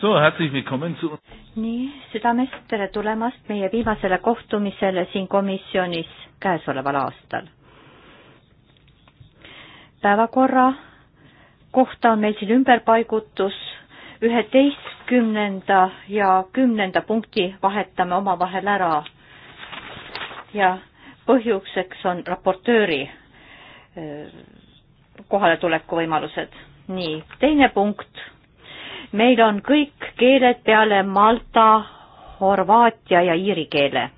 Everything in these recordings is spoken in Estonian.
So, herzlich willkommen zu uns. nii, südamest tere tulemast meie viimasele kohtumisele siin komisjonis käesoleval aastal. päevakorra kohta on meil siin ümberpaigutus, üheteistkümnenda ja kümnenda punkti vahetame omavahel ära ja põhjuseks on raportööri äh, kohaletuleku võimalused. nii, teine punkt meil on kõik keeled peale malta, horvaatia ja iiri keele.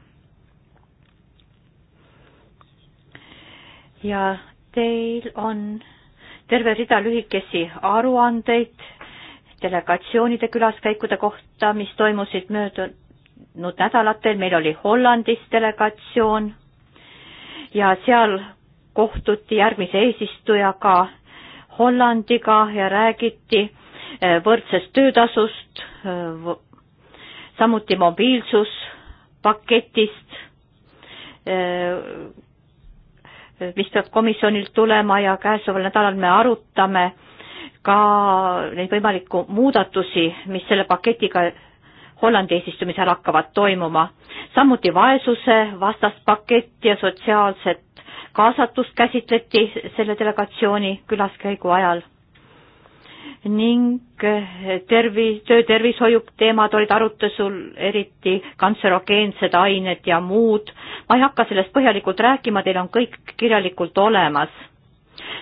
ja teil on terve rida lühikesi aruandeid delegatsioonide külaskäikude kohta, mis toimusid möödunud nädalatel, meil oli Hollandis delegatsioon ja seal kohtuti järgmise eesistujaga Hollandiga ja räägiti Eh, võrdsest töötasust, eh, samuti mobiilsuspaketist, eh, mis peab komisjonilt tulema ja käesoleval nädalal me arutame ka neid võimalikku muudatusi, mis selle paketiga Hollandi eesistumisel hakkavad toimuma. samuti vaesuse vastast paketti ja sotsiaalset kaasatust käsitleti selle delegatsiooni külaskäigu ajal ning eh, tervi-, töötervishoiu teemad olid arutusel, eriti kantserogeensed ained ja muud. ma ei hakka sellest põhjalikult rääkima, teil on kõik kirjalikult olemas.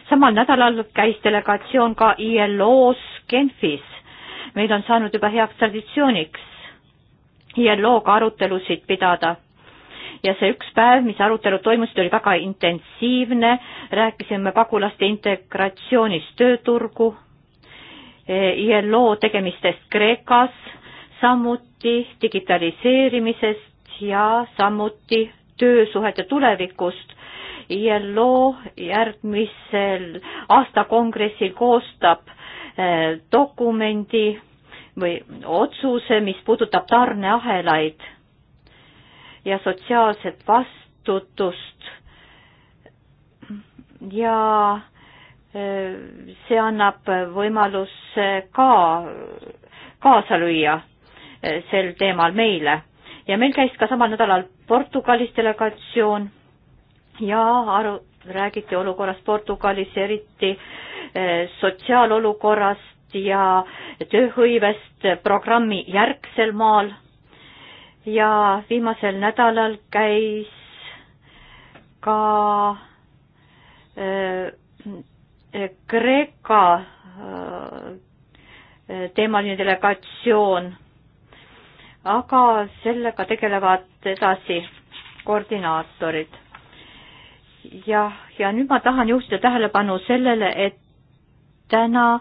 samal nädalal käis delegatsioon ka ILO-s Genfis. meil on saanud juba heaks traditsiooniks ILO-ga arutelusid pidada ja see üks päev, mis arutelud toimusid, oli väga intensiivne, rääkisime pagulaste integratsioonist tööturgu ILO e tegemistest Kreekas, samuti digitaliseerimisest ja samuti töösuhete tulevikust. ILO e järgmisel aastakongressil koostab e, dokumendi või otsuse, mis puudutab tarneahelaid ja sotsiaalset vastutust ja see annab võimaluse ka kaasa lüüa eh, sel teemal meile ja meil käis ka samal nädalal Portugalis delegatsioon ja aru, räägiti olukorrast Portugalis, eriti eh, sotsiaalolukorrast ja tööhõivest programmi järgsel maal. ja viimasel nädalal käis ka öö, eh, Kreeka äh, teemaline delegatsioon, aga sellega tegelevad edasi koordinaatorid. jah, ja nüüd ma tahan juhtida tähelepanu sellele, et täna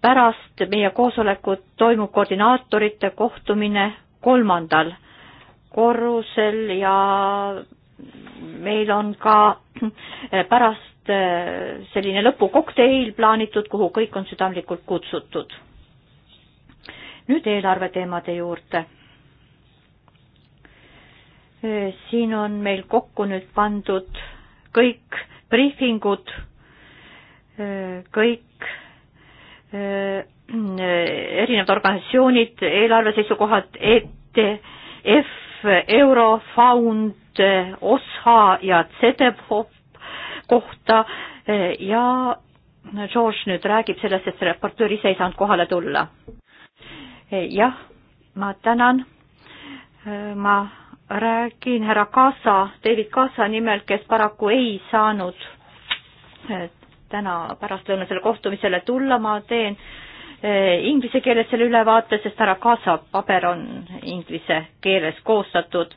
pärast meie koosolekut toimub koordinaatorite kohtumine kolmandal korrusel ja meil on ka pärast Äh, selline lõpukokteil plaanitud, kuhu kõik on südamlikult kutsutud. nüüd eelarve teemade juurde. Äh, siin on meil kokku nüüd pandud kõik briifingud, äh, kõik erinevad organisatsioonid, eelarve seisukohad, ETF, Eurofound, OSHA ja CEDEFOP, kohta ja George nüüd räägib sellest, et see raportöör ise ei saanud kohale tulla. jah, ma tänan. ma räägin härra Kaasa, David Kaasa nimel, kes paraku ei saanud täna pärastlõunasele kohtumisele tulla, ma teen inglise keeles selle ülevaate, sest härra Kaasa paber on inglise keeles koostatud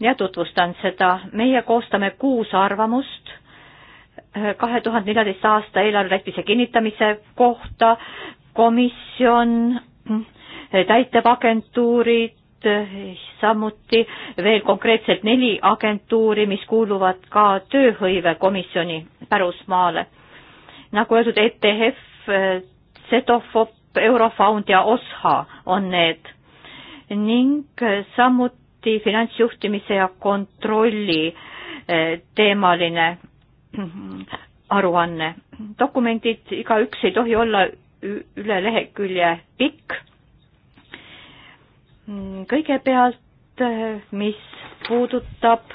ja tutvustan seda. meie koostame kuus arvamust kahe tuhande neljateist aasta eelarve täitmise kinnitamise kohta komisjon, täitevagentuurid, samuti veel konkreetselt neli agentuuri, mis kuuluvad ka tööhõivekomisjoni pärusmaale. nagu öeldud, ETF, Cetofop, Eurofound ja OSHA on need ning samuti finantsjuhtimise ja kontrolli eh, teemaline aruanne. dokumendid, igaüks ei tohi olla üle lehekülje pikk. kõigepealt, mis puudutab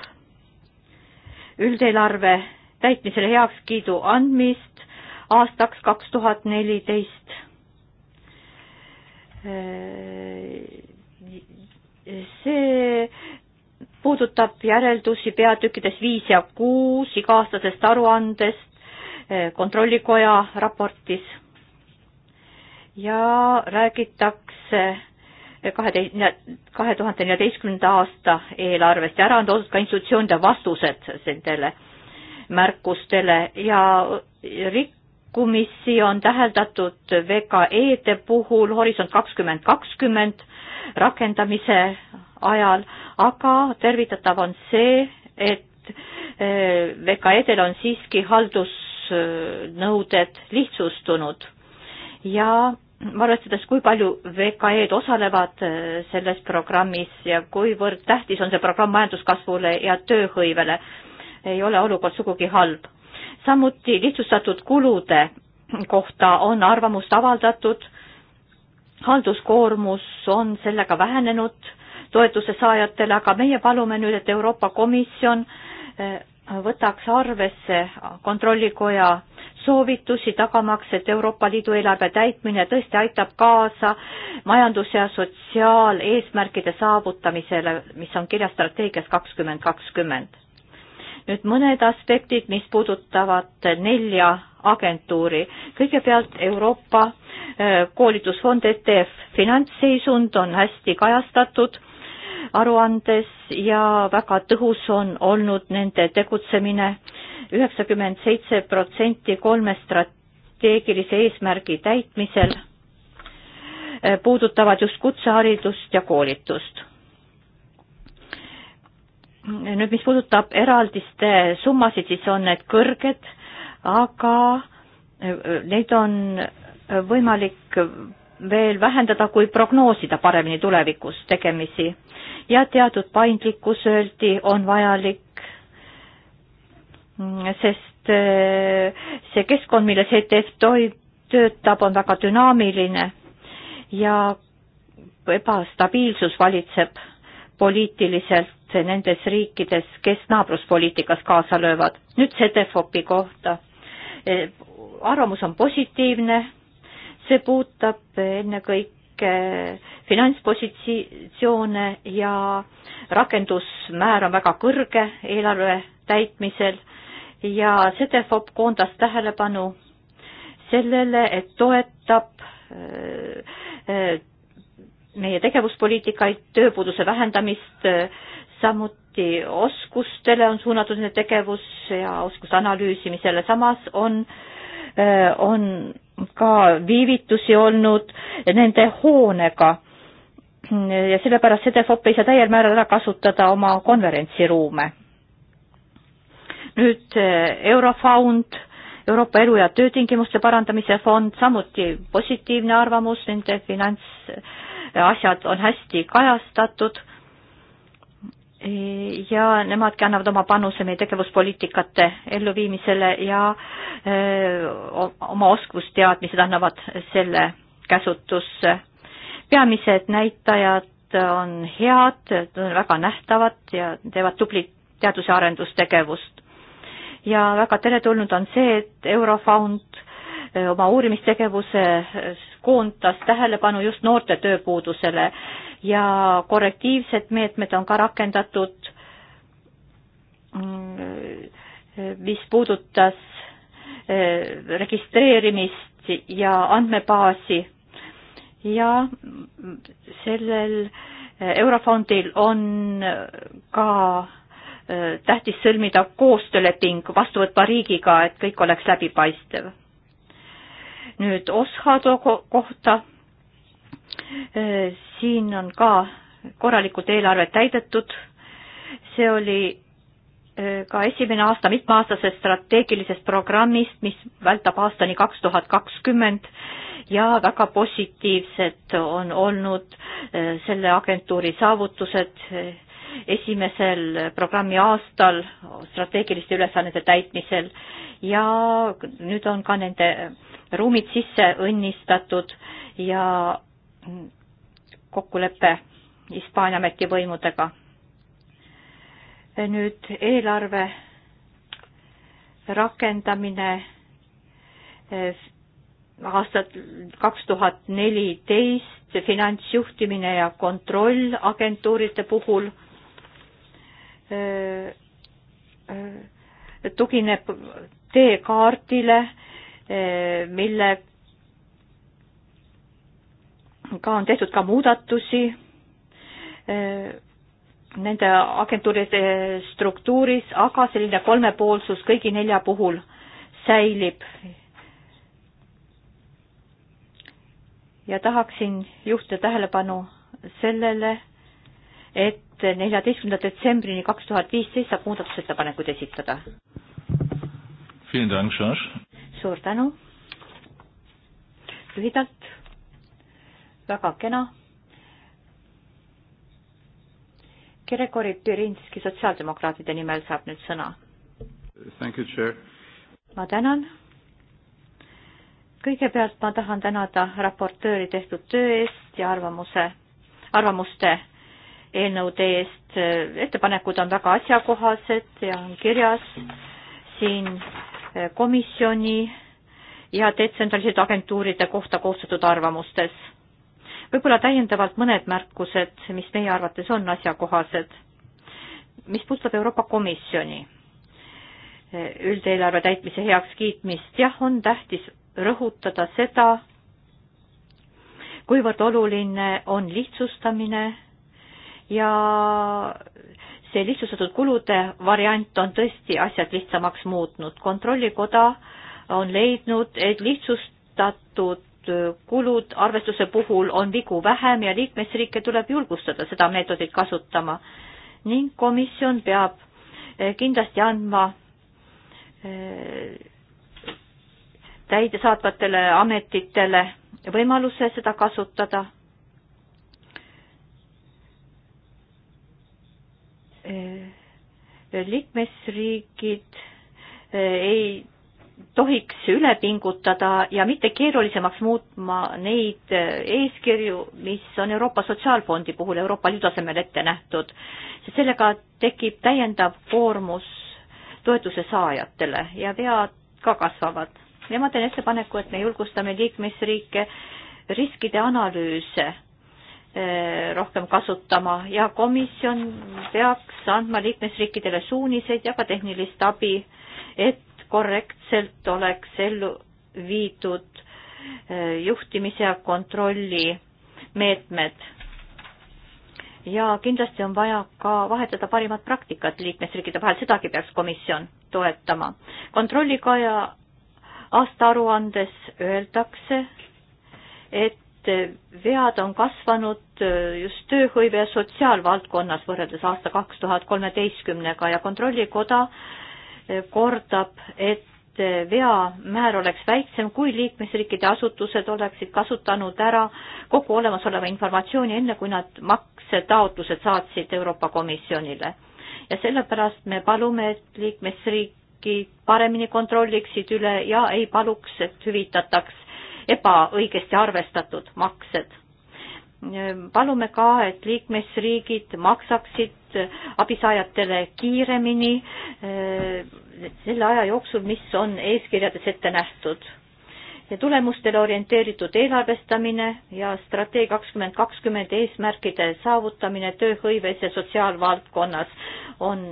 üldeelarve täitmisele heakskiidu andmist aastaks kaks tuhat neliteist. see puudutab järeldusi peatükkides viis ja kuus iga-aastasest aruandest eh, kontrollikoja raportis ja räägitakse kahe, eh, kahe tuhande neljateistkümnenda aasta eelarvest ja ära on toodud ka institutsioonide vastused nendele märkustele ja rikkumisi on täheldatud VKE-de puhul Horisont kakskümmend kakskümmend rakendamise ajal, aga tervitatav on see, et eh, VKE-del on siiski haldusnõuded lihtsustunud ja arvestades, kui palju VKE-d osalevad eh, selles programmis ja kuivõrd tähtis on see programm majanduskasvule ja tööhõivele, ei ole olukord sugugi halb. samuti lihtsustatud kulude kohta on arvamust avaldatud, halduskoormus on sellega vähenenud toetuse saajatele, aga meie palume nüüd, et Euroopa Komisjon eh, võtaks arvesse Kontrollikoja soovitusi, tagamaks, et Euroopa Liidu eelarve täitmine tõesti aitab kaasa majandus- ja sotsiaaleesmärkide saavutamisele, mis on kirjas strateegias kakskümmend kakskümmend. nüüd mõned aspektid, mis puudutavad nelja agentuuri. kõigepealt Euroopa eh, koolitusfond ETF finantsseisund on hästi kajastatud aruandes ja väga tõhus on olnud nende tegutsemine. üheksakümmend seitse protsenti kolme strateegilise eesmärgi täitmisel eh, puudutavad just kutseharidust ja koolitust nüüd, mis puudutab eraldiste summasid, siis on need kõrged, aga eh, neid on võimalik veel vähendada, kui prognoosida paremini tulevikus tegemisi. ja teatud paindlikkus, öeldi, on vajalik, mm, sest eh, see keskkond, milles ETF töötab, on väga dünaamiline ja ebastabiilsus valitseb poliitiliselt nendes riikides, kes naabruspoliitikas kaasa löövad. nüüd CDFOP-i kohta. Eh, arvamus on positiivne see puudutab ennekõike finantspositsioone ja rakendusmäär on väga kõrge eelarve täitmisel ja CDFOP koondas tähelepanu sellele, et toetab äh, äh, meie tegevuspoliitikaid, tööpuuduse vähendamist, äh, samuti oskustele on suunatud nende tegevus ja oskuste analüüsimisele, samas on, on ka viivitusi olnud nende hoonega ja sellepärast Sedefop ei saa täiel määral ära kasutada oma konverentsiruume. nüüd eh, Eurofond, Euroopa Elu- ja Töötingimuste Parandamise Fond, samuti positiivne arvamus, nende finantsasjad on hästi kajastatud ja nemadki annavad oma panuse meie tegevuspoliitikate elluviimisele ja öö, eh, oma oskusteadmised annavad selle käsutusse. peamised näitajad on head, on väga nähtavad ja teevad tublit teadus- ja arendustegevust. ja väga teretulnud on see, et Eurofound eh, oma uurimistegevuse eh, koondas tähelepanu just noorte tööpuudusele ja korrektiivsed meetmed on ka rakendatud, mis puudutas eh, registreerimist ja andmebaasi ja sellel eh, Eurofondil on ka eh, tähtis sõlmida koostööleping vastuvõtva riigiga, et kõik oleks läbipaistev. nüüd OSHA kohta siin on ka korralikult eelarvet täidetud, see oli e, ka esimene aasta mitmeaastasest strateegilisest programmist, mis vältab aastani kaks tuhat kakskümmend ja väga positiivsed on olnud e, selle agentuuri saavutused e, esimesel programmi aastal strateegiliste ülesannete täitmisel ja nüüd on ka nende ruumid sisse õnnistatud ja kokkulepe Hispaania ametivõimudega. nüüd eelarve rakendamine eh, aastat kaks tuhat neliteist finantsjuhtimine ja kontroll agentuuride puhul eh, eh, tugineb teekaardile, mille ka on tehtud ka muudatusi eh, nende agentuuride struktuuris, aga selline kolmepoolsus kõigi nelja puhul säilib. ja tahaksin juhtida tähelepanu sellele, et neljateistkümnenda detsembrini kaks tuhat viisteist saab muudatusettepanekuid esitada. suur tänu. lühidalt väga kena. Gregori Pirinski sotsiaaldemokraatide nimel saab nüüd sõna. ma tänan. kõigepealt ma tahan tänada raportööri tehtud töö eest ja arvamuse, arvamuste eelnõude eest. ettepanekud on väga asjakohased ja on kirjas siin komisjoni ja detsentraliseeritud agentuuride kohta koostatud arvamustes võib-olla täiendavalt mõned märkused, mis meie arvates on asjakohased. mis puudutab Euroopa Komisjoni eh, üldeelarve täitmise heakskiitmist, jah, on tähtis rõhutada seda, kuivõrd oluline on lihtsustamine ja see lihtsustatud kulude variant on tõesti asjad lihtsamaks muutnud. kontrollikoda on leidnud, et lihtsustatud kulud arvestuse puhul on vigu vähem ja liikmesriike tuleb julgustada seda meetodit kasutama ning komisjon peab eh, kindlasti andma eh, täidesaatvatele ametitele võimaluse seda kasutada. Eh, liikmesriigid ei tohiks üle pingutada ja mitte keerulisemaks muutma neid äh, eeskirju, mis on Euroopa Sotsiaalfondi puhul Euroopa Liidu tasemel ette nähtud, sest sellega tekib täiendav koormus toetuse saajatele ja vead ka kasvavad. ja ma teen ettepaneku, et me julgustame liikmesriike riskide analüüse äh, rohkem kasutama ja komisjon peaks andma liikmesriikidele suuniseid ja ka tehnilist abi, et korrektselt oleks ellu viidud eh, juhtimise ja kontrolli meetmed. ja kindlasti on vaja ka vahetada parimat praktikat liikmesriikide vahel, sedagi peaks komisjon toetama. kontrollikoja aastaaruandes öeldakse, et vead on kasvanud eh, just tööhõive ja sotsiaalvaldkonnas võrreldes aasta kaks tuhat kolmeteistkümnega ja Kontrollikoda kordab, et veamäär oleks väiksem, kui liikmesriikide asutused oleksid kasutanud ära kogu olemasoleva informatsiooni, enne kui nad maksetaotlused saatsid Euroopa Komisjonile. ja sellepärast me palume, et liikmesriigid paremini kontrolliksid üle ja ei paluks, et hüvitataks ebaõigesti arvestatud maksed palume ka, et liikmesriigid maksaksid abisaajatele kiiremini eh, selle aja jooksul, mis on eeskirjades ette nähtud. ja tulemustele orienteeritud eelarvestamine ja strateegia kakskümmend kakskümmend eesmärkide saavutamine tööhõives ja sotsiaalvaldkonnas on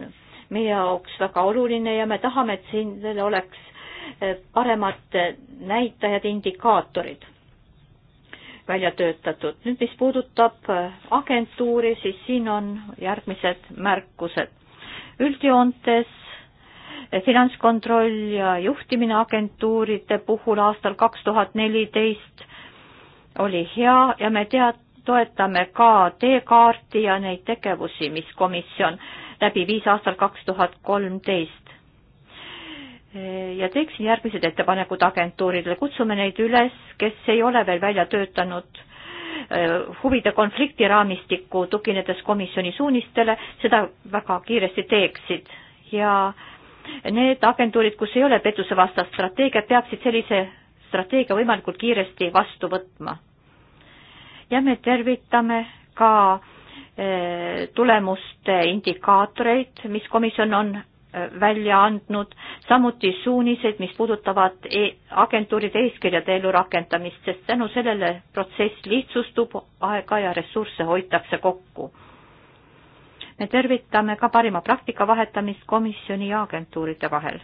meie jaoks väga oluline ja me tahame, et siin oleks eh, paremad näitajad, indikaatorid välja töötatud. nüüd, mis puudutab äh, agentuuri, siis siin on järgmised märkused. üldjoontes äh, finantskontroll ja juhtimine agentuuride puhul aastal kaks tuhat neliteist oli hea ja me tead-, toetame ka teekaarti ja neid tegevusi, mis komisjon läbi viis aastal kaks tuhat kolmteist ja teeksin järgmised ettepanekud agentuuridele, kutsume neid üles, kes ei ole veel välja töötanud äh, huvide konflikti raamistikku, tuginedes komisjoni suunistele, seda väga kiiresti teeksid ja need agentuurid, kus ei ole pettusevastast strateegiat, peaksid sellise strateegia võimalikult kiiresti vastu võtma. ja me tervitame ka äh, tulemuste indikaatoreid, mis komisjon on välja andnud, samuti suunised, mis puudutavad e agentuuride eeskirjade ellurakendamist, sest tänu sellele protsess lihtsustub, aega ja ressursse hoitakse kokku. me tervitame ka parima praktika vahetamist komisjoni ja agentuuride vahel.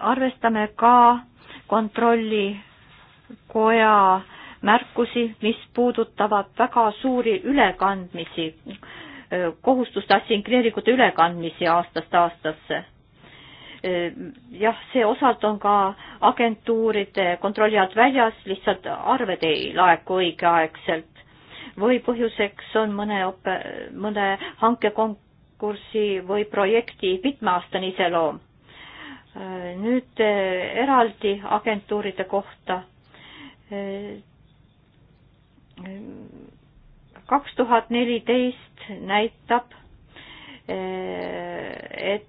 arvestame ka kontrollikoja märkusi, mis puudutavad väga suuri ülekandmisi kohustuste assigneeringute ülekandmisi aastast aastasse. jah, see osalt on ka agentuuride kontrolli alt väljas, lihtsalt arved ei laeku õigeaegselt või põhjuseks on mõne õppe, mõne hankekonkursi või projekti mitmeaastane iseloom. nüüd eh, eraldi agentuuride kohta eh, kaks tuhat neliteist näitab, eh, et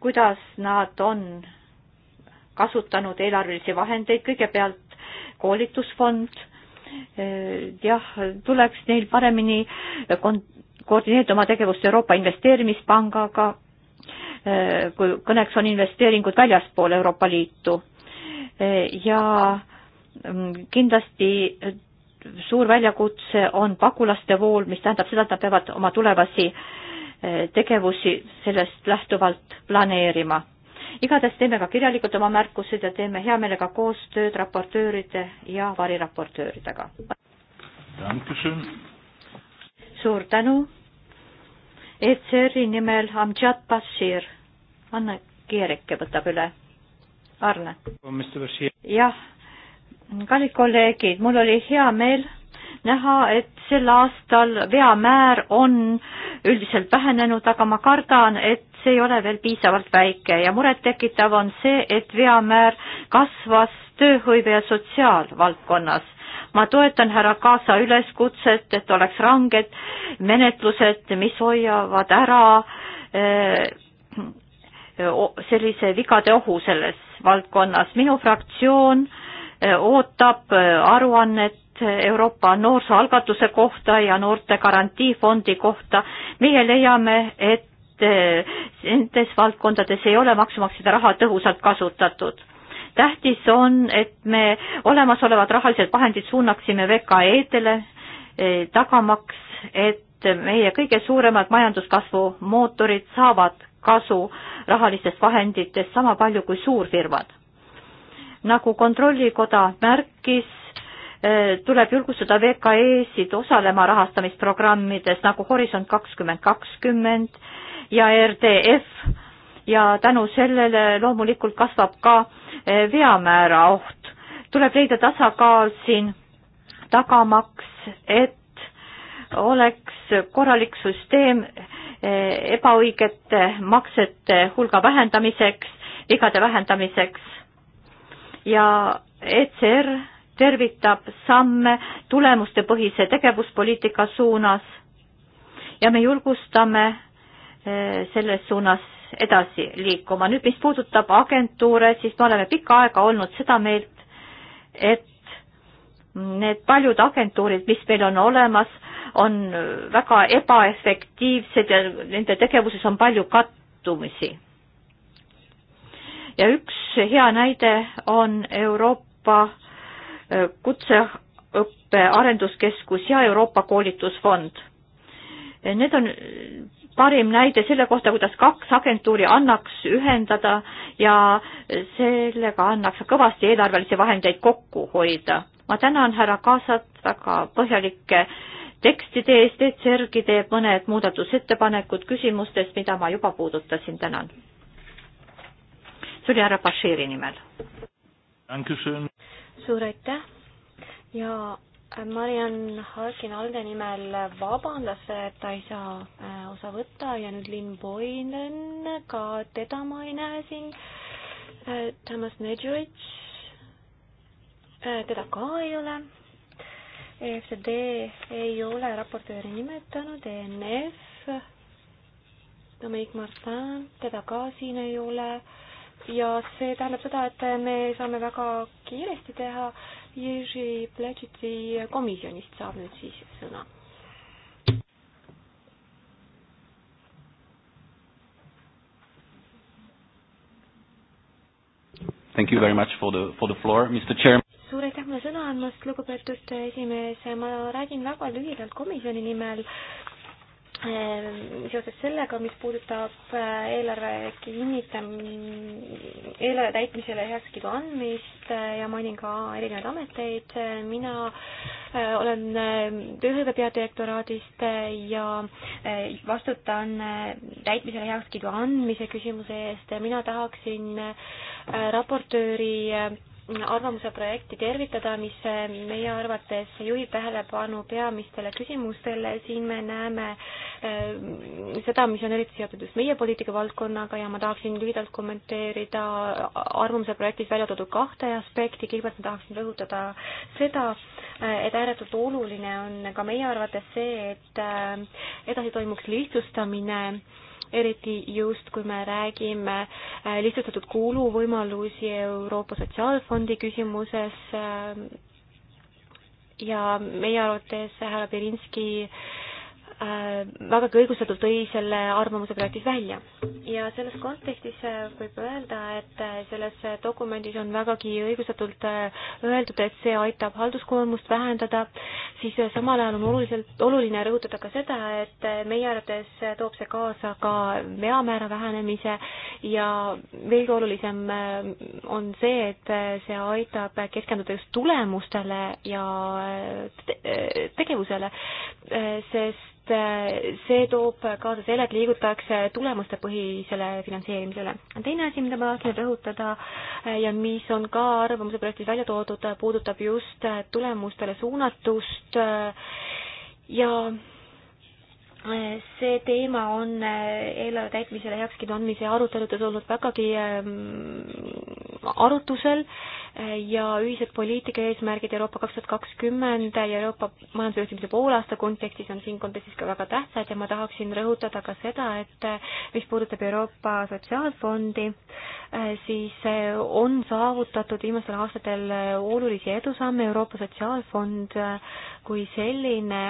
kuidas nad on kasutanud eelarvelisi vahendeid, kõigepealt koolitusfond, eh, jah, tuleks neil paremini koordineerida oma tegevust Euroopa Investeerimispangaga, eh, kui kõneks on investeeringud väljaspool Euroopa Liitu ja mm, kindlasti suur väljakutse on pagulaste vool, mis tähendab seda, et nad peavad oma tulevasi eh, tegevusi sellest lähtuvalt planeerima. igatahes teeme ka kirjalikult oma märkused ja teeme hea meelega koostööd raportööride ja variraportööridega. suur tänu. ECR-i nimel Amjad Bashir. Anne Kiereke võtab üle. Arne. jah kallid kolleegid, mul oli hea meel näha, et sel aastal veamäär on üldiselt vähenenud, aga ma kardan, et see ei ole veel piisavalt väike ja murettekitav on see, et veamäär kasvas tööhõive ja sotsiaalvaldkonnas. ma toetan härra Kaasa üleskutset, et oleks ranged menetlused, mis hoiavad ära eh, sellise vigade ohu selles valdkonnas. minu fraktsioon äh, Äh, ootab äh, aruannet äh, Euroopa noorsoalgatuse kohta ja noorte garantiifondi kohta. meie leiame, et nendes valdkondades ei ole maksumaksjate raha tõhusalt kasutatud. tähtis on, et me olemasolevad rahalised vahendid suunaksime VKE-dele, tagamaks, et meie kõige suuremad majanduskasvu mootorid saavad kasu rahalistest vahenditest sama palju kui suurfirmad nagu Kontrollikoda märkis, eh, tuleb julgustada VKE-sid osalema rahastamisprogrammides nagu Horisont kakskümmend kakskümmend ja RDF ja tänu sellele loomulikult kasvab ka eh, veamäära oht. tuleb leida tasakaal siin tagamaks, et oleks korralik süsteem eh, ebaõigete maksete hulga vähendamiseks, vigade vähendamiseks ja ECR tervitab samme tulemustepõhise tegevuspoliitika suunas ja me julgustame eh, selles suunas edasi liikuma. nüüd, mis puudutab agentuure, siis me oleme pikka aega olnud seda meelt, et need paljud agentuurid, mis meil on olemas, on väga ebaefektiivsed ja nende tegevuses on palju kattumisi ja üks hea näide on Euroopa äh, Kutseõppe Arenduskeskus ja Euroopa Koolitusfond. Äh, need on äh, parim näide selle kohta, kuidas kaks agentuuri annaks ühendada ja sellega annaks kõvasti eelarvelisi vahendeid kokku hoida. ma tänan härra Kaasat väga põhjalike tekstide eest, ECR-gi teeb mõned muudatusettepanekud küsimustest, mida ma juba puudutasin, tänan tuli härra Bashiri nimel. suur aitäh ja Mariann Harkin Alde nimel vabandas, et ta ei saa äh, osa võtta ja nüüd Lynn Boyden, ka teda ma ei näe siin. Äh, Thomas Nedžovitš, äh, teda ka ei ole. EFCD ei ole raportööri nimetanud, ENF, Dominic Martin, teda ka siin ei ole ja see tähendab seda, et me saame väga kiiresti teha. Jerzy Pledžitsi komisjonist saab nüüd siis sõna. Thank you very much for the, for the floor, Mr Chairman suur aitäh mulle sõna andmast, lugupeetud esimees, ma räägin väga lühidalt komisjoni nimel, Ehm, seoses sellega, mis puudutab äh, eelarve kinnitam-, eelarve täitmisele heakskiidu andmist äh, ja mainin ka erinevaid ameteid, äh, mina olen tööhõive peadirektoraadist ja vastutan täitmisele heakskiidu andmise küsimuse eest, mina tahaksin raportööri arvamuse projekti tervitada, mis eh, meie arvates juhib tähelepanu peamistele küsimustele, siin me näeme eh, seda, mis on eriti seotud just meie poliitikavaldkonnaga ja ma tahaksin lühidalt kommenteerida arvamuse projektis välja toodud kahte aspekti, kõigepealt ma tahaksin rõhutada seda, eh, et ääretult oluline on ka meie arvates see, et edasi toimuks lihtsustamine eriti just, kui me räägime äh, lihtsustatud kuluvõimalusi Euroopa Sotsiaalfondi küsimuses ähm, ja meie arvates härra Berinski Äh, vägagi õigustatult tõi selle arvamuse projektis välja. ja selles kontekstis äh, võib öelda, et äh, selles dokumendis on vägagi õigustatult öeldud, et see aitab halduskoormust vähendada, siis samal ajal on oluliselt, oluline rõhutada ka seda, et meie arvates toob see kaasa ka veamäära vähenemise ja veelgi olulisem on see, et see aitab keskenduda just tulemustele ja tegevusele, sest et eh, see toob kaasa selle, et liigutakse tulemustepõhisele finantseerimisele. teine asi, mida ma tahtsin rõhutada eh, ja mis on ka arvamuse projektis välja toodud, puudutab just eh, tulemustele suunatust ja see teema on eh, eelarve täitmisele heakskiidu andmise aruteludes olnud vägagi ehm, arutusel eh, ja ühised poliitika eesmärgid Euroopa kaks tuhat kakskümmend ja Euroopa majandusjuhtimise poolaasta kontekstis on siin kontekstis ka väga tähtsad ja ma tahaksin rõhutada ka seda, et eh, mis puudutab Euroopa Sotsiaalfondi, siis on saavutatud viimastel aastatel olulisi edusamme, Euroopa Sotsiaalfond kui selline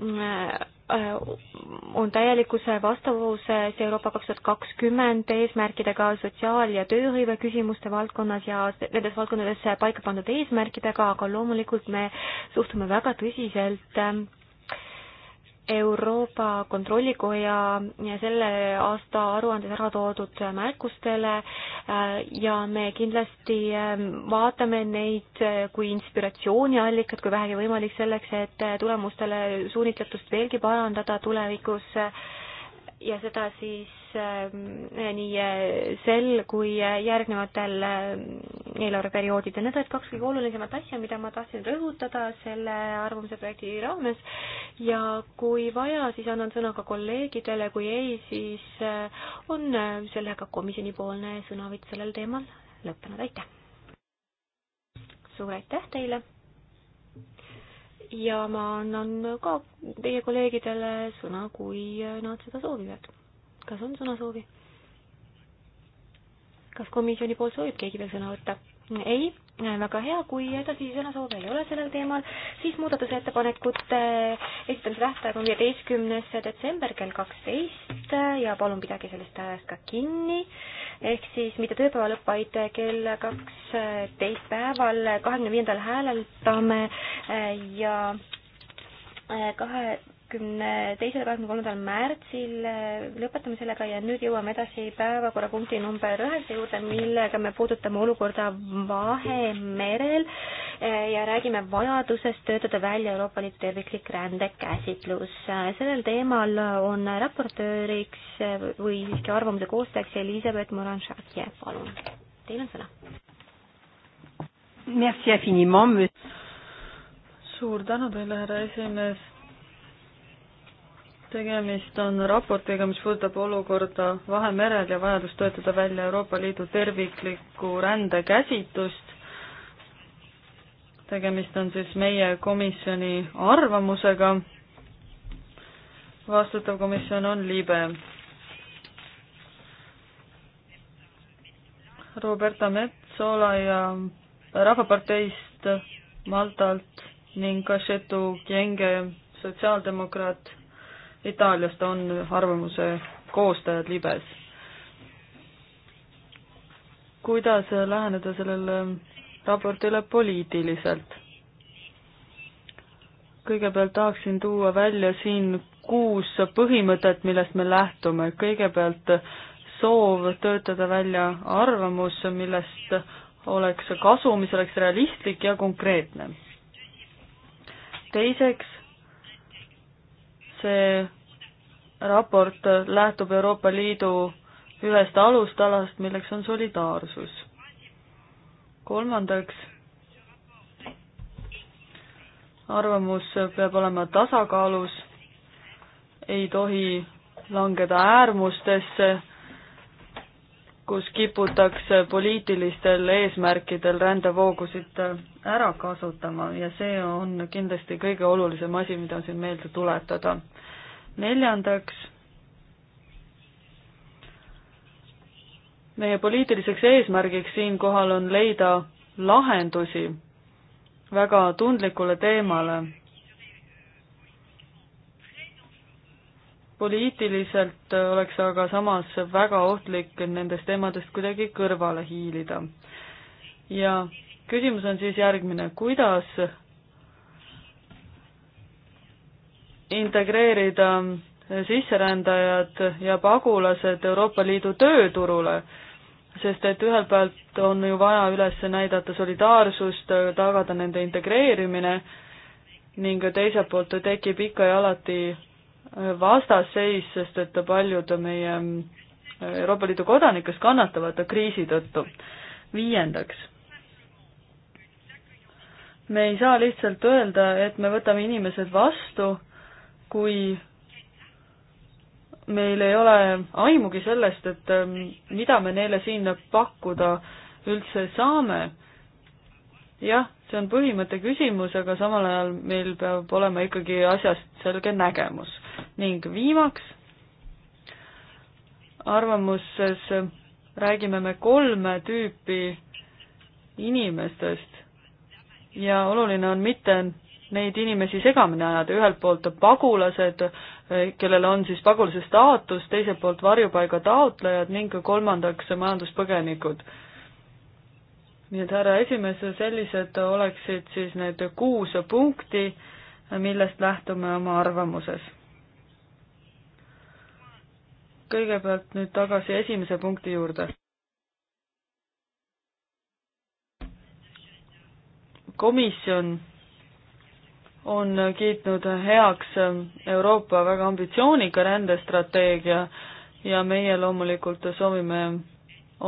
Äh, äh, on täielikuse vastavuses Euroopa kaks tuhat kakskümmend eesmärkidega sotsiaal- ja tööhõive küsimuste valdkonnas ja nendes valdkondades paika pandud eesmärkidega, aga loomulikult me suhtume väga tõsiselt ähm, Euroopa Kontrollikoja selle aasta aruandes ära toodud märkustele äh, ja me kindlasti äh, vaatame neid kui inspiratsiooniallikat, kui vähegi võimalik, selleks et äh, tulemustele suunitletust veelgi parandada tulevikus ja seda siis ähm, nii äh, sel kui äh, järgnevatel ähm, eelarveperioodidel. Need olid kaks kõige olulisemat asja, mida ma tahtsin rõhutada selle arvamuse projekti raames ja kui vaja, siis annan sõna ka kolleegidele, kui ei, siis äh, on sellega komisjonipoolne sõnavõtt sellel teemal lõppenud, aitäh! suur aitäh teile! ja ma annan ka teie kolleegidele sõna, kui nad seda soovivad. kas on sõnasoovi? kas komisjoni poolt soovib keegi veel sõna võtta? ei? Äh, väga hea, kui edasi sõnasoove ei ole sellel teemal, siis muudatusettepanekute esitamise tähtaeg on viieteistkümnes detsember kell kaksteist äh, ja palun pidage sellest ajast ka kinni. ehk siis mitte tööpäeva lõpp, vaid kell kaksteist päeval, kahekümne viiendal hääletame äh, ja kahe kahekümne teisel, kahekümne kolmandal märtsil, äh, lõpetame sellega ja nüüd jõuame edasi päevakorrapunkti number üheksa juurde, millega me puudutame olukorda Vahemerel äh, ja räägime vajadusest töötada välja Euroopa Liidu terviklik rändekäsitlus. Äh, sellel teemal on raportööriks või siiski arvamuse koostajaks Elizabeth Morin-Chartier, palun, teil on sõna. Merci infiniment, suur tänu teile, härra esimees tegemist on raportiga, mis puudutab olukorda Vahemerel ja vajadust töötada välja Euroopa Liidu terviklikku rändekäsitlust. tegemist on siis meie komisjoni arvamusega. vastutav komisjon on libe. Roberta Metsola ja Rahvaparteist Maltalt ning Kašetu Kienge sotsiaaldemokraat Itaaliast on arvamuse koostajad libes. kuidas läheneda sellele raportile poliitiliselt? kõigepealt tahaksin tuua välja siin kuus põhimõtet, millest me lähtume. kõigepealt soov töötada välja arvamus, millest oleks kasu, mis oleks realistlik ja konkreetne. teiseks see raport lähtub Euroopa Liidu ühest alustalast, milleks on solidaarsus. kolmandaks, arvamus peab olema tasakaalus, ei tohi langeda äärmustesse kus kiputakse poliitilistel eesmärkidel rändevoogusid ära kasutama ja see on kindlasti kõige olulisem asi, mida siin meelde tuletada. neljandaks, meie poliitiliseks eesmärgiks siinkohal on leida lahendusi väga tundlikule teemale poliitiliselt oleks aga samas väga ohtlik nendest teemadest kuidagi kõrvale hiilida. ja küsimus on siis järgmine, kuidas integreerida sisserändajad ja pagulased Euroopa Liidu tööturule, sest et ühelt poolt on ju vaja üles näidata solidaarsust, tagada nende integreerimine ning teiselt poolt tekib ikka ja alati vastasseis, sest et paljud meie mm, Euroopa Liidu kodanikest kannatavad kriisi tõttu. viiendaks, me ei saa lihtsalt öelda, et me võtame inimesed vastu, kui meil ei ole aimugi sellest, et mm, mida me neile siin pakkuda üldse saame. jah, see on põhimõtte küsimus, aga samal ajal meil peab olema ikkagi asjast selge nägemus ning viimaks arvamuses räägime me kolme tüüpi inimestest ja oluline on mitte neid inimesi segamini ajada, ühelt poolt pagulased, kellel on siis pagulase staatus, teiselt poolt varjupaiga taotlejad ning kolmandaks majanduspõgenikud. nii et härra esimees, sellised oleksid siis need kuus punkti, millest lähtume oma arvamuses kõigepealt nüüd tagasi esimese punkti juurde. komisjon on kiitnud heaks Euroopa väga ambitsioonika rändestrateegia ja meie loomulikult soovime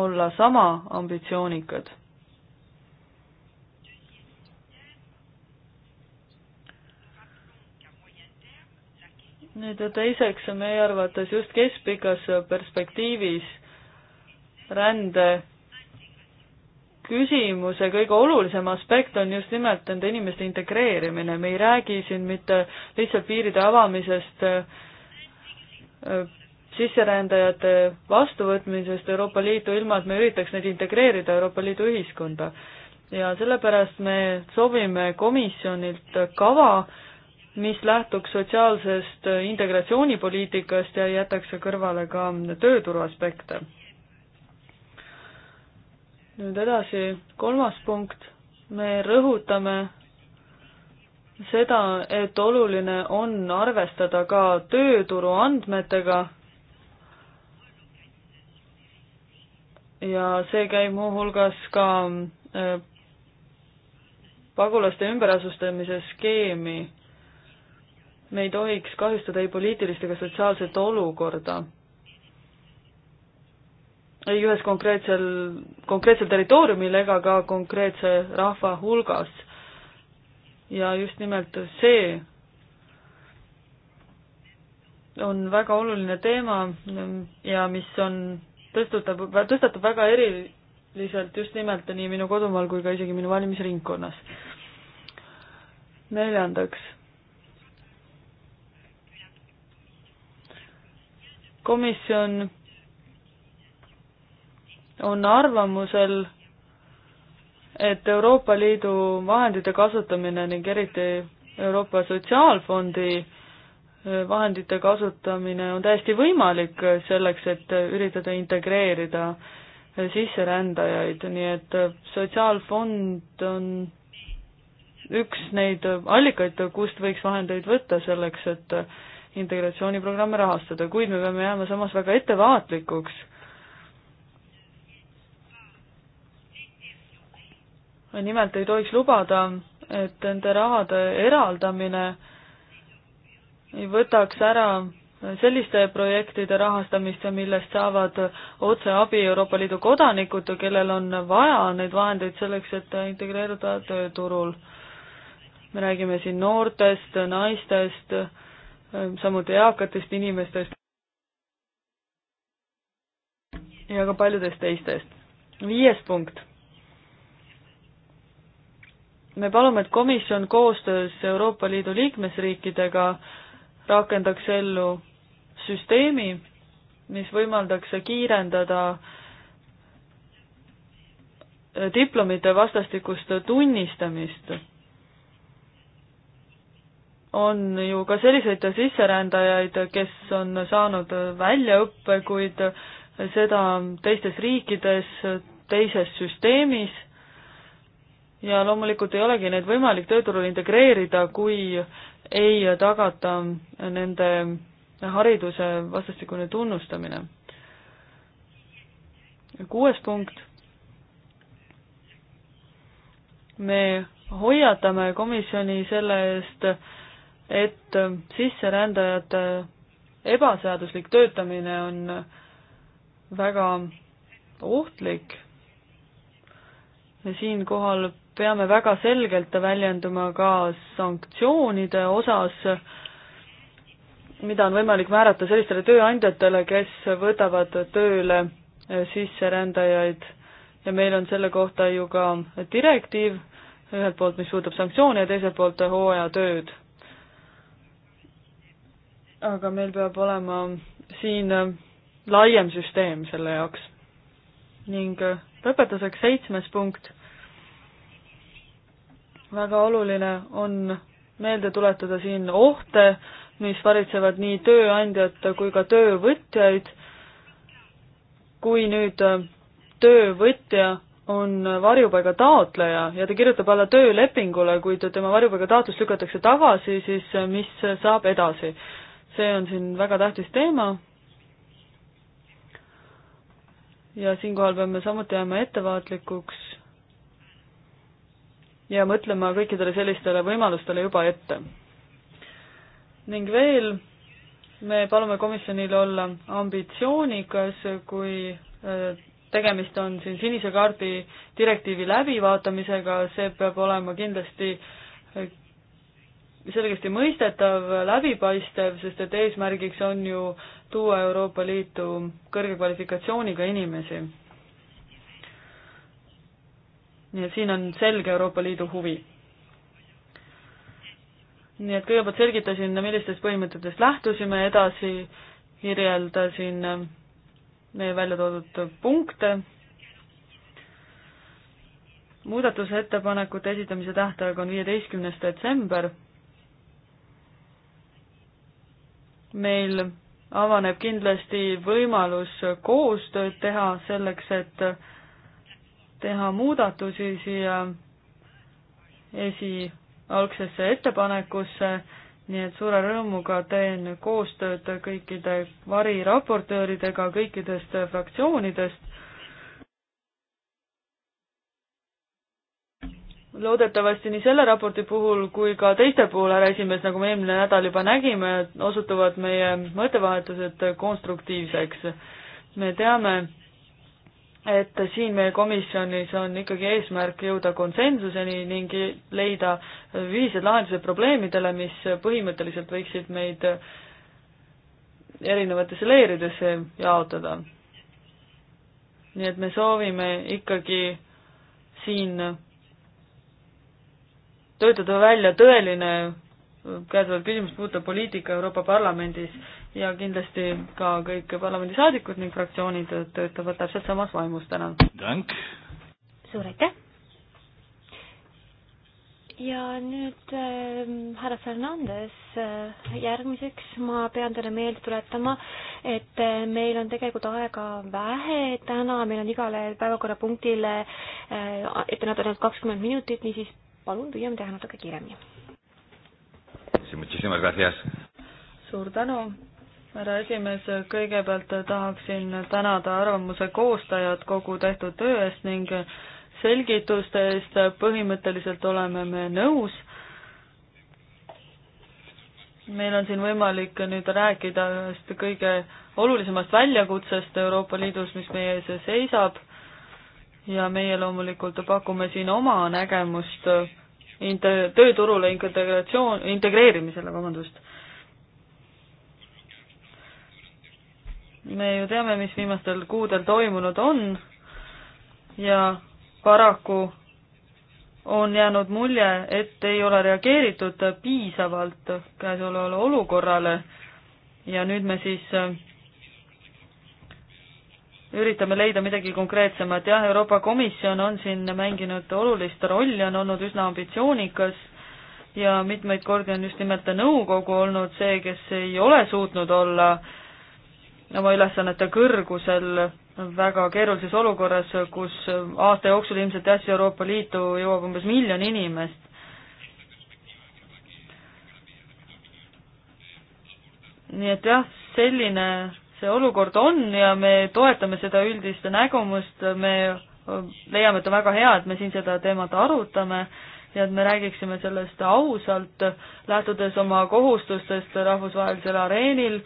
olla sama ambitsioonikad nüüd teiseks meie arvates just keskpikas perspektiivis rände küsimuse kõige olulisem aspekt on just nimelt nende inimeste integreerimine, me ei räägi siin mitte lihtsalt piiride avamisest, äh, sisserändajate vastuvõtmisest Euroopa Liitu, ilma et me üritaks neid integreerida Euroopa Liidu ühiskonda. ja sellepärast me soovime komisjonilt kava, mis lähtuks sotsiaalsest integratsioonipoliitikast ja jätaks kõrvale ka tööturu aspekte. nüüd edasi, kolmas punkt, me rõhutame seda, et oluline on arvestada ka tööturu andmetega ja see käib muuhulgas ka äh, pagulaste ümberasustamise skeemi me ei tohiks kahjustada ei poliitilist ega sotsiaalset olukorda. ei ühes konkreetsel, konkreetsel territooriumil ega ka konkreetse rahva hulgas. ja just nimelt see on väga oluline teema ja mis on, tõstutab, tõstatab väga eriliselt just nimelt nii minu kodumaal kui ka isegi minu valimisringkonnas. neljandaks komisjon on arvamusel, et Euroopa Liidu vahendite kasutamine ning eriti Euroopa Sotsiaalfondi äh, vahendite kasutamine on täiesti võimalik selleks, et üritada integreerida äh, sisserändajaid, nii et äh, Sotsiaalfond on üks neid allikaid, kust võiks vahendeid võtta selleks, et integratsiooniprogramme rahastada, kuid me peame jääma samas väga ettevaatlikuks. nimelt ei tohiks lubada, et nende rahade eraldamine ei võtaks ära selliste projektide rahastamist, millest saavad otse abi Euroopa Liidu kodanikud, kellel on vaja neid vahendeid selleks, et integreeruda tööturul. me räägime siin noortest, naistest, samuti eakatest inimestest ja ka paljudest teistest. viies punkt. me palume, et komisjon koostöös Euroopa Liidu liikmesriikidega rakendaks ellu süsteemi, mis võimaldaks kiirendada diplomite vastastikust tunnistamist on ju ka selliseid sisserändajaid, kes on saanud väljaõppe, kuid seda teistes riikides, teises süsteemis ja loomulikult ei olegi neid võimalik tööturul integreerida, kui ei tagata nende hariduse vastastikune tunnustamine. kuues punkt. me hoiatame komisjoni selle eest, et äh, sisserändajate äh, ebaseaduslik töötamine on äh, väga ohtlik. ja siinkohal peame väga selgelt väljenduma ka sanktsioonide osas, mida on võimalik määrata sellistele tööandjatele, kes võtavad tööle sisserändajaid ja meil on selle kohta ju ka direktiiv, ühelt poolt, mis puudutab sanktsioone ja teiselt poolt hooajatööd aga meil peab olema siin äh, laiem süsteem selle jaoks. ning äh, lõpetuseks seitsmes punkt. väga oluline on meelde tuletada siin ohte, mis varitsevad nii tööandjat kui ka töövõtjaid. kui nüüd äh, töövõtja on varjupaiga taotleja ja ta kirjutab alla töölepingule, kuid tema varjupaiga taotlus lükatakse tagasi, siis mis saab edasi? see on siin väga tähtis teema. ja siinkohal peame samuti jääma ettevaatlikuks ja mõtlema kõikidele sellistele võimalustele juba ette. ning veel, me palume komisjonil olla ambitsioonikas, kui äh, tegemist on siin sinise kaardi direktiivi läbivaatamisega, see peab olema kindlasti selgesti mõistetav, läbipaistev, sest et eesmärgiks on ju tuua Euroopa Liitu kõrge kvalifikatsiooniga inimesi. nii et siin on selge Euroopa Liidu huvi. nii et kõigepealt selgitasin, millistest põhimõtetest lähtusime, edasi kirjeldasin meie välja toodud punkte muudatusettepanekute esitamise tähtaeg on viieteistkümnes detsember meil avaneb kindlasti võimalus koostööd teha selleks, et teha muudatusi siia esialgsesse ettepanekusse, nii et suure rõõmuga teen koostööd kõikide variraportööridega kõikidest fraktsioonidest loodetavasti nii selle raporti puhul kui ka teiste puhul, härra esimees, nagu me eelmine nädal juba nägime, osutuvad meie mõttevahetused konstruktiivseks. me teame, et siin meie komisjonis on ikkagi eesmärk jõuda konsensuseni ning leida ühised lahendused probleemidele, mis põhimõtteliselt võiksid meid erinevatesse leeridesse jaotada. nii et me soovime ikkagi siin töötada välja tõeline käesolev küsimus puudutab poliitika Euroopa Parlamendis ja kindlasti ka kõik parlamendisaadikud ning fraktsioonid töötavad täpselt samas vaimus, tänan. suur aitäh! ja nüüd äh, härra Fernandes äh,, järgmiseks ma pean teile meelde tuletama, et äh, meil on tegelikult aega vähe täna, meil on igale päevakorrapunktile äh, ette nähtud ainult kakskümmend minutit, niisiis palun püüame teha natuke kiiremini. suur tänu, härra esimees, kõigepealt tahaksin tänada arvamuse koostajat kogu tehtud töö eest ning selgituste eest, põhimõtteliselt oleme me nõus meil on siin võimalik nüüd rääkida ühest kõige olulisemast väljakutsest Euroopa Liidus, mis meie ees seisab ja meie loomulikult pakume siin oma nägemust äh, inte-, tööturule integratsioon, integreerimisele, vabandust. me ju teame, mis viimastel kuudel toimunud on ja paraku on jäänud mulje, et ei ole reageeritud piisavalt käesolevale olukorrale ja nüüd me siis äh, üritame leida midagi konkreetsemat. jah, Euroopa Komisjon on siin mänginud olulist rolli, on olnud üsna ambitsioonikas ja mitmeid kordi on just nimelt nõukogu olnud see, kes ei ole suutnud olla oma ülesannete kõrgusel väga keerulises olukorras, kus aasta jooksul ilmselt jah, siis Euroopa Liitu jõuab umbes miljon inimest. nii et jah, selline see olukord on ja me toetame seda üldist nägemust, me leiame, et on väga hea, et me siin seda teemat arutame ja et me räägiksime sellest ausalt, lähtudes oma kohustustest rahvusvahelisel areenil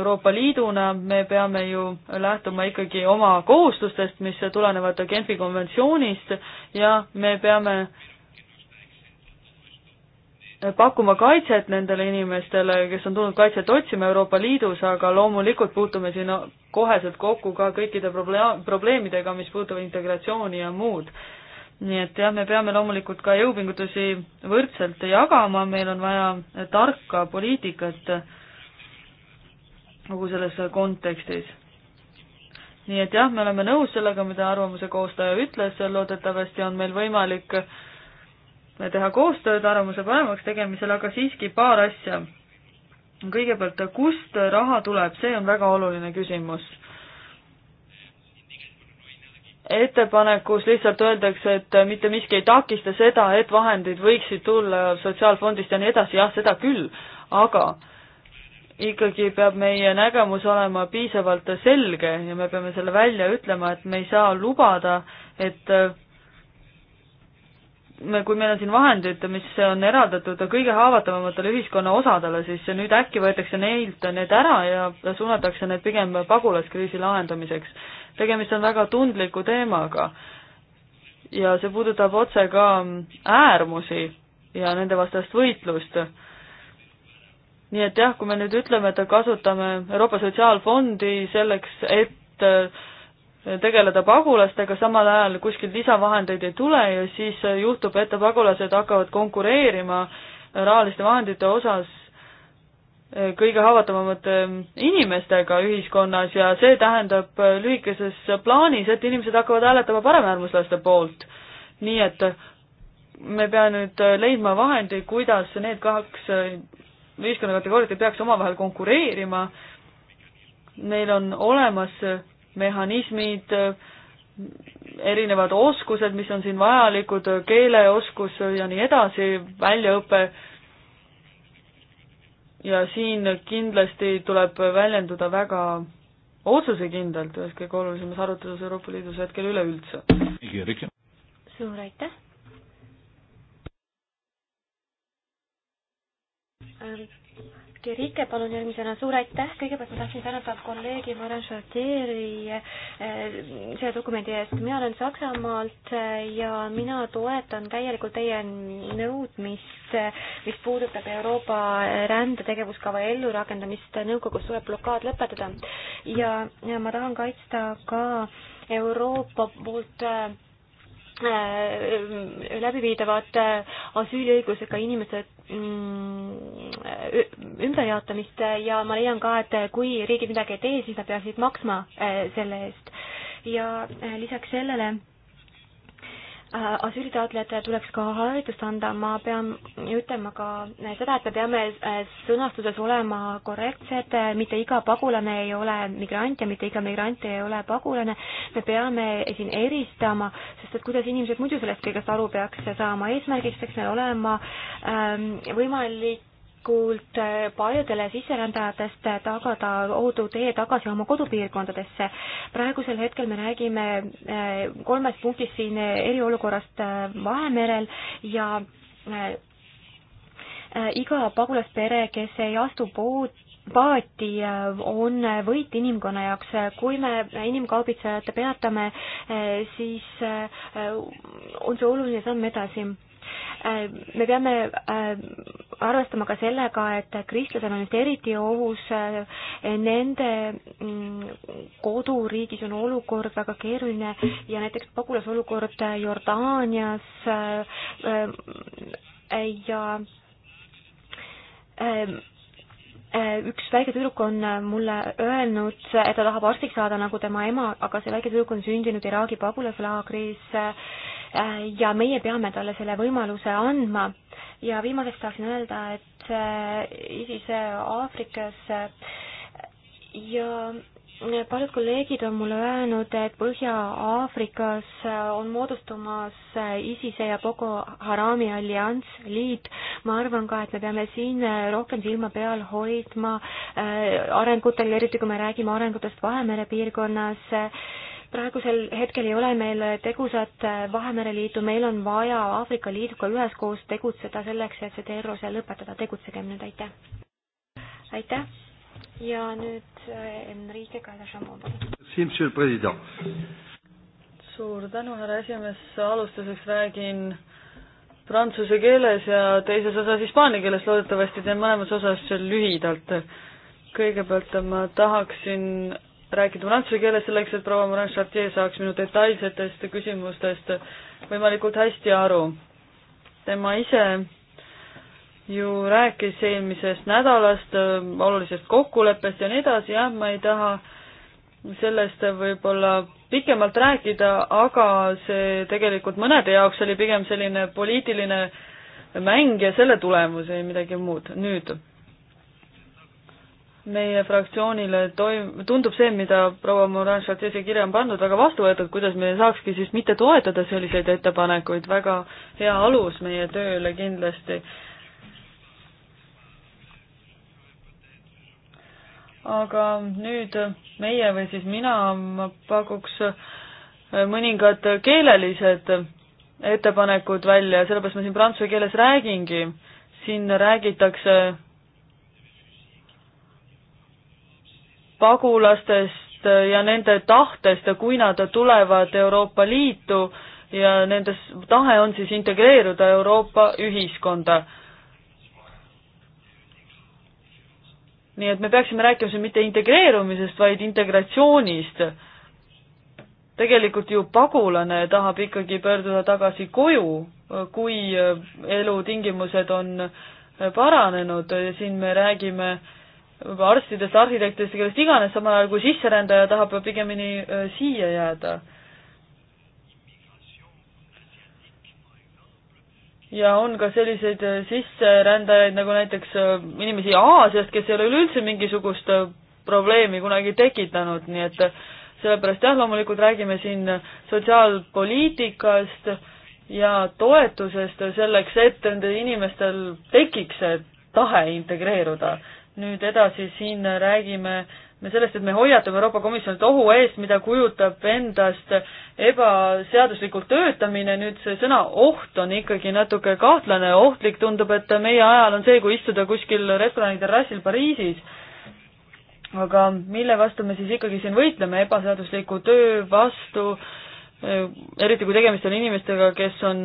Euroopa Liiduna me peame ju lähtuma ikkagi oma kohustustest, mis tulenevad Genfi konventsioonist ja me peame Äh, pakkuma kaitset nendele inimestele, kes on tulnud kaitset otsima Euroopa Liidus, aga loomulikult puutume siin koheselt kokku ka kõikide probleem, probleemidega, mis puudutavad integratsiooni ja muud. nii et jah, me peame loomulikult ka jõupingutusi võrdselt jagama, meil on vaja tarka poliitikat kogu selles kontekstis nii et jah, me oleme nõus sellega, mida arvamuse koostaja ütles, loodetavasti on meil võimalik äh, teha koostööd arvamuse paremaks tegemisel, aga siiski paar asja. kõigepealt, kust raha tuleb, see on väga oluline küsimus. ettepanekus lihtsalt öeldakse, et mitte miski ei takista seda, et vahendid võiksid tulla sotsiaalfondist ja nii edasi, jah, seda küll, aga ikkagi peab meie nägemus olema piisavalt selge ja me peame selle välja ütlema, et me ei saa lubada, et kui meil on siin vahendid, mis on eraldatud kõige haavatavamatele ühiskonna osadele, siis nüüd äkki võetakse neilt need ära ja suunatakse need pigem pagulaskriisi lahendamiseks. tegemist on väga tundliku teemaga ja see puudutab otse ka äärmusi ja nende vastast võitlust. nii et jah, kui me nüüd ütleme, et kasutame Euroopa Sotsiaalfondi selleks, et tegeleda pagulastega, samal ajal kuskilt lisavahendeid ei tule ja siis juhtub, et pagulased hakkavad konkureerima rahaliste vahendite osas eh, kõige haavatavamate eh, inimestega ühiskonnas ja see tähendab eh, lühikeses plaanis, et inimesed hakkavad hääletama paremäärmuslaste poolt. nii et me peame nüüd leidma vahendi, kuidas need kaks ühiskonnakategooriat ei peaks omavahel konkureerima. Neil on olemas mehhanismid, erinevad oskused, mis on siin vajalikud, keeleoskus ja nii edasi, väljaõpe. ja siin kindlasti tuleb väljenduda väga otsusekindlalt ühes kõige olulisemas arutelus Euroopa Liidus hetkel üleüldse. suur aitäh! Kirike, palun järgmisena, suur aitäh, kõigepealt ma tahtsin tänada kolleegi Maren Chartieri eh, selle dokumendi eest, mina olen Saksamaalt eh, ja mina toetan täielikult teie nõudmist, eh, mis puudutab Euroopa rändetegevuskava ellurakendamist, nõukogus tuleb blokaad lõpetada ja, ja ma tahan kaitsta ka Euroopa poolt äh, Äh, läbiviidavat äh, asüüliõigusega inimese mm, ümberjaotamist ja ma leian ka, et kui riigid midagi ei tee, siis nad peaksid maksma äh, selle eest. ja lisaks sellele Äh, asüülitaotlejatele tuleks ka haridust anda, ma pean ütlema ka seda, et me peame äh, sõnastuses olema korrektsed, mitte iga pagulane ei ole migrant ja mitte iga migrant ei ole pagulane. me peame siin eristama, sest et kuidas inimesed muidu sellest kõigest aru peaks saama, eesmärgiks peaks meil olema ähm, võimalik tegelikult äh, paljudele sisserändajatest tagada ohutu tee tagasi oma kodupiirkondadesse. praegusel hetkel me räägime äh, kolmest punktist siin äh, eriolukorrast Vahemerel ja iga pagulaspere, kes ei astu pood, paati on võit inimkonna jaoks. kui me inimkaubitsejate peatame, siis on see oluline samm edasi Äh, me peame äh, arvestama ka sellega, et kristlased on just eriti ohus, äh, nende mm, koduriigis on olukord väga keeruline ja näiteks pagulasolukord Jordaanias ja üks väike tüdruk on mulle öelnud, et ta tahab arstiks saada nagu tema ema, aga see väike tüdruk on sündinud Iraagi pagulaslaagris Äh, ja meie peame talle selle võimaluse andma. ja viimaseks tahaksin öelda, et äh, ISIS Aafrikas äh, ja paljud kolleegid on mulle öelnud, et Põhja-Aafrikas on moodustumas ISISe ja Boko Harami allianss, liit. ma arvan ka, et me peame siin rohkem silma peal hoidma arengutel, eriti kui me räägime arengutest Vahemere piirkonnas praegusel hetkel ei ole meil tegusat Vahemere liitu, meil on vaja Aafrika Liiduga üheskoos tegutseda selleks, et see terrorse lõpetada, tegutsegem nüüd, aitäh! aitäh ja nüüd eh, Enrique Kadashamon, palun! suur tänu, härra esimees, alustuseks räägin prantsuse keeles ja teises osas hispaania keeles, loodetavasti teen mõlemas osas lühidalt. kõigepealt ma tahaksin rääkida prantsuse keeles, selleks et proua Morin Chartier saaks minu detailsetest küsimustest võimalikult hästi aru. tema ise ju rääkis eelmisest nädalast olulisest kokkuleppest ja nii edasi, jah, ma ei taha sellest võib-olla pikemalt rääkida, aga see tegelikult mõnede jaoks oli pigem selline poliitiline mäng ja selle tulemus, ei midagi muud. nüüd meie fraktsioonile toim-, tundub see, mida proua Moran Šatsesi kirja on pandud, väga vastuvõetud, kuidas me saakski siis mitte toetada selliseid ettepanekuid, väga hea alus meie tööle kindlasti. aga nüüd meie või siis mina, ma pakuks äh, mõningad keelelised ettepanekud välja, sellepärast ma siin prantsuse keeles räägingi. siin räägitakse pagulastest ja nende tahtest, kui nad tulevad Euroopa Liitu ja nendes tahe on siis integreeruda Euroopa ühiskonda. nii et me peaksime rääkima siin mitte integreerumisest, vaid integratsioonist. tegelikult ju pagulane tahab ikkagi pöörduda tagasi koju, kui elutingimused on paranenud, siin me räägime äh, arstidest, arhitektidest ja kellest iganes, samal ajal kui sisserändaja tahab pigemini äh, siia jääda. ja on ka selliseid äh, sisserändajaid nagu näiteks äh, inimesi Aasiast, kes ei ole üleüldse mingisugust probleemi kunagi tekitanud, nii et sellepärast jah, loomulikult räägime siin sotsiaalpoliitikast ja toetusest selleks, et nendel inimestel tekiks see tahe integreeruda nüüd edasi, siin räägime me sellest, et me hoiatame Euroopa Komisjonit ohu eest, mida kujutab endast ebaseaduslikult töötamine, nüüd see sõna oht on ikkagi natuke kahtlane, ohtlik tundub, et meie ajal on see, kui istuda kuskil restorani terrassil Pariisis. aga mille vastu me siis ikkagi siin võitleme, ebaseadusliku töö vastu, eriti kui tegemist on inimestega, kes on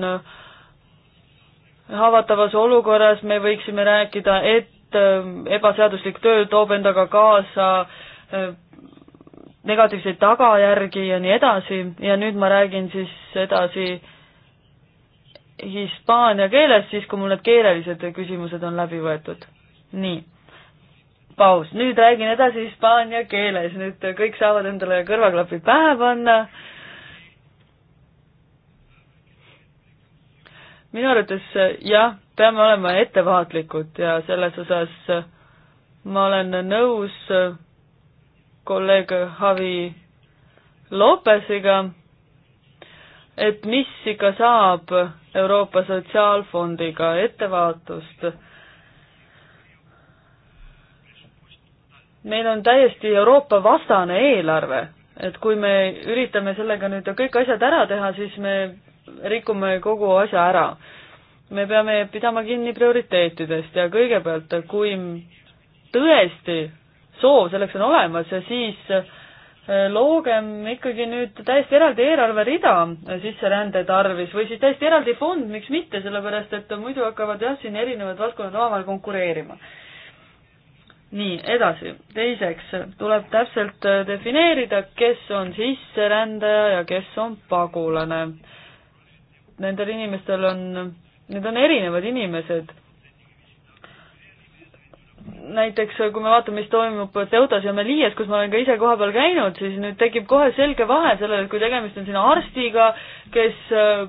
haavatavas olukorras, me võiksime rääkida, et et äh, ebaseaduslik töö toob endaga kaasa äh, negatiivseid tagajärgi ja nii edasi ja nüüd ma räägin siis edasi hispaania keeles, siis kui mul need keelelised küsimused on läbi võetud. nii, paus, nüüd räägin edasi hispaania keeles, nüüd kõik saavad endale kõrvaklapid pähe panna. minu arvates äh, jah peame olema ettevaatlikud ja selles osas ma olen nõus kolleeg Javi Lopesiga, et mis ikka saab Euroopa Sotsiaalfondiga ettevaatust. meil on täiesti Euroopa vastane eelarve, et kui me üritame sellega nüüd kõik asjad ära teha, siis me rikume kogu asja ära me peame pidama kinni prioriteetidest ja kõigepealt, kui tõesti soov selleks on olemas, siis eh, loogem ikkagi nüüd täiesti eraldi eelarverida sisserände tarvis või siis täiesti eraldi fond, miks mitte, sellepärast et muidu hakkavad jah, siin erinevad valdkonnad omavahel konkureerima. nii, edasi. teiseks tuleb täpselt eh, defineerida, kes on sisserändaja ja kes on pagulane. Nendel inimestel on Need on erinevad inimesed. näiteks kui me vaatame, mis toimub Teudas ja Meliias, kus ma olen ka ise kohapeal käinud, siis nüüd tekib kohe selge vahe sellele, et kui tegemist on sinna arstiga, kes äh,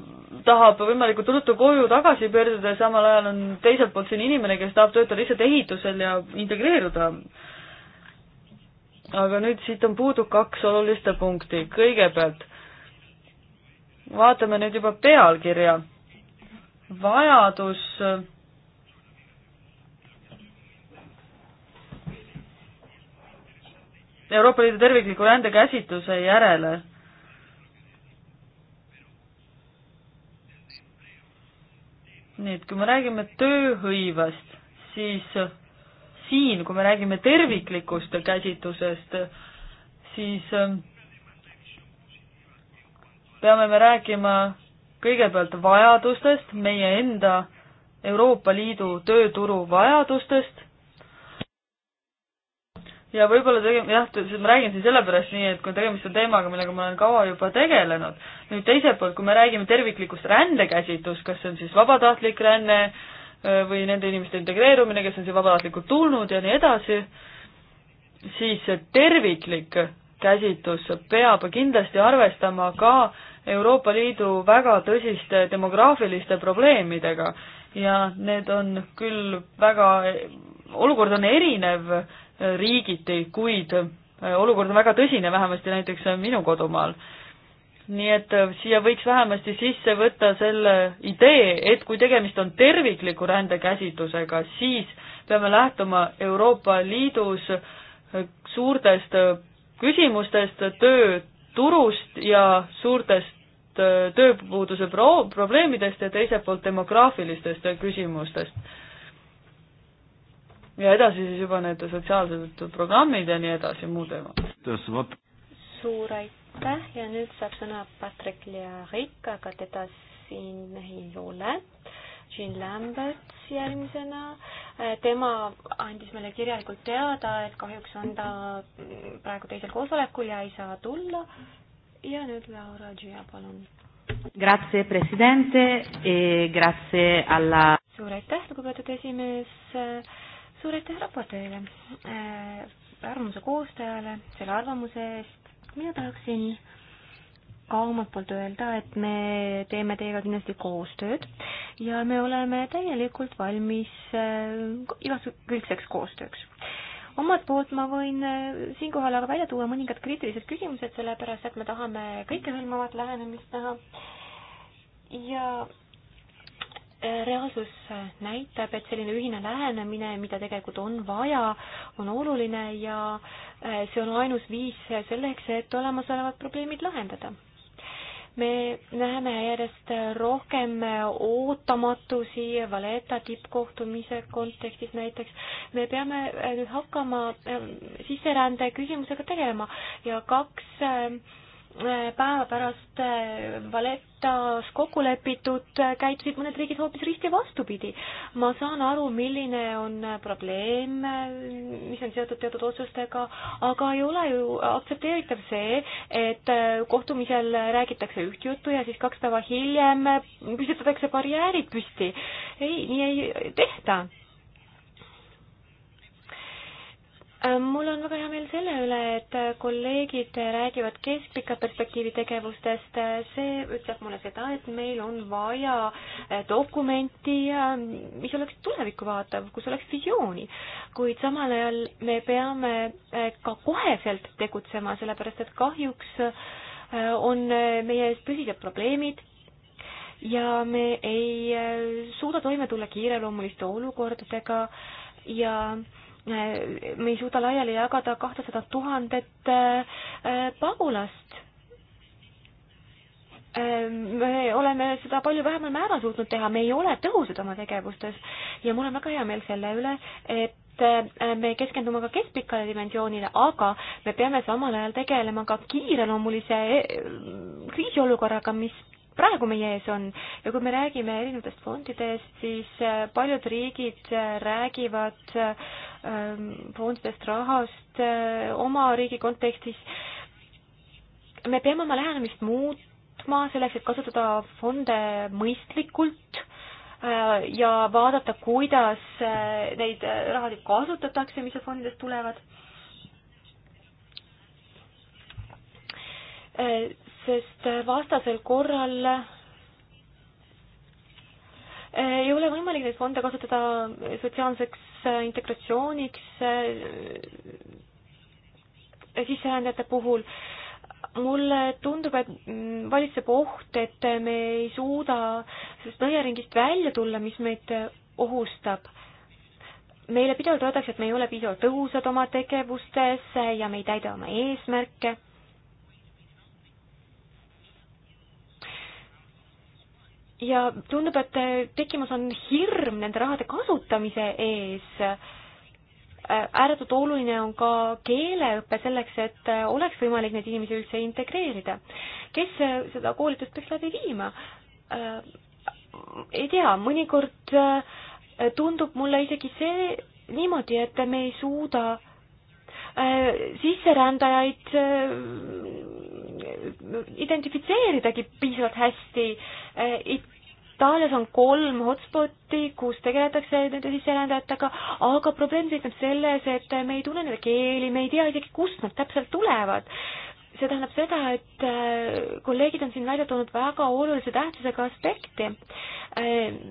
tahab võimalikult ruttu koju tagasi pöörduda ja samal ajal on teiselt poolt siin inimene, kes tahab töötada lihtsalt ehitusel ja integreeruda aga nüüd siit on puudu kaks oluliste punkti. kõigepealt vaatame nüüd juba pealkirja vajadus Euroopa Liidu tervikliku rändekäsitluse järele. nii et kui me räägime tööhõivest, siis siin, kui me räägime terviklikust käsitlusest, siis ähm, peame me rääkima kõigepealt vajadustest, meie enda Euroopa Liidu tööturu vajadustest ja võib-olla tegem-, jah, ma räägin siin sellepärast nii, et kui tegemist on teemaga, millega ma olen kaua juba tegelenud, nüüd teiselt poolt, kui me räägime terviklikust rändekäsitlust, kas see on siis vabatahtlik ränne äh, või nende inimeste integreerumine, kes on siia vabatahtlikult tulnud ja nii edasi, siis see terviklik käsitlus peab kindlasti arvestama ka äh, Euroopa Liidu väga tõsiste demograafiliste probleemidega ja need on küll väga, olukord on erinev riigiti, kuid olukord on väga tõsine, vähemasti näiteks minu kodumaal. nii et siia võiks vähemasti sisse võtta selle idee, et kui tegemist on tervikliku rändekäsitlusega, siis peame lähtuma Euroopa Liidus suurtest küsimustest, töö, turust ja suurtest äh, tööpuuduse pro-, probleemidest ja teiselt poolt demograafilistest küsimustest. ja edasi siis juba need sotsiaalsed programmid ja nii edasi, muu teema. suur aitäh ja nüüd saab sõna Patrick Learik, aga teda siin ei ole. Jean Lamberts järgmisena. Äh, tema andis meile kirjalikult teada, et kahjuks on ta mm, praegu teisel koosolekul ja ei saa tulla. ja nüüd Laura Gia, palun. Grazie presidente e grazie alla. suur aitäh, lugupeetud esimees. suur aitäh raportööle äh,, arvamuse koostajale selle arvamuse eest. mina tahaksin ka omalt poolt öelda, et me teeme teiega kindlasti koostööd ja me oleme täielikult valmis äh, igasuguseks koostööks. omalt poolt ma võin äh, siinkohal aga välja tuua mõningad kriitilised küsimused, sellepärast et me tahame kõikehõlmavat lähenemist näha ja äh, reaalsus näitab, et selline ühine lähenemine, mida tegelikult on vaja, on oluline ja see on ainus viis selleks, et olemasolevad probleemid lahendada me näeme järjest rohkem ootamatusi Valeta tippkohtumise kontekstis näiteks. me peame eh, nüüd hakkama eh, sisserände küsimusega tegelema ja kaks eh, Äh, päeva pärast äh, Valettas kokku lepitud, äh, käitusid mõned riigid hoopis risti vastupidi. ma saan aru, milline on probleem, mis on seotud teatud otsustega, aga ei ole ju aktsepteeritav see, et kohtumisel räägitakse üht juttu ja siis kaks päeva hiljem püstitatakse barjäärid püsti. ei, nii ei tehta Äh, mul on väga hea meel selle üle, et äh, kolleegid räägivad keskpika perspektiivi tegevustest. Äh, see ütleb mulle seda, et meil on vaja dokumenti, mis oleks tulevikku vaatav, kus oleks visiooni. kuid samal ajal me peame ka koheselt tegutsema, sellepärast et kahjuks on meie ees tõsised probleemid ja me ei suuda toime tulla kiireloomuliste olukordadega ja äh, me ei suuda laiali jagada kahtesadat tuhandet äh, pagulast. Äh, me oleme seda palju vähemal määral suutnud teha, me ei ole tõhusad oma tegevustes ja mul on väga hea meel selle üle, et äh, me keskendume ka keskpikale dimensioonile, aga me peame samal ajal tegelema ka kiireloomulise kriisiolukorraga, mis praegu meie ees on ja kui me räägime erinevatest fondidest, siis äh, paljud riigid äh, räägivad ähm, fondidest rahast äh, oma riigi kontekstis. me peame oma lähenemist muutma selleks, et kasutada fonde mõistlikult ja vaadata, kuidas neid rahasid kasutatakse, mis fondidest tulevad sest vastasel korral ei ole võimalik neid fonde kasutada sotsiaalseks integratsiooniks äh, sisserändajate puhul. mulle tundub, et mm, valitseb oht, et me ei suuda sellest nõiaringist välja tulla, mis meid ohustab meile pidevalt öeldakse, et me ei ole piisavalt tõhusad oma tegevustes ja me ei täida oma eesmärke. ja tundub, et tekkimas on hirm nende rahade kasutamise ees. ääretult oluline on ka keeleõpe selleks, et oleks võimalik neid inimesi üldse integreerida. kes seda koolitust peaks läbi viima? ei tea, mõnikord tundub mulle isegi see niimoodi, et me ei suuda sisserändajaid identifitseeridagi piisavalt hästi. Äh, Itaalias on kolm hotspoti, kus tegeletakse nende sisserändajatega, aga probleem seisneb selles, et me ei tunne nende keeli, me ei tea isegi, kust nad täpselt tulevad see tähendab seda, et äh, kolleegid on siin välja toonud väga olulise tähtsusega aspekti. Äh,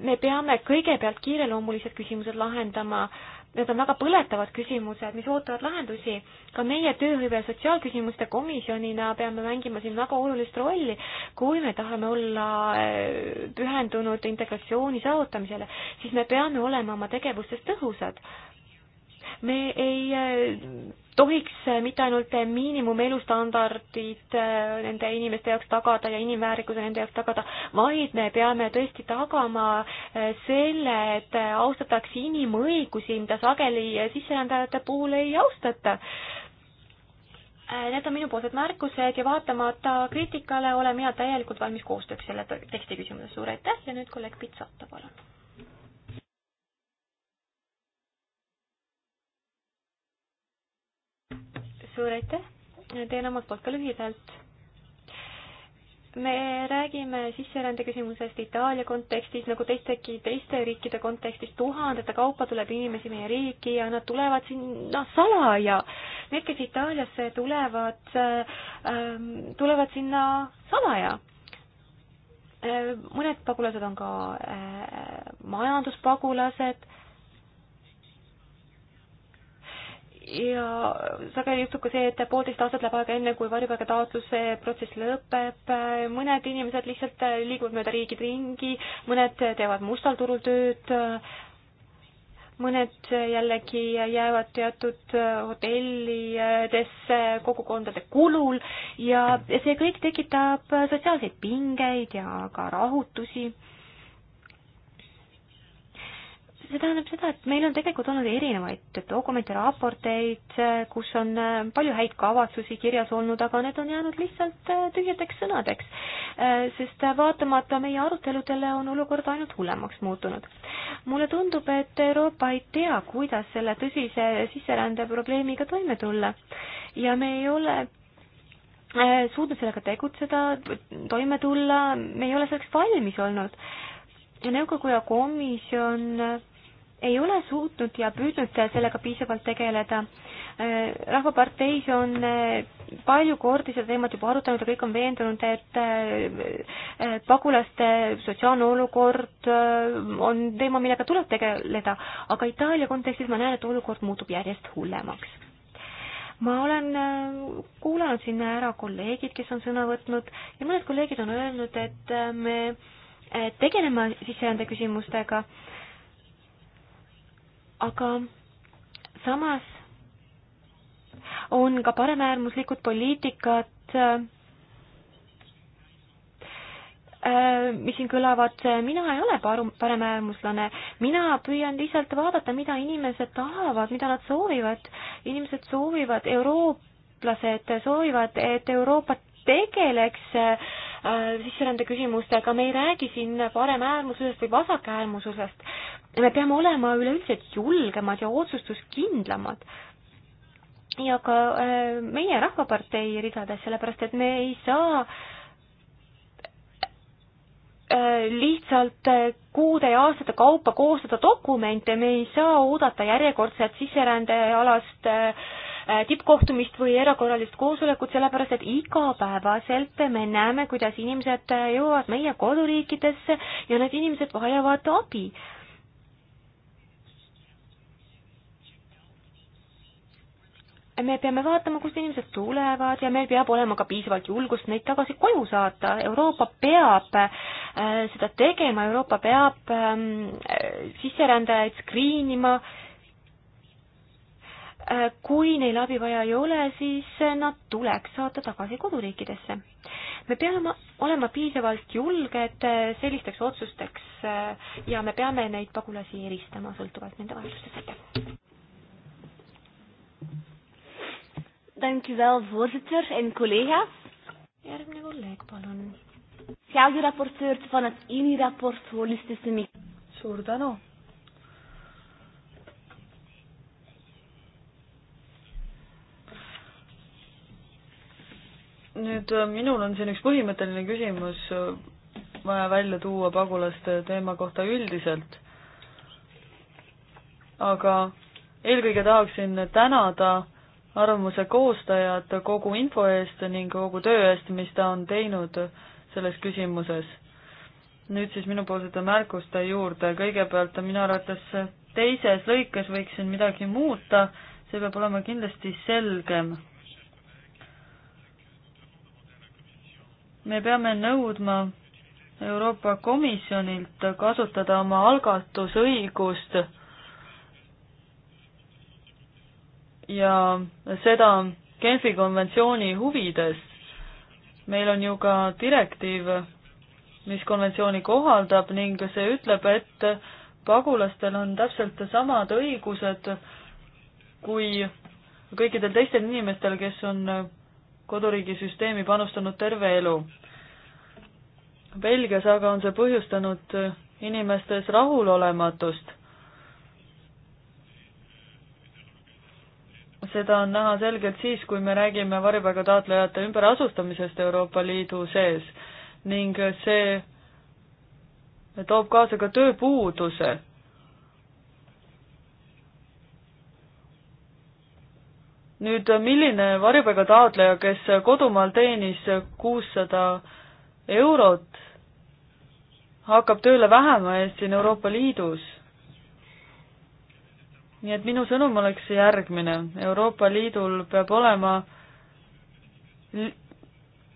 me peame kõigepealt kiireloomulised küsimused lahendama äh, Need on väga põletavad küsimused, mis ootavad lahendusi. ka meie tööhõive ja sotsiaalküsimuste komisjonina peame mängima siin väga olulist rolli, kui me tahame olla äh, pühendunud integratsiooni saavutamisele, siis me peame olema oma tegevustes tõhusad me ei eh, tohiks mitte ainult miinimumelustandardid eh, nende inimeste jaoks tagada ja inimväärikuse nende jaoks tagada, vaid me peame tõesti tagama eh, selle, et austatakse inimõigusi, mida sageli sisserändajate puhul ei austata. Need on minupoolsed märkused ja vaatamata kriitikale olen mina täielikult valmis koostööks selle teksti küsimuses. suur aitäh ja nüüd kolleeg Pitsata, palun suur aitäh, teen omalt poolt ka lühidalt. me räägime sisserände küsimusest Itaalia kontekstis nagu teistegi teiste riikide kontekstis, tuhandete kaupa tuleb inimesi meie riiki ja nad tulevad sinna salaja. Need, kes Itaaliasse tulevad, ähm, tulevad sinna salaja äh, mõned pagulased on ka äh, majanduspagulased ja sageli juhtub ka see, et poolteist aastat läheb aega enne, kui varjupaigataotluse protsess lõpeb, mõned inimesed lihtsalt liiguvad mööda riigid ringi, mõned teevad mustal turul tööd, mõned jällegi jäävad teatud hotellidesse kogukondade kulul ja see kõik tekitab sotsiaalseid pingeid ja ka rahutusi see tähendab seda, et meil on tegelikult olnud erinevaid dokumente, raporteid, kus on äh, palju häid kavatsusi kirjas olnud, aga need on jäänud lihtsalt äh, tühjadeks sõnadeks. Äh, sest vaatamata meie aruteludele on olukord ainult hullemaks muutunud. mulle tundub, et Euroopa ei tea, kuidas selle tõsise sisserände probleemiga toime tulla ja me ei ole suutnud sellega tegutseda, toime tulla, me ei ole selleks valmis olnud ja nõukogu ja komisjon ei ole suutnud ja püüdnud sellega piisavalt tegeleda. rahvaparteis on eh, palju kordi seda teemat juba arutanud ja kõik on veendunud, et eh, pagulaste sotsiaalne olukord eh, on teema, millega tuleb tegeleda, aga Itaalia kontekstis ma näen, et olukord muutub järjest hullemaks. ma olen kuulanud siin ära kolleegid, kes on sõna võtnud ja mõned kolleegid on öelnud, et me tegeleme sisserände küsimustega äh, aga samas on ka paremäärmuslikud poliitikad, äh, mis siin kõlavad, mina ei ole paru-, paremäärmuslane, mina püüan lihtsalt vaadata, mida inimesed tahavad, mida nad soovivad. inimesed soovivad, eurooplased soovivad, et Euroopa tegeleks äh, Äh, sisserände küsimustega, me ei räägi siin paremäärmuslusest või vasakäärmuslusest. me peame olema üleüldse julgemad ja otsustuskindlamad ja ka äh, meie Rahvapartei ridades, sellepärast et me ei saa äh, lihtsalt kuude ja aastate kaupa koostada dokumente, me ei saa oodata järjekordset sisserändealast äh, Äh, tippkohtumist või erakorralist koosolekut, sellepärast et igapäevaselt me näeme, kuidas inimesed äh, jõuavad meie koduriikidesse ja need inimesed vajavad abi me peame vaatama, kust inimesed tulevad ja meil peab olema ka piisavalt julgust neid tagasi koju saata. Euroopa peab äh, seda tegema, Euroopa peab ähm, sisserändajaid skriinima Äh, kui neil abi vaja ei ole, siis äh, nad tuleks saata tagasi koduriikidesse. me peame olema piisavalt julged äh, sellisteks otsusteks ja me peame neid pagulasi eristama sõltuvalt nende vajadustest, aitäh. Dank u wel, voorzitter en collega's. Järgmine kolleeg, palun. Schaduwrapporteur van het INI-rapport holistische migratie. Suur tänu nüüd äh, minul on siin üks põhimõtteline küsimus äh, vaja välja tuua pagulaste teema kohta üldiselt. aga eelkõige tahaksin tänada arvamuse koostajat kogu info eest ning kogu töö eest, mis ta on teinud selles küsimuses. nüüd siis minupoolsete märkuste juurde, kõigepealt minu arvates teises lõikes võiksin midagi muuta, see peab olema kindlasti selgem me peame nõudma Euroopa Komisjonilt kasutada oma algatusõigust ja seda Genfi konventsiooni huvides. meil on ju ka direktiiv, mis konventsiooni kohaldab ning see ütleb, et pagulastel on täpselt samad õigused kui kõikidel teistel inimestel, kes on koduriigi süsteemi panustanud terve elu. Belgias aga on see põhjustanud inimestes rahulolematust. seda on näha selgelt siis, kui me räägime varjupaigataotlejate ümberasustamisest Euroopa Liidu sees ning see toob kaasa ka tööpuuduse nüüd milline varjupaiga taotleja, kes kodumaal teenis kuussada eurot, hakkab tööle vähema eest siin Euroopa Liidus? nii et minu sõnum oleks järgmine, Euroopa Liidul peab olema,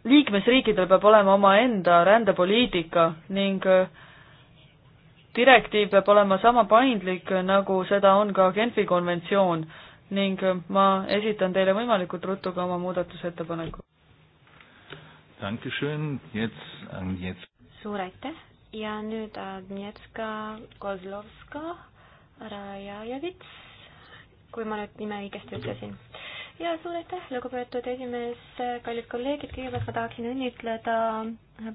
liikmesriikidel peab olema omaenda rändepoliitika ning direktiiv peab olema sama paindlik, nagu seda on ka Genfi konventsioon ning äh, ma esitan teile võimalikult ruttu ka oma muudatusettepaneku. Ähm, suur aitäh ja nüüd äh, Agnieszka Kozlovska Rajajevits, kui ma nüüd nime õigesti ütlesin ja suur aitäh, lugupeetud esimees, kallid kolleegid, kõigepealt ma tahaksin õnnitleda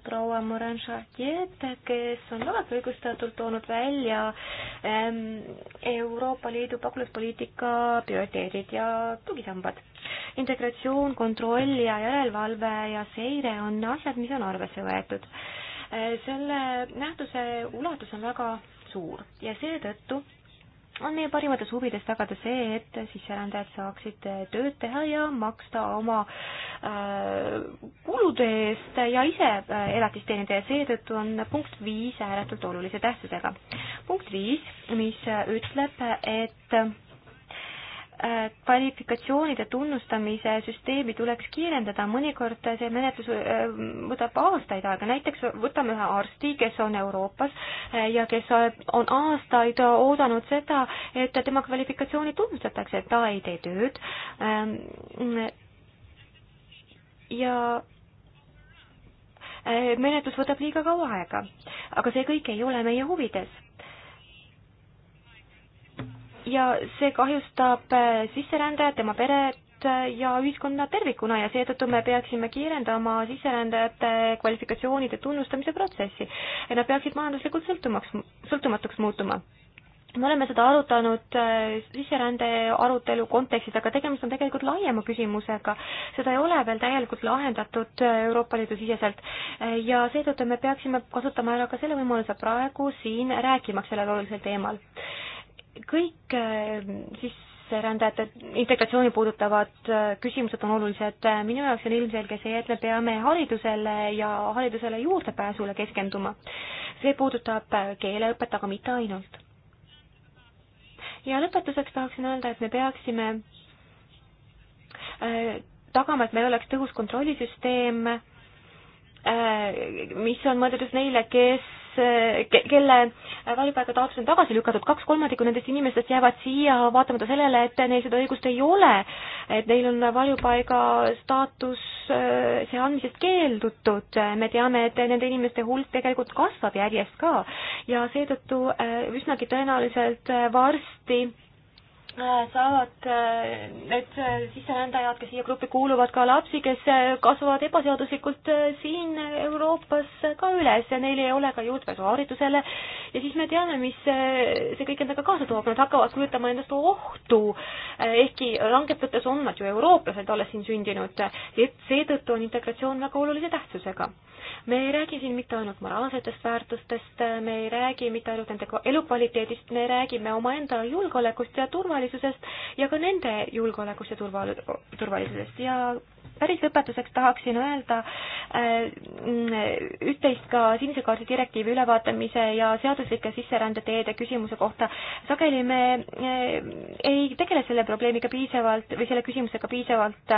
proua Morin Chartier, kes on vägagi õigustatult toonud välja ähm, Euroopa Liidu pagulaspoliitika prioriteedid ja tugisambad. integratsioon, kontroll ja järelevalve ja seire on asjad, mis on arvesse võetud. Äh, selle nähtuse ulatus on väga suur ja seetõttu on meie parimates huvides tagada see, et sisserändajad saaksid tööd teha ja maksta oma äh, kulude eest ja ise äh, elatist teenida ja seetõttu on punkt viis ääretult olulise tähtsusega. punkt viis, mis ütleb, et kvalifikatsioonide tunnustamise süsteemi tuleks kiirendada, mõnikord see menetlus äh, võtab aastaid aega, näiteks võtame ühe arsti, kes on Euroopas äh, ja kes on aastaid oodanud seda, et tema kvalifikatsiooni tunnustatakse, ta ei tee tööd ähm, ja äh, menetlus võtab liiga kaua aega, aga see kõik ei ole meie huvides ja see kahjustab eh, sisserändajat, tema peret eh, ja ühiskonda tervikuna ja seetõttu me peaksime kiirendama sisserändajate kvalifikatsioonide tunnustamise protsessi. Nad peaksid majanduslikult sõltumaks, sõltumatuks muutuma me oleme seda arutanud eh, sisserände arutelu kontekstis, aga tegemist on tegelikult laiema küsimusega. seda ei ole veel täielikult lahendatud Euroopa Liidu siseselt ja seetõttu me peaksime kasutama ära ka selle võimaluse praegu siin rääkimaks sellel olulisel teemal kõik äh, sisserändajate integratsiooni puudutavad äh, küsimused on olulised. minu jaoks on ilmselge see, et me peame haridusele ja haridusele juurdepääsule keskenduma. see puudutab äh, keeleõpet, aga mitte ainult. ja lõpetuseks tahaksin öelda, et me peaksime tagama, et meil oleks tõhus kontrollisüsteem, mis on mõeldud just neile, kes Äh, kes, kelle varjupaigataotlus on tagasi lükatud, kaks kolmandikku nendest inimestest jäävad siia vaatamata sellele, et neil seda õigust ei ole, et neil on varjupaiga staatus äh, see andmisest keeldutud. me teame, et nende inimeste hulk tegelikult kasvab järjest ka ja seetõttu äh, üsnagi tõenäoliselt varsti Äh, saavad äh, need äh, sisserändajad, kes siia gruppi kuuluvad, ka lapsi, kes kasvavad ebaseaduslikult siin Euroopas ka üles ja neil ei ole ka juurdepääsu haridusele. ja siis me teame, mis see kõik endaga kaasa toob, nad hakkavad kujutama endast ohtu, ehkki langetades on nad ju eurooplased, olles siin sündinud, et seetõttu on integratsioon väga olulise tähtsusega me ei räägi siin mitte ainult moraalsetest väärtustest, me ei räägi mitte ainult nende elukvaliteedist, me räägime omaenda julgeolekust ja turvalisusest turvalisusest ja ka nende julgeolekust ja turval-, turvalisusest ja päris lõpetuseks tahaksin öelda äh, üht-teist ka sinise kaardi direktiivi ülevaatamise ja seaduslike sisserändeteede küsimuse kohta. sageli me äh, ei tegele selle probleemiga piisavalt või selle küsimusega piisavalt.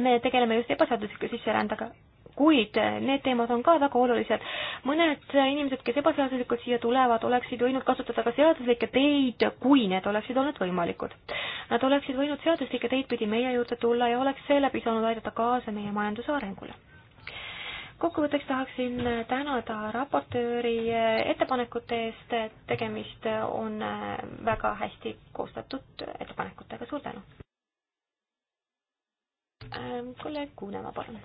me tegeleme just ebaseadusliku sisserändega kuid need teemad on ka väga olulised. mõned inimesed, kes ebaseaduslikult siia tulevad, oleksid võinud kasutada ka seaduslikke teid, kui need oleksid olnud võimalikud. Nad oleksid võinud seaduslikke teid pidi meie juurde tulla ja oleks seeläbi saanud aidata kaasa meie majanduse arengule kokkuvõtteks tahaksin tänada raportööri ettepanekute eest, tegemist on väga hästi koostatud ettepanekutega, suur tänu! Kolleeg Kuunemaa, palun.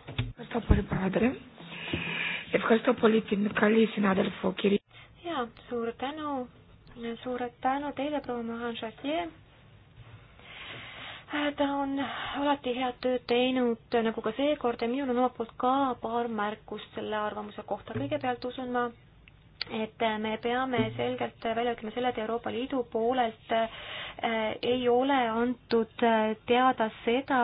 Ευχαριστώ πολύ την καλή συνάδελφο κυρία. Ja, suur tänu, suured tänu teile, proua Mahan Chatier. Äh, ta on alati head tööd teinud, nagu ka seekord ja minul on omalt poolt ka paar märkust selle arvamuse kohta. kõigepealt usun ma, et me peame selgelt välja ütlema selle, et Euroopa Liidu poolelt äh, ei ole antud äh, teada seda,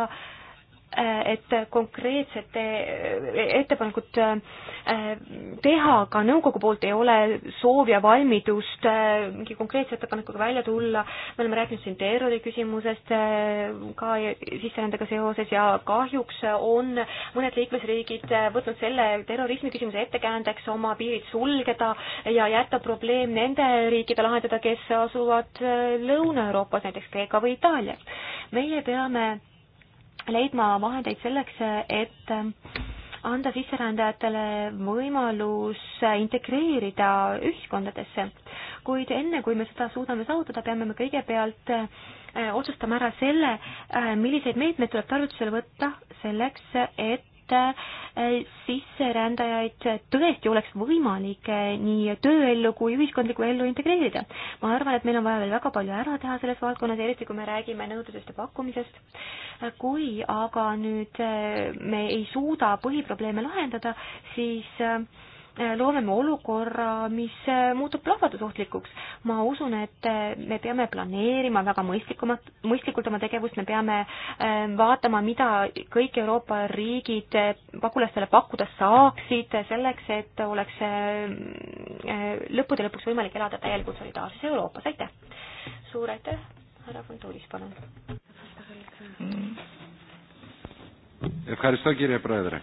et konkreetset eh, ettepanekut eh, teha, ka nõukogu poolt ei ole soovi ja valmidust eh, mingi konkreetse ettepanekuga välja tulla, me oleme rääkinud siin terrori küsimusest ka sisserändega seoses ja kahjuks on mõned liikmesriigid võtnud selle terrorismi küsimuse ettekäändeks oma piirid sulgeda ja jätta probleem nende riikide lahendada, kes asuvad Lõuna-Euroopas, näiteks Kreeka või Itaalia. meie peame leidma vahendeid selleks, et anda sisserändajatele võimalus integreerida ühiskondadesse. kuid enne, kui me seda suudame saavutada, peame me kõigepealt eh, otsustama ära selle, eh, milliseid meetmeid tuleb tarvitusele võtta selleks, et Eh, sisserändajaid tõesti oleks võimalik eh, nii tööellu kui ühiskondlikku ellu integreerida. ma arvan, et meil on vaja veel väga palju ära teha selles valdkonnas, eriti kui me räägime nõudlusest ja pakkumisest. kui aga nüüd eh, me ei suuda põhiprobleeme lahendada, siis Eh, loome me olukorra, mis eh, muutub plahvatusohtlikuks. ma usun, et eh, me peame planeerima väga mõistlikumalt, mõistlikult oma tegevust, me peame vaatama, mida kõik Euroopa riigid pagulastele pakkuda saaksid, selleks et oleks lõppude lõpuks võimalik elada täielikult solidaarses Euroopas, aitäh! suur aitäh, härra Fontuulis, palun! Ευχαριστώ κύριε Πρόεδρε.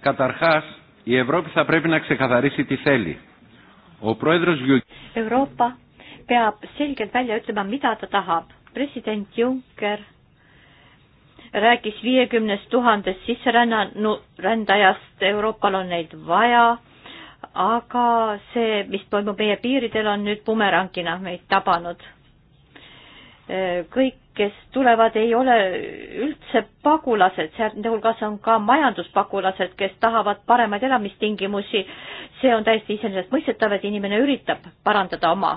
Καταρχάς, Η Ευρώπη θα πρέπει να ξεκαθαρίσει τι θέλει. Ο πρόεδρος Euroopa peab selgelt välja ütlema, mida ta tahab. President Juncker rääkis 50 000 sisserändajast, Euroopal on neid vaja, aga see, mis toimub meie piiridel, on nüüd bumerangina meid tabanud. Kõik kes tulevad, ei ole üldse pagulased, seal nende hulgas on ka majanduspagulased, kes tahavad paremaid elamistingimusi. see on täiesti iseenesestmõistetav, et inimene üritab parandada oma,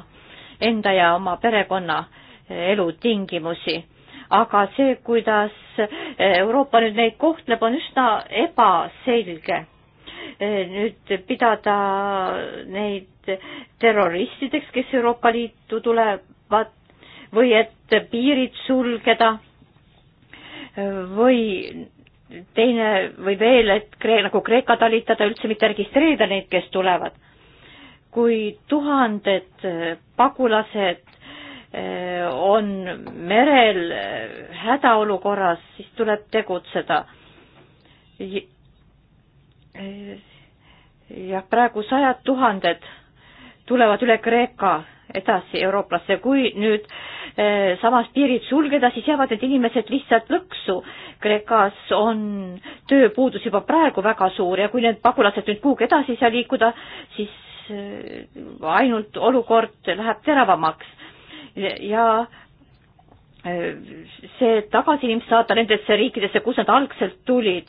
enda ja oma perekonna elutingimusi. aga see, kuidas Euroopa nüüd neid kohtleb, on üsna ebaselge. nüüd pidada neid terroristideks, kes Euroopa Liitu tulevad, või et piirid sulgeda või teine või veel, et kree, nagu Kreeka talitada, üldse mitte registreerida neid, kes tulevad. kui tuhanded äh, pagulased äh, on merel äh, hädaolukorras, siis tuleb tegutseda. jah, praegu sajad tuhanded tulevad üle Kreeka edasi eurooplasse, kui nüüd eh, samas piirid sulgeda, siis jäävad need inimesed lihtsalt lõksu. Kreekas on tööpuudus juba praegu väga suur ja kui need pagulased nüüd kuhugi edasi ei saa liikuda, siis eh, ainult olukord läheb teravamaks ja eh, see tagasi inimesed saata nendesse riikidesse, kust nad algselt tulid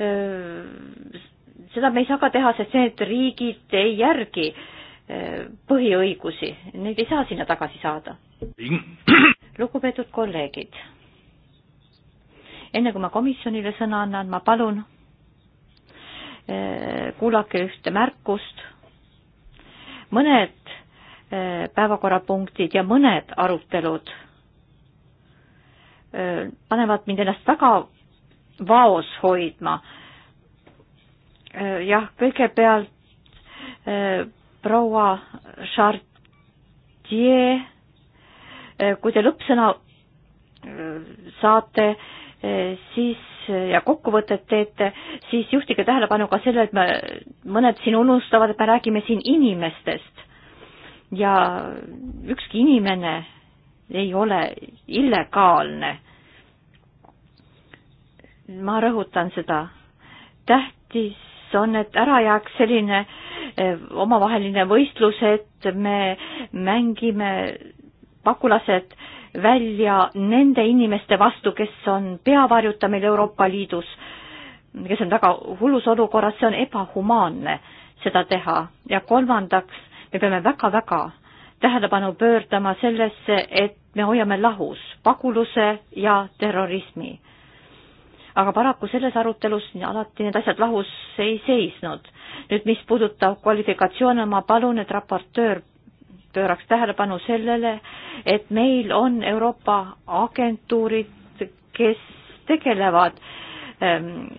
eh, seda me ei saa ka teha, sest need riigid ei järgi põhiõigusi, neid ei saa sinna tagasi saada. lugupeetud kolleegid, enne kui ma komisjonile sõna annan, ma palun eh, kuulake ühte märkust. mõned eh, päevakorrapunktid ja mõned arutelud eh, panevad mind ennast väga vaos hoidma. jah, kõigepealt proua Chartier, eh, kui te lõppsõna eh, saate, eh, siis ja kokkuvõtet teete, siis juhtige tähelepanu ka sellele, et me, mõned siin unustavad, et me räägime siin inimestest. ja ükski inimene ei ole illegaalne. ma rõhutan seda. tähtis on, et ära jääks selline äh, Eh, omavaheline võistlus, et me mängime pagulased välja nende inimeste vastu, kes on peavarjuta meil Euroopa Liidus, kes on väga hullus olukorras, see on ebahumaanne seda teha. ja kolmandaks, me peame väga-väga tähelepanu pöördama sellesse, et me hoiame lahus paguluse ja terrorismi aga paraku selles arutelus alati need asjad lahus ei seisnud. nüüd, mis puudutab kvalifikatsioone, ma palun, et raportöör pööraks tähelepanu sellele, et meil on Euroopa agentuurid, kes tegelevad ähm,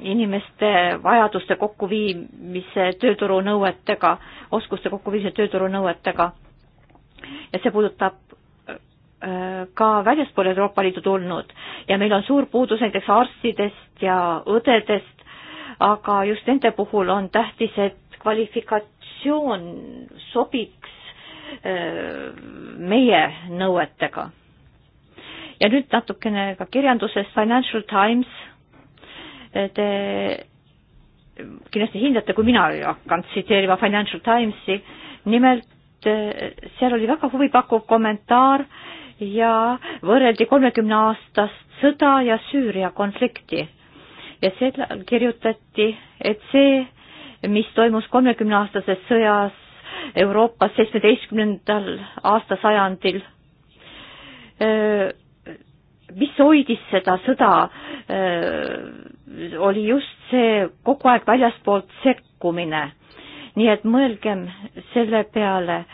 inimeste vajaduste kokkuviimise tööturunõuetega, oskuste kokkuviimise tööturunõuetega. ja see puudutab ka väljaspool Euroopa Liidu tulnud ja meil on suur puudus näiteks arstidest ja õdedest, aga just nende puhul on tähtis, et kvalifikatsioon sobiks äh, meie nõuetega. ja nüüd natukene ka kirjandusest, Financial Times, äh, te kindlasti hindate, kui mina hakkan tsiteerima Financial Timesi, nimelt äh, seal oli väga huvipakkuv kommentaar äh, ja võrreldi kolmekümne aastast sõda ja Süüria konflikti. ja seal kirjutati, et see, mis toimus kolmekümne aastases sõjas Euroopas seitsmeteistkümnendal aastasajandil, mis hoidis seda sõda, oli just see kogu aeg väljaspoolt sekkumine. nii et mõelgem selle peale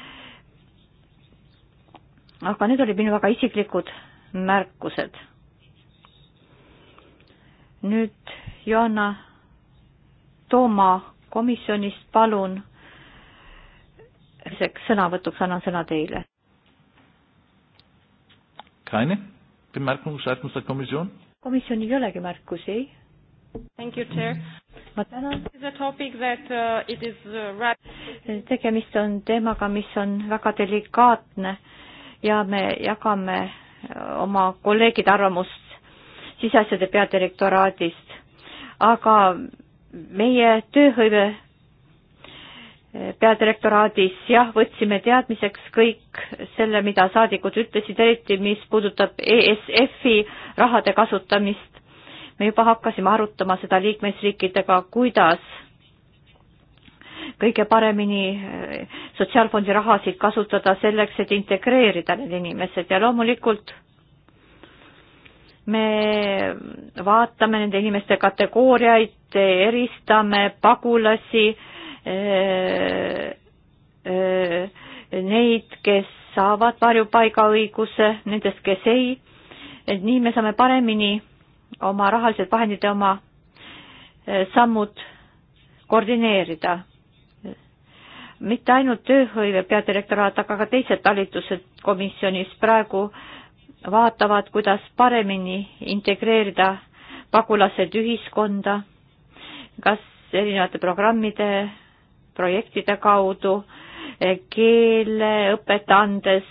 aga need olid minu väga isiklikud märkused. nüüd Johanna Tooma komisjonist, palun. sõnavõtuks annan sõna teile. Keine Bemerkung seitens der Kommission? komisjonil ei olegi märkusi, ei? Thank you, Chair. ma tänan. Uh, uh, tegemist on teemaga, mis on väga delikaatne ja me jagame äh, oma kolleegide arvamust siseasjade peadirektoraadist, aga meie tööhõive äh, peadirektoraadis jah, võtsime teadmiseks kõik selle, mida saadikud ütlesid, eriti mis puudutab ESF-i rahade kasutamist. me juba hakkasime arutama seda liikmesriikidega, kuidas kõige paremini eh, sotsiaalfondi rahasid kasutada selleks, et integreerida need inimesed ja loomulikult me vaatame nende inimeste kategooriaid, eristame pagulasi, eh, eh, neid, kes saavad varjupaigaõiguse, nendest, kes ei, et nii me saame paremini oma rahalised vahendid ja oma sammud koordineerida mitte ainult tööhõive peadirektoraat, aga ka teised talitused komisjonis praegu vaatavad, kuidas paremini integreerida pagulased ühiskonda, kas erinevate programmide, projektide kaudu, keeleõpet andes,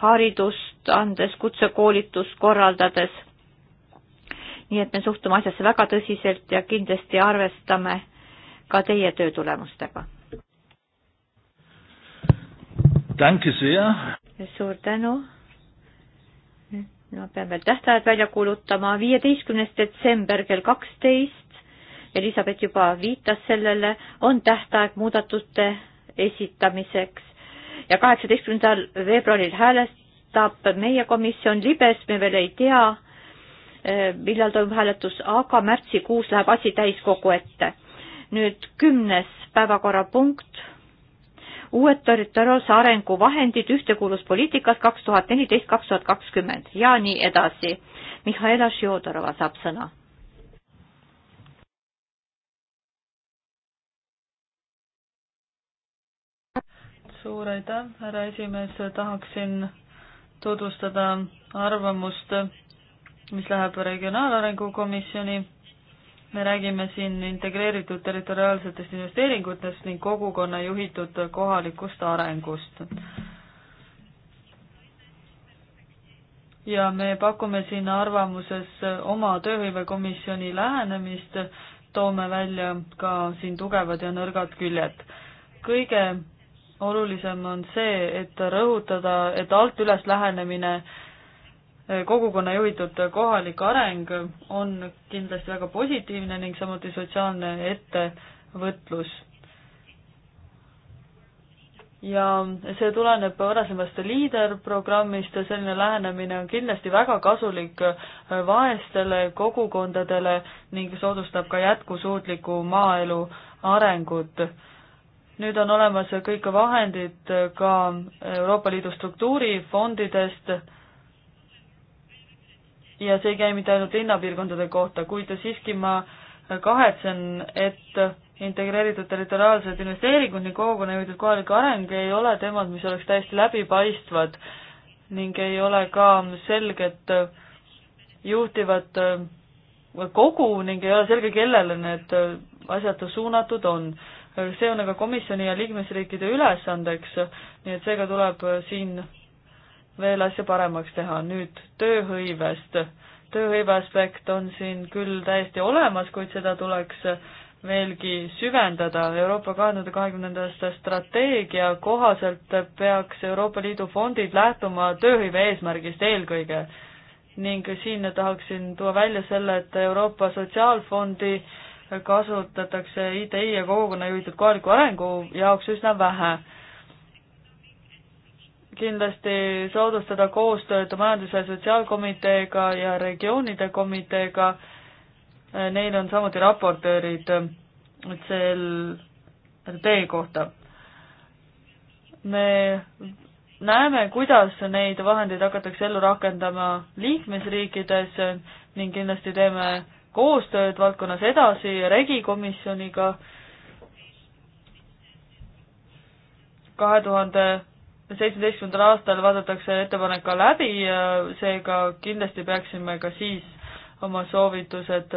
haridust andes, kutsekoolitust korraldades. nii et me suhtume asjasse väga tõsiselt ja kindlasti arvestame ka teie töö tulemustega Danke sehr. suur tänu. no peame veel tähtajad välja kuulutama. viieteistkümnes detsember kell kaksteist. Elisabeth juba viitas sellele, on tähtaeg muudatuste esitamiseks ja kaheksateistkümnendal veebruaril hääletab meie komisjon libes, me veel ei tea, eh, millal toimub hääletus, aga märtsikuus läheb asi täiskogu ette. nüüd kümnes päevakorrapunkt uued territoriaalse arengu vahendid ühtekuuluvuspoliitikas kaks tuhat neliteist, kaks tuhat kakskümmend ja nii edasi. Mihhaila Šiodorova saab sõna. suur aitäh, härra esimees, tahaksin tutvustada arvamust, mis läheb Regionaalarengu Komisjoni me räägime siin integreeritud territoriaalsetest investeeringutest ning kogukonna juhitud kohalikust arengust. ja me pakume siin arvamuses oma tööhõivekomisjoni lähenemist, toome välja ka siin tugevad ja nõrgad küljed. kõige olulisem on see, et rõhutada, et alt üles lähenemine äh, kogukonna juhitud kohalik areng on kindlasti väga positiivne ning samuti sotsiaalne ettevõtlus. ja see tuleneb varasemast liiderprogrammist ja selline lähenemine on kindlasti väga kasulik vaestele kogukondadele ning soodustab ka jätkusuutliku maaelu arengut nüüd on olemas kõik vahendid ka Euroopa Liidu struktuurifondidest ja see ei käi mitte ainult linnapiirkondade kohta, kuid siiski ma kahetsen, et integreeritud territoriaalsed investeeringud ning kogukonna juhitud kohalik areng ei ole teemad, mis oleks täiesti läbipaistvad ning ei ole ka selget juhtivat äh, kogu ning ei ole selge, kellele need asjad suunatud on. see on aga komisjoni ja liikmesriikide ülesandeks, nii et seega tuleb siin veel asja paremaks teha. nüüd tööhõivest. tööhõive aspekt on siin küll täiesti olemas, kuid seda tuleks veelgi süvendada. Euroopa kahe tuhande kahekümnenda aasta strateegia kohaselt peaks Euroopa Liidu fondid lähtuma tööhõive eesmärgist eelkõige. ning siin tahaksin tuua välja selle, et Euroopa Sotsiaalfondi kasutatakse ITI ja kogukonna juhitud kohaliku arengu jaoks üsna vähe kindlasti soodustada koostööd Majandus- ja Sotsiaalkomiteega ja regioonide komiteega. Neil on samuti raportöörid sel tee kohta. me näeme, kuidas neid vahendeid hakatakse ellu rakendama liikmesriikides ning kindlasti teeme koostööd valdkonnas edasi regikomisjoniga kahe tuhande seitsmeteistkümnendal aastal vaadatakse ettepanek ka läbi, seega kindlasti peaksime ka siis oma soovitused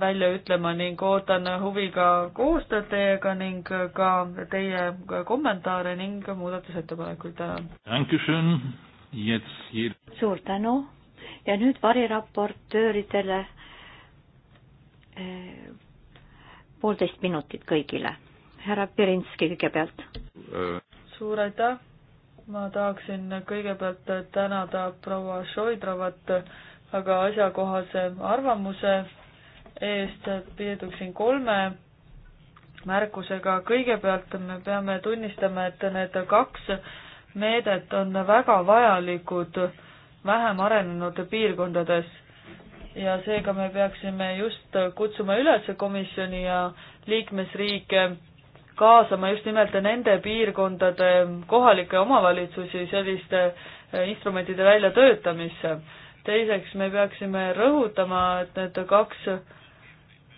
välja ütlema ning ootan huviga koostööd teiega ning ka teie kommentaare ning muudatusettepanekuid, tänan! suur tänu ja nüüd variraportööridele eh, poolteist minutit kõigile. härra Pirinski kõigepealt äh, suur aitäh! ma tahaksin kõigepealt tänada proua Šoidrovat väga asjakohase arvamuse eest, piirduksin kolme märkusega. kõigepealt me peame tunnistama, et need kaks meedet on väga vajalikud vähem arenenud piirkondades ja seega me peaksime just kutsuma üles komisjoni ja liikmesriike kaasama just nimelt nende piirkondade kohalikke omavalitsusi selliste eh, instrumentide väljatöötamisse. teiseks, me peaksime rõhutama, et need kaks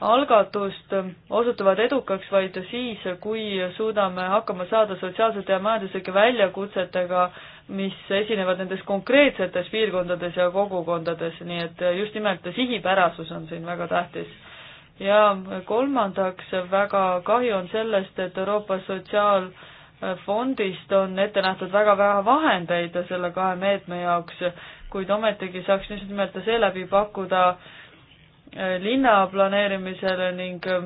algatust osutuvad edukaks vaid siis, kui suudame hakkama saada sotsiaalsete ja majanduslike väljakutsetega, mis esinevad nendes konkreetsetes piirkondades ja kogukondades, nii et just nimelt sihipärasus on siin väga tähtis ja kolmandaks, väga kahju on sellest, et Euroopa Sotsiaalfondist on ette nähtud väga vähe vahendeid selle kahe meetme jaoks, kuid ometigi saaks just nimelt seeläbi pakkuda eh, linnaplaneerimisele ning eh,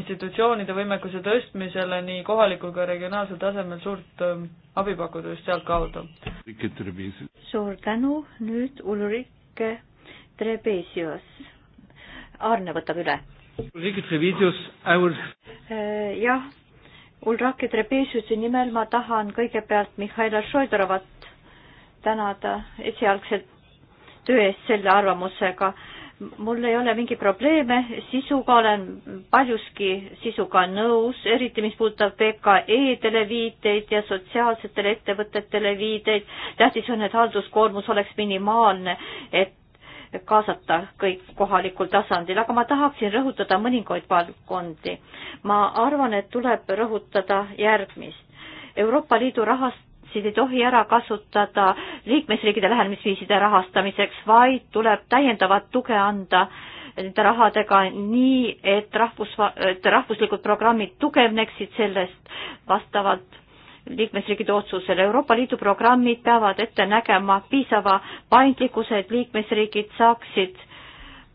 institutsioonide võimekuse tõstmisele nii kohalikul kui regionaalsel tasemel suurt eh, abi pakkuda just sealtkaudu. suur tänu, nüüd Ulrike Trebesios. Arne võtab üle Eh, jah, Ulraki Trebesiusi nimel ma tahan kõigepealt Mihhail Šoidorovat tänada esialgselt töö eest selle arvamusega. mul ei ole mingeid probleeme, sisuga olen paljuski sisuga nõus, eriti mis puudutab VKE-dele viiteid ja sotsiaalsetele ettevõtetele viiteid. tähtis on, et halduskoormus oleks minimaalne, et kaasata kõik kohalikul tasandil, aga ma tahaksin rõhutada mõningaid valdkondi. ma arvan, et tuleb rõhutada järgmist. Euroopa Liidu rahast siin ei tohi ära kasutada liikmesriikide lähenemisviiside rahastamiseks, vaid tuleb täiendavat tuge anda nende rahadega nii, et rahvus, et rahvuslikud programmid tugevneksid sellest vastavalt liikmesriikide otsusele. Euroopa Liidu programmid peavad ette nägema piisava paindlikkuse, et liikmesriigid saaksid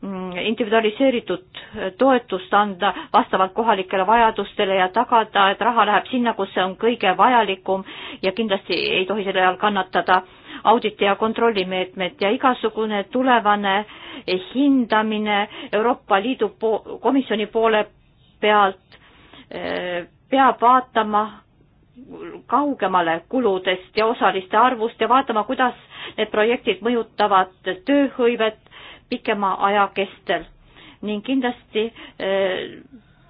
mm, individualiseeritud äh, toetust anda vastavalt kohalikele vajadustele ja tagada, et raha läheb sinna, kus see on kõige vajalikum ja kindlasti ei tohi selle all kannatada auditi ja kontrollimeetmed ja igasugune tulevane hindamine Euroopa Liidu po komisjoni poole pealt äh, peab vaatama kaugemale kuludest ja osaliste arvust ja vaatama, kuidas need projektid mõjutavad tööhõivet pikema aja kestel. ning kindlasti eh,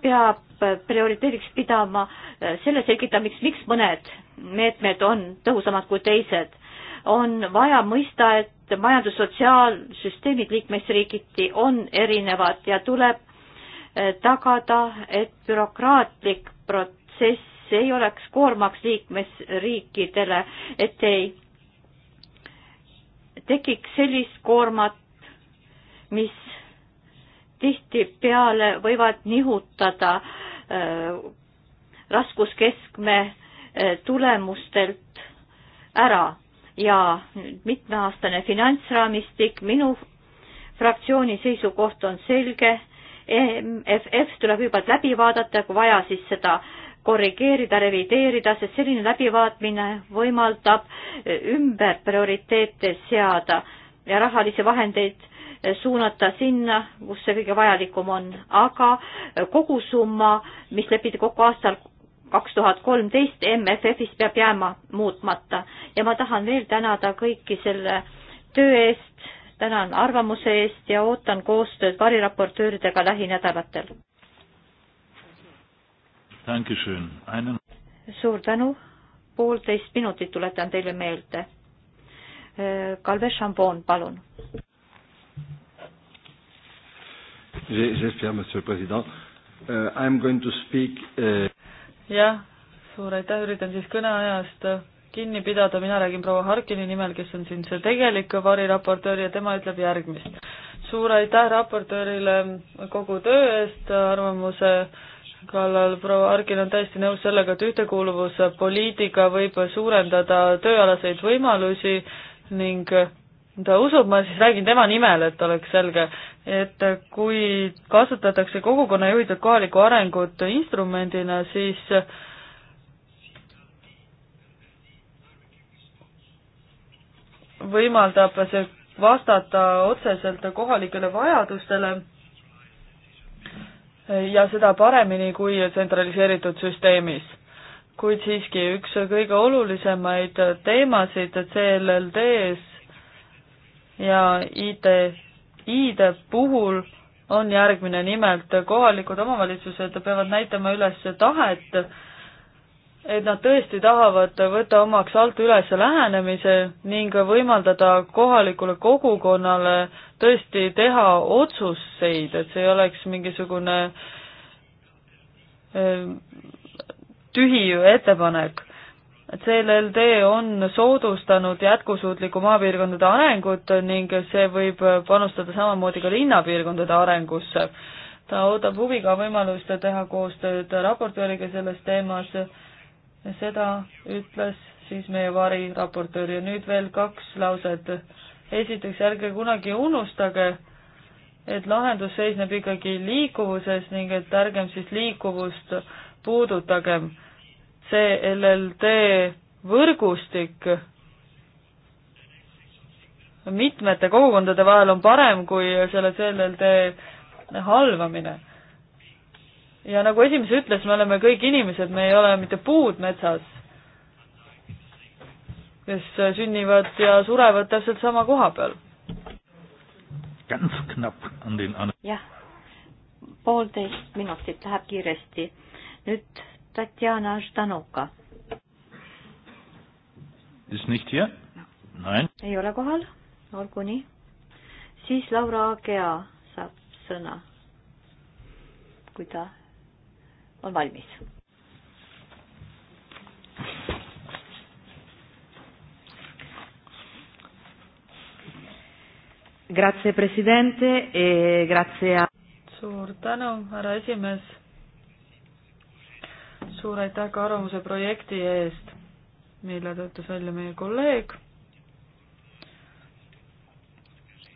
peab prioriteediks pidama eh, selle selgitamiseks, miks mõned meetmed on tõhusamad kui teised. on vaja mõista, et majandussotsiaalsüsteemid liikmesriigiti on erinevad ja tuleb eh, tagada, et bürokraatlik protsess see ei oleks koormaks liikmesriikidele, et ei tekiks sellist koormat, mis tihtipeale võivad nihutada äh, raskuskeskme äh, tulemustelt ära ja mitmeaastane finantsraamistik, minu fraktsiooni seisukoht on selge, e MFF tuleb juba läbi vaadata, kui vaja, siis seda äh, korrigeerida, revideerida, sest selline läbivaatmine võimaldab ümber prioriteete seada ja rahalisi vahendeid suunata sinna, kus see kõige vajalikum on, aga kogusumma, mis lepiti kokku aastal kaks tuhat kolmteist MFF-is peab jääma muutmata ja ma tahan veel tänada kõiki selle töö eest, tänan arvamuse eest ja ootan koostööd variraportööridega lähinädalatel suur tänu, poolteist minutit tuletan teile meelde. Kalve äh, Šambon, palun. Euh, euh, jah, suur aitäh, üritan siis kõneajast kinni pidada, mina räägin proua Harkini nimel, kes on siin see tegelik variraportöör ja tema ütleb järgmist. suur aitäh raportöörile kogu töö eest, arvamuse äh, kallal proua Argin on täiesti nõus sellega, et ühtekuuluvuspoliitika võib suurendada tööalaseid võimalusi ning ta usub, ma siis räägin tema nimel, et oleks selge, et kui kasutatakse kogukonna juhitud kohalikku arengut instrumendina, siis võimaldab see vastata otseselt kohalikele vajadustele ja seda paremini kui tsentraliseeritud süsteemis. kuid siiski üks kõige olulisemaid teemasid CLLD-s ja IT-ID puhul on järgmine, nimelt kohalikud omavalitsused peavad näitama üles tahet et nad tõesti tahavad võtta omaks alt üles lähenemise ning võimaldada kohalikule kogukonnale tõesti teha otsuseid, et see ei oleks mingisugune eh, tühi ettepanek. et CLLD on soodustanud jätkusuutliku maapiirkondade arengut ning see võib panustada samamoodi ka linnapiirkondade arengusse. ta ootab huviga võimalust teha koostööd raportööriga selles teemas seda ütles siis meie variraportöör ja nüüd veel kaks lauset. esiteks, ärge kunagi unustage, et lahendus seisneb ikkagi liikuvuses ning et ärgem siis liikuvust puudutagem. see LLD võrgustik mitmete kogukondade vahel on parem kui selle CLLD halvamine ja nagu esimees ütles, me oleme kõik inimesed, me ei ole mitte puud metsas, kes sünnivad ja surevad täpselt sama koha peal. jah, poolteist minutit läheb kiiresti. nüüd Tatjana Ždanuka. ei ole kohal, olgu nii. siis Laura Agea saab sõna, kui ta on valmis. Grazie presidente e grazie a suur tänu, härra esimees. suur aitäh ka arvamuse projekti eest, mille töötas välja meie kolleeg.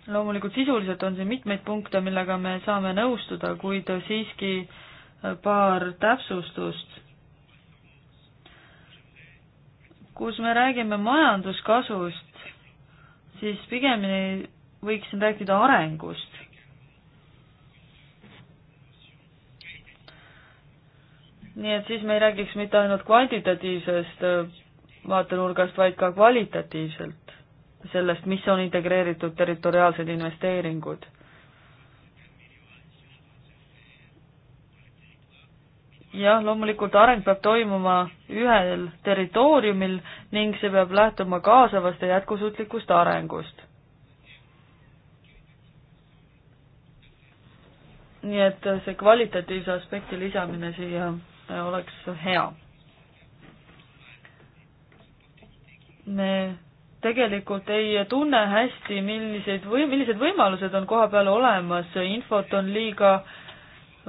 loomulikult sisuliselt on siin mitmeid punkte, millega me saame nõustuda, kuid siiski äh, paar täpsustust, kus me räägime majanduskasvust, siis pigemini võiksin rääkida arengust. nii et siis me ei räägiks mitte ainult kvantitatiivsest äh, vaatenurgast, vaid ka kvalitatiivselt sellest, mis on integreeritud territoriaalsed investeeringud jah, loomulikult areng peab toimuma ühel territooriumil ning see peab lähtuma kaasavast ja jätkusuutlikust arengust. nii et see kvalitatiivse aspekti lisamine siia oleks hea. me tegelikult ei tunne hästi, milliseid või millised võimalused on kohapeal olemas, infot on liiga äh,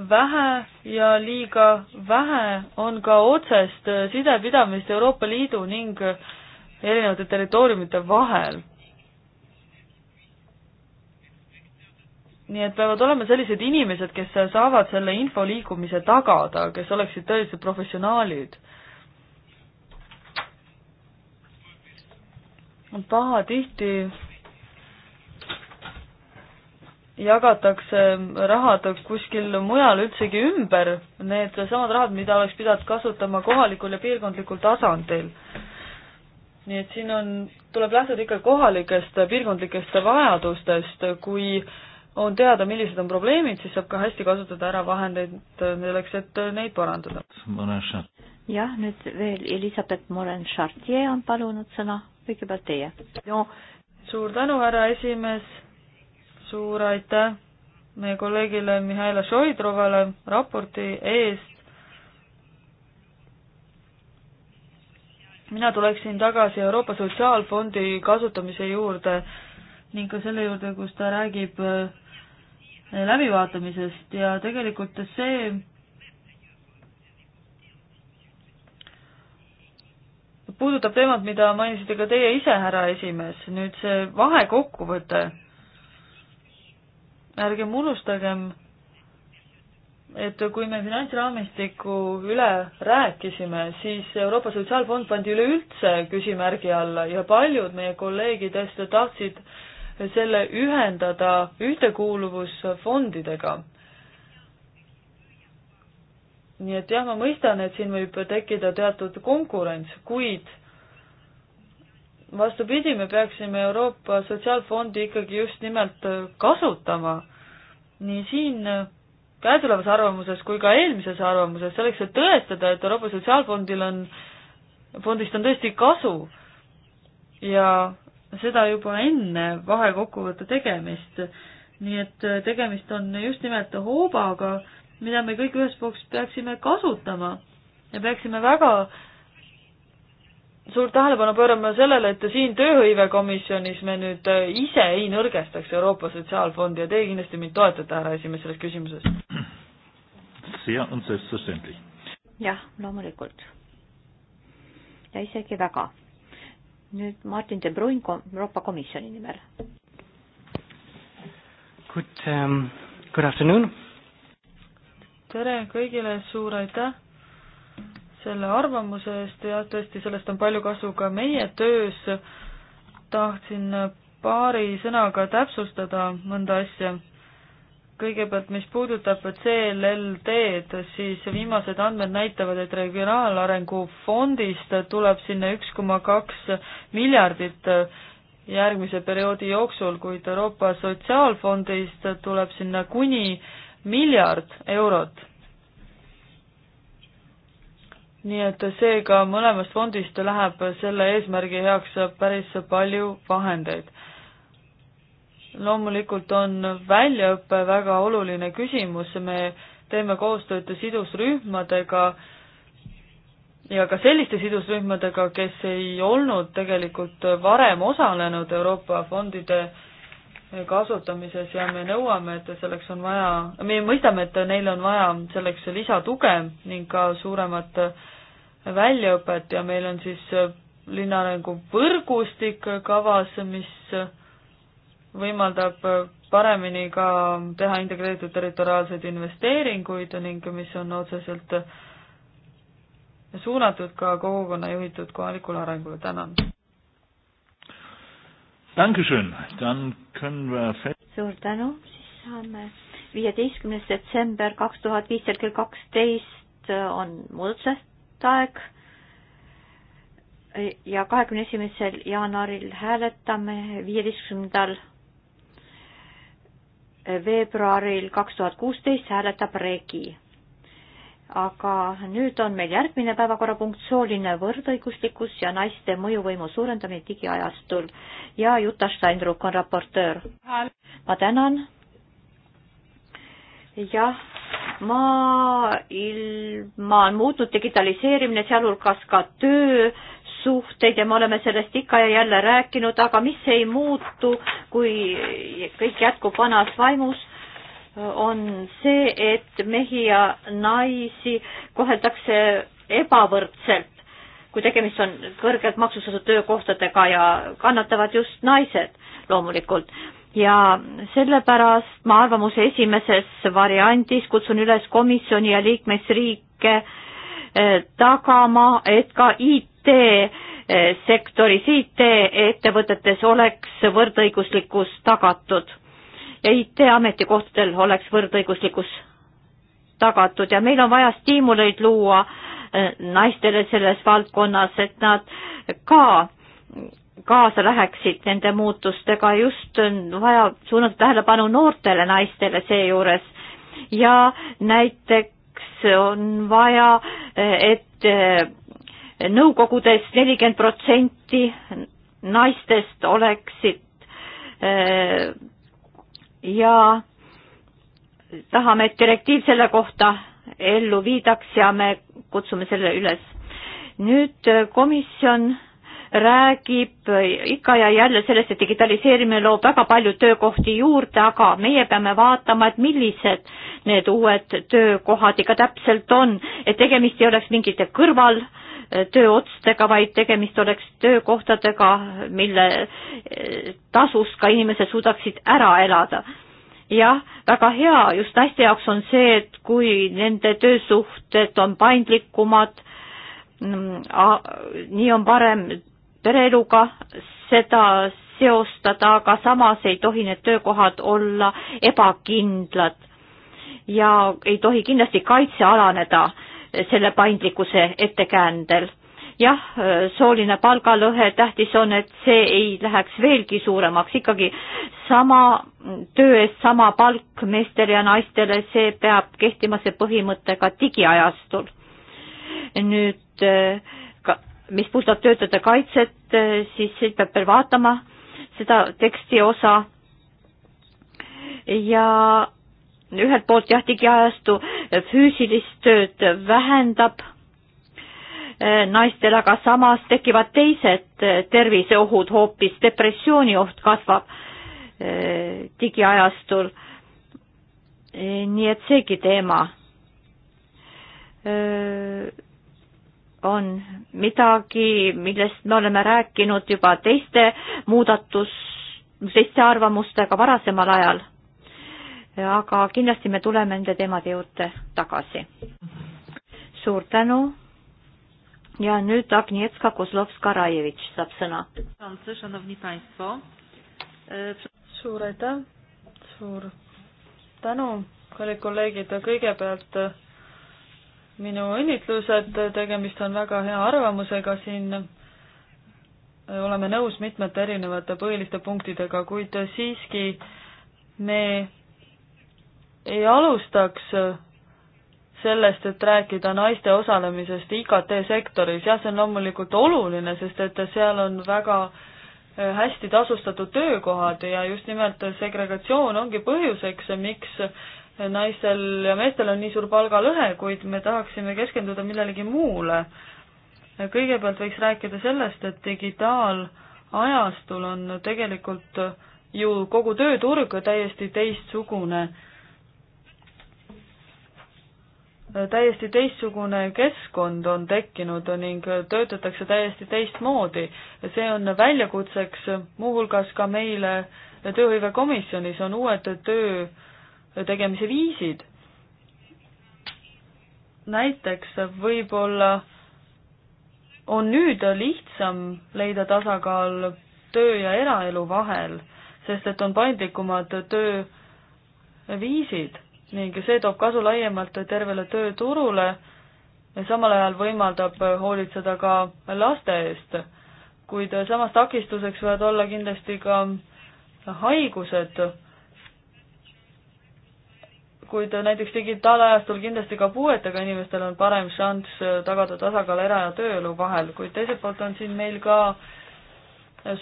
vähe ja liiga vähe on ka otsest sidepidamist Euroopa Liidu ning erinevate territooriumite vahel. nii et peavad olema sellised inimesed, kes saavad selle info liikumise tagada, kes oleksid tõelised professionaalid. pahatihti jagatakse rahad kuskil mujal üldsegi ümber, needsamad rahad, mida oleks pidanud kasutama kohalikul ja piirkondlikul tasandil. nii et siin on, tuleb lähtuda ikka kohalikest, piirkondlikest vajadustest, kui on teada, millised on probleemid, siis saab ka hästi kasutada ära vahendeid selleks, et neid parandada. jah, nüüd veel Elizabeth Morin-Chartier on palunud sõna, kõigepealt teie no.. suur tänu, härra esimees suur aitäh meie kolleegile Mihhail Šoidrovale raporti eest. mina tuleksin tagasi Euroopa Sotsiaalfondi kasutamise juurde ning ka selle juurde, kus ta räägib äh, läbivaatamisest ja tegelikult see puudutab teemat, mida mainisite ka teie ise, härra esimees, nüüd see vahekokkuvõte ärgem unustagem, et kui me finantsraamistiku üle rääkisime, siis Euroopa Sotsiaalfond pandi üleüldse küsimärgi alla ja paljud meie kolleegidest tahtsid selle ühendada ühtekuuluvusfondidega. nii et jah, ma mõistan, et siin võib tekkida teatud konkurents, kuid vastupidi, me peaksime Euroopa Sotsiaalfondi ikkagi just nimelt äh, kasutama nii siin äh, käesolevas arvamuses kui ka eelmises arvamuses, selleks et tõestada, et Euroopa Sotsiaalfondil on, fondist on tõesti kasu ja seda juba enne vahekokkuvõtte tegemist. nii et äh, tegemist on just nimelt hoobaga, mida me kõik üheskoos peaksime kasutama ja peaksime väga suurt tähelepanu pöörama sellele, et siin tööhõivekomisjonis me nüüd äh, ise ei nõrgestaks Euroopa Sotsiaalfondi ja teie kindlasti mind toetate, härra esimees, selles küsimuses. jah, loomulikult. ja isegi väga. nüüd Martin De Bruin Euroopa Komisjoni nimel. Good um,, good afternoon. tere kõigile, suur aitäh selle arvamuse eest, jah, tõesti, sellest on palju kasu ka meie töös. tahtsin paari sõnaga täpsustada mõnda asja. kõigepealt, mis puudutab CLLD-d, siis viimased andmed näitavad, et Regionaalarengu fondist tuleb sinna üks koma kaks miljardit järgmise perioodi jooksul, kuid Euroopa Sotsiaalfondist tuleb sinna kuni miljard eurot nii et seega mõlemast fondist läheb selle eesmärgi heaks päris palju vahendeid. loomulikult on väljaõpe väga oluline küsimus, me teeme koostööd sidusrühmadega ja ka selliste sidusrühmadega, kes ei olnud tegelikult varem osalenud Euroopa fondide kasutamises ja me nõuame, et selleks on vaja, me mõistame, et neil on vaja selleks lisatuge ning ka suuremat väljaõpet ja meil on siis äh, linnaarengu võrgustik kavas, mis äh, võimaldab äh, paremini ka teha integreeritud territoriaalseid investeeringuid ning mis on otseselt suunatud ka kogukonna juhitud kohalikule arengule, tänan. suur tänu, siis saame viieteistkümnes detsember kaks tuhat viisteist kell kaksteist on muudatused tähtaeg ja kahekümne esimesel jaanuaril hääletame, viieteistkümnendal veebruaril kaks tuhat kuusteist hääletab Regi. aga nüüd on meil järgmine päevakorrapunkt, sooline võrdõiguslikkus ja naiste mõjuvõimu suurendamine digiajastul ja Juta Steinruck on raportöör. ma tänan. jah maailma on muutnud digitaliseerimine, sealhulgas ka töösuhteid ja me oleme sellest ikka ja jälle rääkinud, aga mis ei muutu, kui kõik jätkub vanas vaimus, on see, et mehi ja naisi koheldakse ebavõrdselt, kui tegemist on kõrgelt maksustatud töökohtadega ja kannatavad just naised loomulikult ja sellepärast ma arvamuse esimeses variandis kutsun üles komisjoni ja liikmesriike eh, tagama, et ka IT eh, sektoris, IT-ettevõtetes oleks võrdõiguslikkus tagatud ja IT-ametikohtadel oleks võrdõiguslikkus tagatud ja meil on vaja stiimuleid luua eh, naistele selles valdkonnas, et nad ka kaasa läheksid nende muutustega, just on vaja suunata tähelepanu noortele naistele seejuures ja näiteks on vaja, et eh, nõukogudes nelikümmend protsenti naistest oleksid eh, ja tahame, et direktiiv selle kohta ellu viidaks ja me kutsume selle üles. nüüd eh, komisjon räägib ikka ja jälle sellest, et digitaliseerimine loob väga palju töökohti juurde, aga meie peame vaatama, et millised need uued töökohad ikka täpselt on, et tegemist ei oleks mingite kõrval tööotstega, vaid tegemist oleks töökohtadega, mille eh, tasus ka inimesed suudaksid ära elada jah, väga hea, just naiste jaoks on see, et kui nende töösuhted on paindlikumad, mm, nii on parem pereeluga seda seostada, aga samas ei tohi need töökohad olla ebakindlad ja ei tohi kindlasti kaitse alaneda selle paindlikkuse ettekäändel. jah, sooline palgalõhe, tähtis on, et see ei läheks veelgi suuremaks, ikkagi sama töö eest sama palk meestele ja naistele, see peab kehtima see põhimõte ka digiajastul. nüüd äh, mis puudutab töötajate kaitset, siis siin peab veel vaatama seda teksti osa. ja ühelt poolt jah, digiajastu füüsilist tööd vähendab eh, naistel, aga samas tekivad teised eh, terviseohud hoopis, depressiooni oht kasvab eh, digiajastul. nii et seegi teema on midagi, millest me oleme rääkinud juba teiste muudatus, teiste arvamustega varasemal ajal. aga kindlasti me tuleme nende teemade juurde tagasi. suur tänu. ja nüüd Agnieszka Kozlovska-Rajevitš saab sõna. suur aitäh, suur tänu, kallid kolleegid, kõigepealt minu õnnitlused, tegemist on väga hea arvamusega siin, oleme nõus mitmete erinevate põhiliste punktidega, kuid siiski me ei alustaks sellest, et rääkida naiste osalemisest IKT sektoris, jah, see on loomulikult oluline, sest et seal on väga hästi tasustatud töökohad ja just nimelt segregatsioon ongi põhjuseks, miks naistel ja meestel on nii suur palgalõhe, kuid me tahaksime keskenduda millelegi muule. kõigepealt võiks rääkida sellest, et digitaalajastul on tegelikult ju kogu tööturg täiesti teistsugune, täiesti teistsugune keskkond on tekkinud ning töötatakse täiesti teistmoodi. see on väljakutseks muuhulgas ka meile tööhõivekomisjonis, on uued töö äh, tegemise viisid. näiteks võib-olla on nüüd lihtsam leida tasakaal töö ja eraelu vahel, sest et on paindlikumad tööviisid ning see toob kasu laiemalt tervele tööturule ja samal ajal võimaldab hoolitseda ka laste eest. kuid samas takistuseks võivad olla kindlasti ka haigused kuid näiteks digitaalajastul kindlasti ka puuetega inimestel on parem šanss äh, tagada tasakaal era- ja tööelu vahel, kuid teiselt poolt on siin meil ka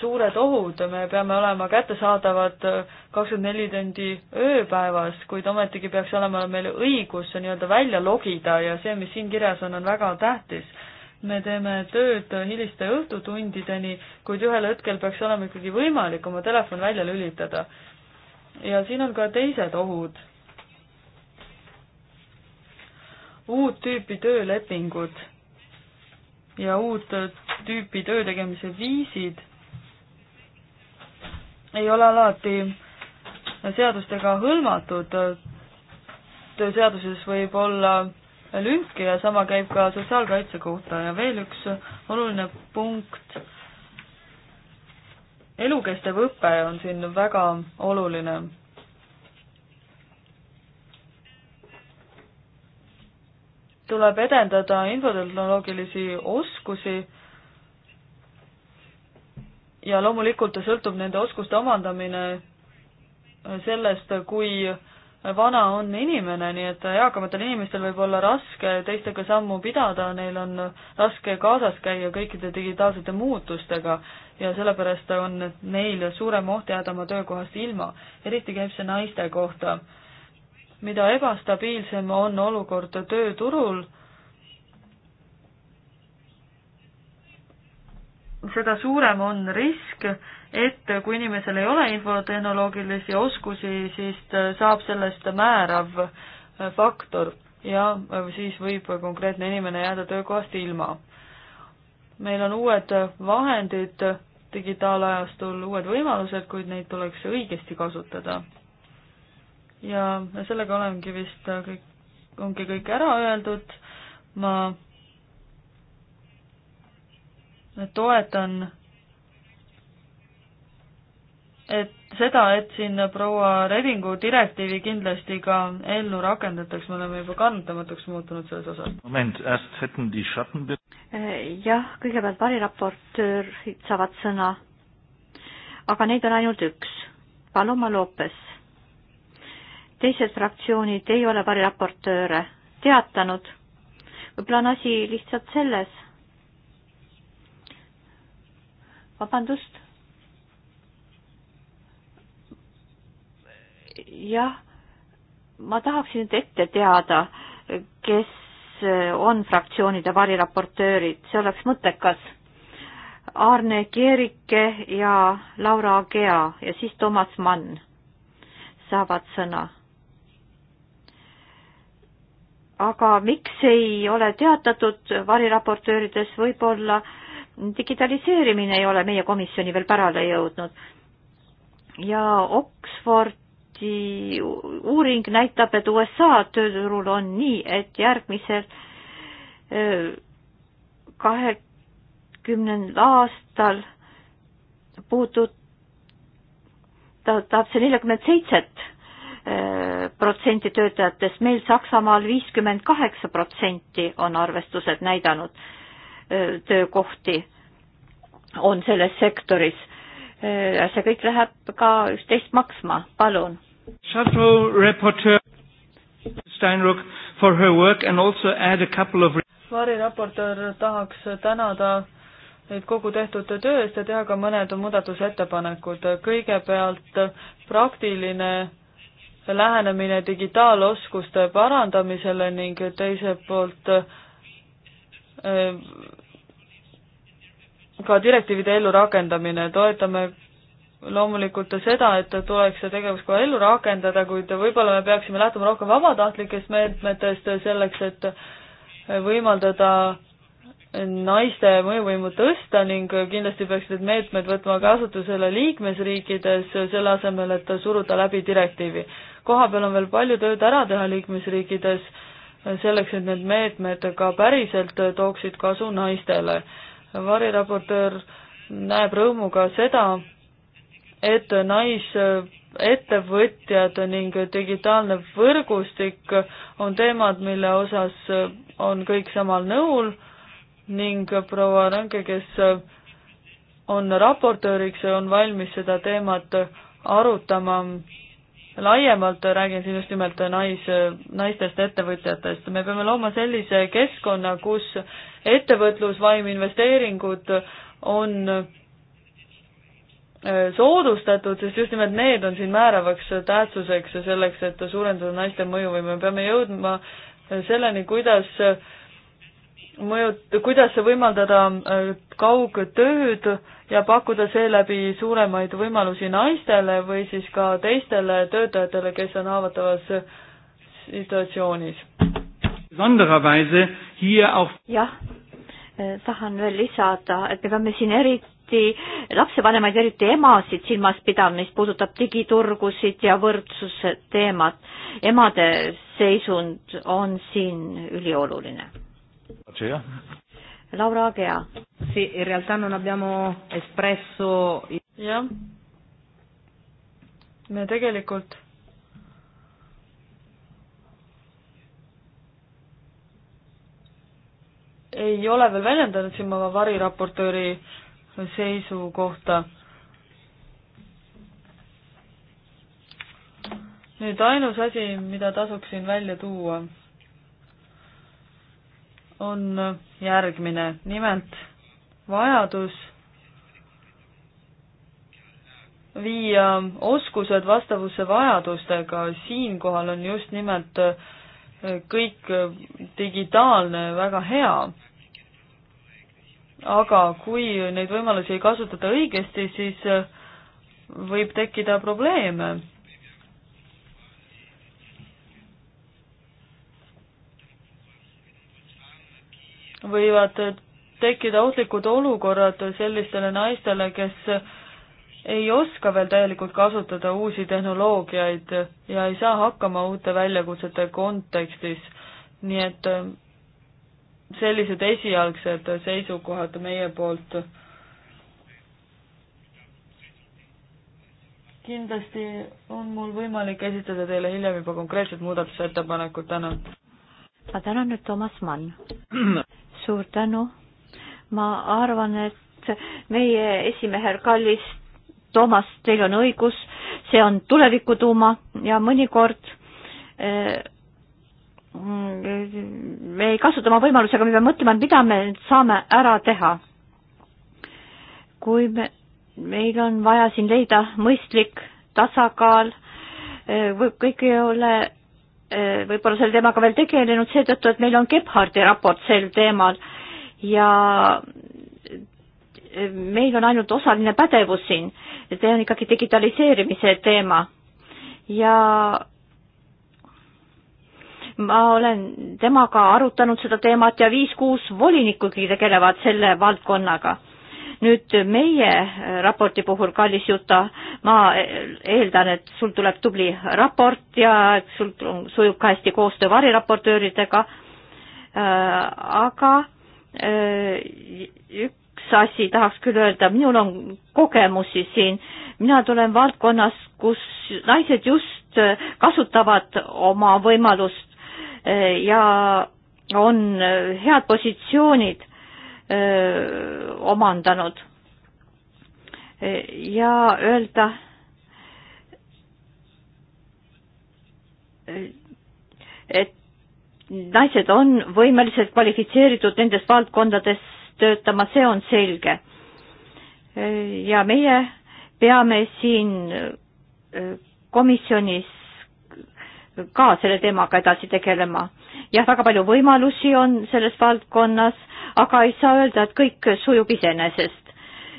suured ohud, me peame olema kättesaadavad äh, kakskümmend neli tundi ööpäevas, kuid ometigi peaks olema meil õigus nii-öelda välja logida ja see, mis siin kirjas on, on väga tähtis. me teeme tööd hiliste õhtutundideni, kuid ühel hetkel peaks olema ikkagi võimalik oma telefon välja lülitada. ja siin on ka teised ohud uut tüüpi töölepingud ja uut tüüpi töö tegemise viisid ei ole alati seadustega hõlmatud. tööseaduses võib olla lünki ja sama käib ka sotsiaalkaitse kohta ja veel üks oluline punkt. elukestev õpe on siin väga oluline tuleb edendada infotehnoloogilisi oskusi ja loomulikult sõltub nende oskuste omandamine sellest, kui vana on inimene, nii et eakamatel inimestel võib olla raske teistega sammu pidada, neil on raske kaasas käia kõikide digitaalsete muutustega ja sellepärast on neil suurem oht jääda oma töökohast ilma. eriti käib see naiste kohta mida ebastabiilsem on olukord tööturul, seda suurem on risk, et kui inimesel ei ole infotehnoloogilisi oskusi, siis saab sellest määrav faktor ja siis võib konkreetne inimene jääda töökohast ilma. meil on uued vahendid digitaalajastul, uued võimalused, kuid neid tuleks õigesti kasutada ja sellega olengi vist kõik, ongi kõik ära öeldud, ma toetan et seda, et siin proua Redingu direktiivi kindlasti ka ellu rakendatakse, me oleme juba kannatamatuks muutunud selles osas. Äh, jah, kõigepealt variraportöörid saavad sõna, aga neid on ainult üks. Paloma Lopes teised fraktsioonid ei ole variraportööre teatanud. võib-olla on asi lihtsalt selles. vabandust. jah, ma tahaksin nüüd ette teada, kes on fraktsioonide variraportöörid, see oleks mõttekas. Arne Keerike ja Laura Agea ja siis Toomas Mann saavad sõna aga miks ei ole teatatud variraportöörides, võib-olla digitaliseerimine ei ole meie komisjoni veel pärale jõudnud. ja Oxfordi uuring näitab, et USA tööturul on nii, et järgmisel äh, kahekümnendal aastal puudutab see nelikümmend seitset äh, protsenti töötajatest, meil Saksamaal viiskümmend kaheksa protsenti on arvestused näidanud töökohti on selles sektoris. see kõik läheb ka üht-teist maksma, palun. Steinruck for her work and also add a couple of Mari raportöör tahaks tänada neid kogu tehtud töö eest ja teha ka mõned muudatusettepanekud. kõigepealt praktiline lähenemine digitaaloskuste parandamisele ning teiselt poolt eh, ka direktiivide ellurakendamine, toetame loomulikult seda, et tuleks see tegevus kohe ellu rakendada, kuid võib-olla me peaksime lähtuma rohkem vabatahtlikest meetmetest selleks, et võimaldada naiste mõjuvõimu tõsta ning kindlasti peaks need meetmed võtma kasutusele liikmesriikides, selle asemel, et suruda läbi direktiivi. kohapeal on veel palju tööd ära teha liikmesriikides, selleks, et need meetmed ka päriselt tooksid kasu naistele. variraportöör näeb rõõmuga seda, et naisettevõtjad ning digitaalne võrgustik on teemad, mille osas on kõik samal nõul ning proua Ränke, kes on raportööriks ja on valmis seda teemat arutama laiemalt, räägin siin just nimelt nais, naistest ettevõtjatest. me peame looma sellise keskkonna, kus ettevõtlusvaim, investeeringud on soodustatud, sest just nimelt need on siin määravaks tähtsuseks ja selleks, et suurendada naiste mõjuvõimu, me peame jõudma selleni, kuidas äh, mõjut-, kuidas võimaldada äh, kaugtööd ja pakkuda seeläbi suuremaid võimalusi naistele või siis ka teistele töötajatele, kes on haavatavas situatsioonis. jah, äh, tahan veel lisada, et me peame siin eriti eriti lapsevanemaid, eriti emasid silmas pidama, mis puudutab digiturgusid ja võrdsuse teemat. emade seisund on siin ülioluline Agea. Laura Agea. Sì, in realtà non abbiamo espresso... jah. me tegelikult ei ole veel väljendanud siin oma variraportööri seisukohta. nüüd ainus asi, mida tasuks siin välja tuua on järgmine, nimelt vajadus viia oskused vastavusse vajadustega, siinkohal on just nimelt kõik digitaalne väga hea. aga kui neid võimalusi ei kasutata õigesti, siis võib tekkida probleeme võivad tekkida ohtlikud olukorrad sellistele naistele, kes ei oska veel täielikult kasutada uusi tehnoloogiaid ja ei saa hakkama uute väljakutsete kontekstis. nii et äh, sellised esialgsed seisukohad meie poolt. kindlasti on mul võimalik esitada teile hiljem juba konkreetsed muudatusettepanekud, tänan. ma tänan nüüd Toomas Mann. suur tänu. ma arvan, et meie esimehel kallis Toomas, teil on õigus, see on tuleviku tuuma ja mõnikord eh, me ei kasuta oma võimalusi, aga me peame mõtlema, mida me saame ära teha. kui me, meil on vaja siin leida mõistlik tasakaal, eh, võib, kõik ei ole Eh, võib-olla selle teemaga veel tegelenud seetõttu, et meil on Gebhardi raport sel teemal ja eh, meil on ainult osaline pädevus siin, see on ikkagi digitaliseerimise teema ja ma olen temaga arutanud seda teemat ja viis-kuus volinikugi tegelevad selle valdkonnaga nüüd meie äh, raporti puhul, kallis Juta, ma äh, eeldan, et sul tuleb tubli raport ja sul sujub ka hästi koostöö variraportööridega, äh, aga üks asi tahaks küll öelda, minul on kogemusi siin, mina tulen valdkonnas, kus naised just kasutavad oma võimalust ja on head positsioonid öö, omandanud. ja öelda et naised on võimelised kvalifitseeritud nendes valdkondades töötama, see on selge. ja meie peame siin komisjonis ka selle teemaga edasi tegelema. jah, väga palju võimalusi on selles valdkonnas, aga ei saa öelda, et kõik sujub iseenesest.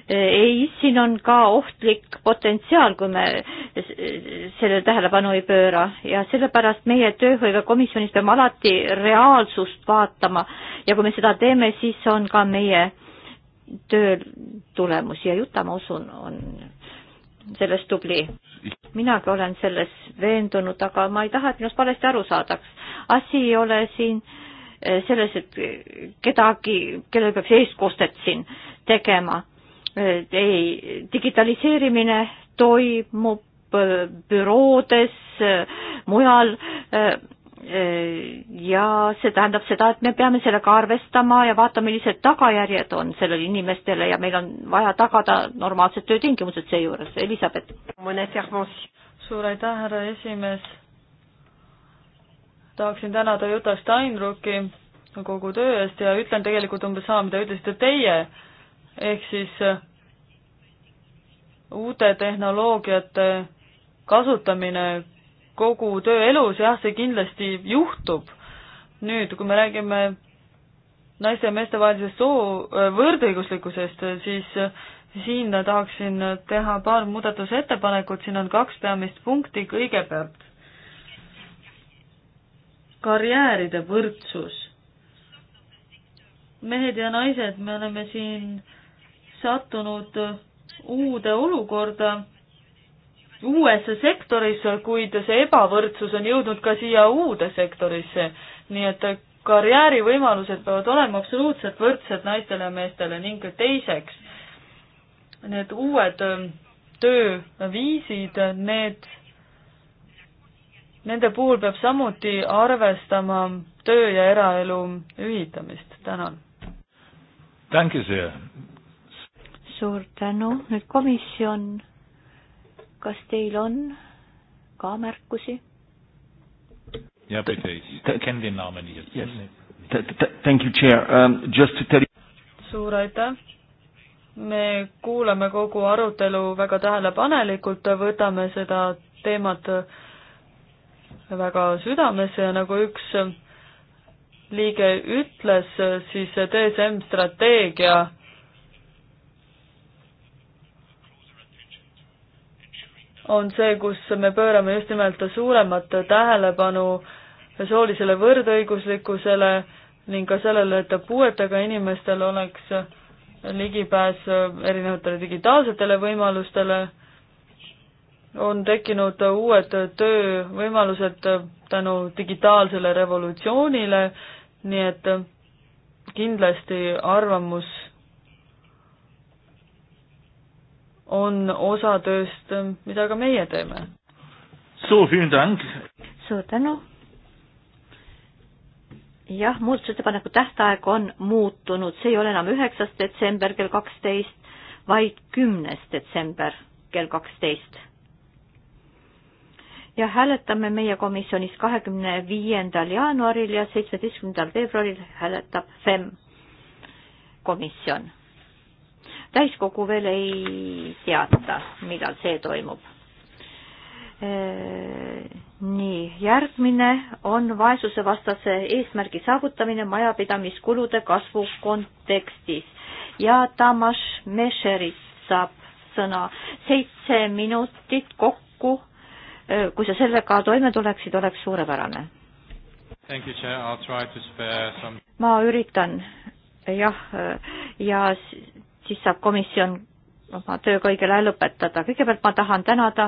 ei, siin on ka ohtlik potentsiaal, kui me sellele tähelepanu ei pööra ja sellepärast meie tööhõivekomisjonis peame alati reaalsust vaatama ja kui me seda teeme, siis on ka meie töö tulemusi ja Juta, ma usun, on selles tubli. minagi olen selles veendunud, aga ma ei taha, et minust valesti aru saadaks. asi ei ole siin eh, selles, et kedagi, kellel peaks eestkostet siin tegema. Eh, ei, digitaliseerimine toimub eh, büroodes, mujal Äh, ja see tähendab seda, et me peame sellega arvestama ja vaatama, millised tagajärjed on sellele inimestele ja meil on vaja tagada normaalsed töötingimused seejuures. Elisabeth. suur aitäh, härra esimees. tahaksin tänada Juta Steinrucki kogu töö eest ja ütlen tegelikult umbes sama, mida ütlesite teie, ehk siis äh, uute tehnoloogiate kasutamine kogu tööelus, jah, see kindlasti juhtub. nüüd, kui me räägime naiste ja meeste vahelisest soo äh, võrdõiguslikkusest, siis äh, siin tahaksin teha paar muudatusettepanekut, siin on kaks peamist punkti, kõigepealt karjääride võrdsus. mehed ja naised, me oleme siin sattunud uude olukorda uues sektoris, kuid see ebavõrdsus on jõudnud ka siia uude sektorisse. nii et karjäärivõimalused peavad olema absoluutselt võrdsed naistele ja meestele ning teiseks, need uued ähm, tööviisid, need, nende puhul peab samuti arvestama töö ja eraelu ühitamist. tänan. suur tänu, nüüd komisjon kas teil on ka märkusi? jah, thank you, chair um,, just to tell you. suur aitäh me kuulame kogu arutelu väga tähelepanelikult, võtame seda teemat väga südamesse ja nagu üks liige ütles, siis DSM strateegia on see, kus me pöörame just nimelt suuremat tähelepanu soolisele võrdõiguslikkusele ning ka sellele, et puuetega inimestel oleks ligipääs erinevatele digitaalsetele võimalustele, on tekkinud uued töövõimalused tänu digitaalsele revolutsioonile, nii et kindlasti arvamus on osa tööst, mida ka meie teeme. suur tänu. jah, muudatusettepaneku tähtaeg on muutunud, see ei ole enam üheksas detsember kell kaksteist, vaid kümnes detsember kell kaksteist. ja hääletame meie komisjonis kahekümne viiendal jaanuaril ja seitsmeteistkümnendal veebruaril hääletab FEM komisjon täiskogu veel ei teata, millal see toimub. nii, järgmine on vaesusevastase eesmärgi saavutamine majapidamiskulude kasvu kontekstis ja Tamas Mešerit saab sõna seitse minutit kokku. kui sa sellega toime tuleksid, oleks suurepärane. Some... ma üritan jah, ja siis saab komisjon oma tööga õigel ajal lõpetada. kõigepealt ma tahan tänada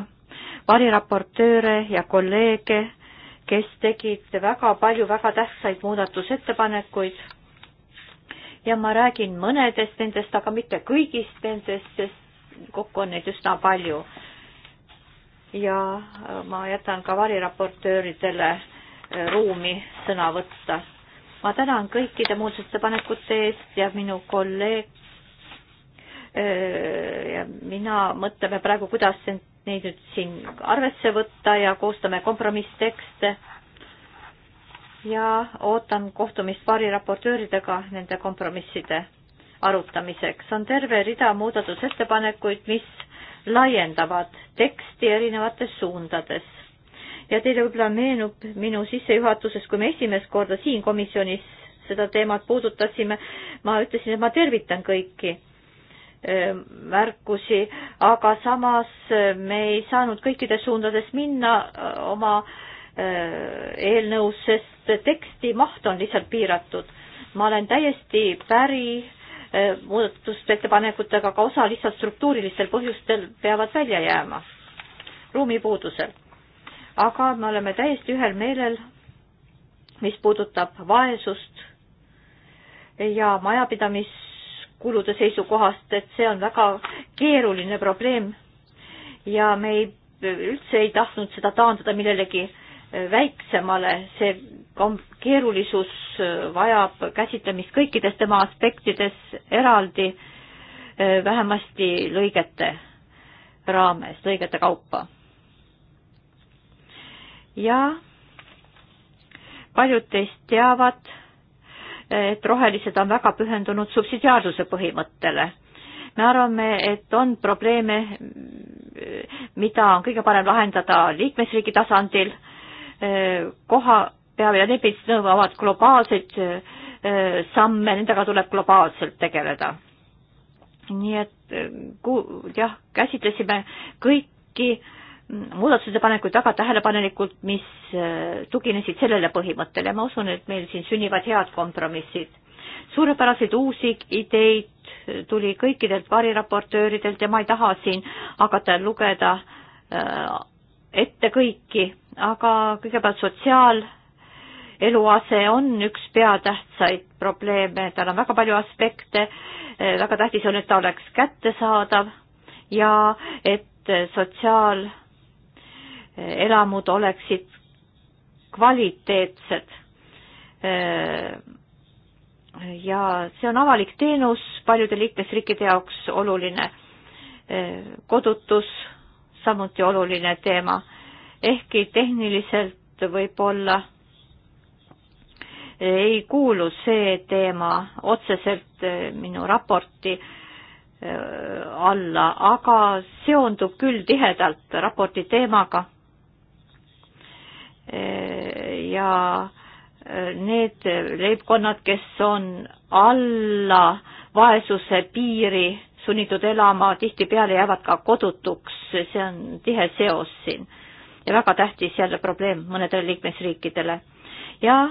variraportööre ja kolleege, kes tegid väga palju väga tähtsaid muudatusettepanekuid ja ma räägin mõnedest nendest, aga mitte kõigist nendest, sest kokku on neid üsna palju. ja äh, ma jätan ka variraportööridele äh, ruumi sõna võtta. ma tänan kõikide muudatusettepanekute eest ja minu kolleeg ja mina mõtleme praegu, kuidas neid nüüd siin arvesse võtta ja koostame kompromisstekste. ja ootan kohtumist paari raportööridega nende kompromisside arutamiseks. on terve rida muudatusettepanekuid, mis laiendavad teksti erinevates suundades. ja teile võib-olla meenub minu sissejuhatuses, kui me esimest korda siin komisjonis seda teemat puudutasime, ma ütlesin, et ma tervitan kõiki märkusi, aga samas me ei saanud kõikides suundades minna oma eelnõus, sest teksti maht on lihtsalt piiratud. ma olen täiesti päri muudatusettepanekutega, aga osa lihtsalt struktuurilistel põhjustel peavad välja jääma, ruumipuudusel. aga me oleme täiesti ühel meelel, mis puudutab vaesust ja majapidamis kulude seisukohast, et see on väga keeruline probleem ja me ei, üldse ei tahtnud seda taandada millelegi väiksemale, see keerulisus vajab käsitlemist kõikides tema aspektides eraldi, eh, vähemasti lõigete raames, lõigete kaupa. ja paljud teist teavad, et rohelised on väga pühendunud subsidiaarsuse põhimõttele. me arvame, et on probleeme, mida on kõige parem lahendada liikmesriigi tasandil, koha peal ja need, mis nõuavad globaalseid eh, samme, nendega tuleb globaalselt tegeleda. nii et eh, jah, käsitlesime kõiki muudatusettepanekuid väga tähelepanelikult, mis äh, tuginesid sellele põhimõttele. ma usun, et meil siin sünnivad head kompromissid. suurepäraseid uusi ideid tuli kõikidelt variraportööridelt ja ma ei taha siin hakata lugeda äh, ette kõiki, aga kõigepealt sotsiaal eluase on üks peatähtsaid probleeme, tal on väga palju aspekte, äh, väga tähtis on, et ta oleks kättesaadav ja et sotsiaal elamud oleksid kvaliteetsed. ja see on avalik teenus paljude liikmesriikide jaoks oluline. kodutus samuti oluline teema, ehkki tehniliselt võib-olla ei kuulu see teema otseselt minu raporti äh, alla, aga seondub küll tihedalt raporti teemaga ja äh, need leibkonnad, kes on alla vaesuse piiri sunnitud elama, tihtipeale jäävad ka kodutuks, see on tihe seos siin. ja väga tähtis jälle probleem mõnedele liikmesriikidele. ja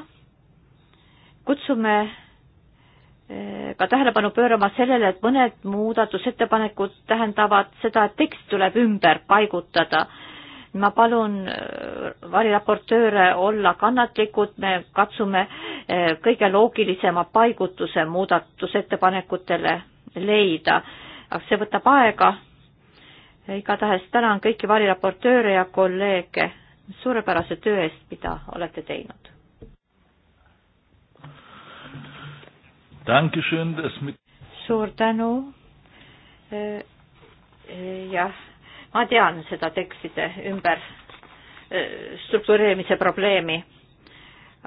kutsume äh, ka tähelepanu pöörama sellele, et mõned muudatusettepanekud tähendavad seda, et tekst tuleb ümber paigutada ma palun äh, variraportööre olla kannatlikud, me katsume äh, kõige loogilisema paigutuse muudatusettepanekutele leida. see võtab aega. igatahes tänan kõiki variraportööre ja kolleege suurepärase töö eest, mida olete teinud. suur tänu. Äh, jah ma tean seda tekstide ümber äh, struktureerimise probleemi.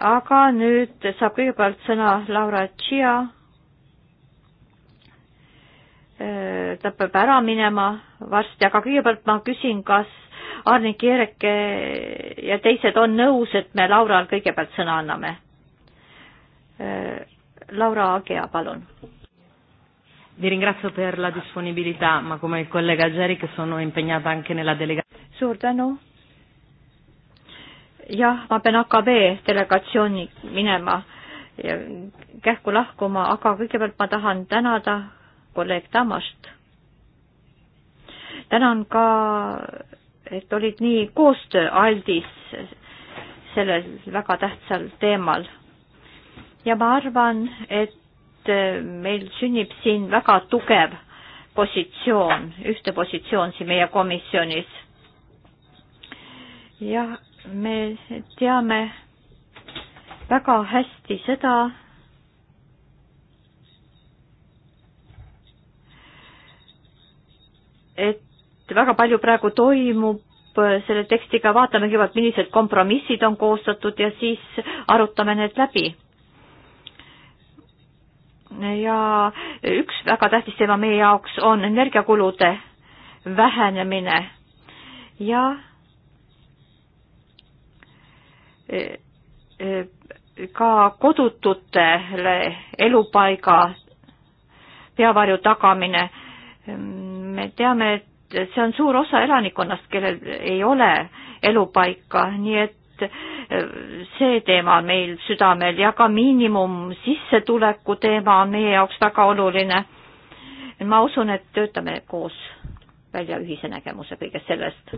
aga nüüd saab kõigepealt sõna Laura Tšia. Äh, ta peab ära minema varsti, aga kõigepealt ma küsin, kas Arne Kiereke ja teised on nõus, et me Laural kõigepealt sõna anname. Äh, Laura Agea, palun Vi ringrazio per la disponibilità, ma come il collega Geri che sono impegnata anche nella delegazione. suur tänu. jah, ma pean AKV delegatsiooni minema, kähku lahkuma, aga kõigepealt ma tahan tänada kolleeg Tamast. tänan ka, et olid nii koostööaldis sellel väga tähtsal teemal. ja ma arvan, et et äh, meil sünnib siin väga tugev positsioon, ühtne positsioon siin meie komisjonis. jah, me teame väga hästi seda, et väga palju praegu toimub selle tekstiga, vaatame kõigepealt, millised kompromissid on koostatud ja siis arutame need läbi ja üks väga tähtis teema meie jaoks on energiakulude vähenemine ja e, e, ka kodututele elupaiga peavarju tagamine. me teame, et see on suur osa elanikkonnast, kellel ei ole elupaika, nii et et eh, see teema on meil südamel ja ka miinimumsissetuleku teema on meie jaoks väga oluline. ma usun, et töötame koos välja ühise nägemuse kõigest sellest.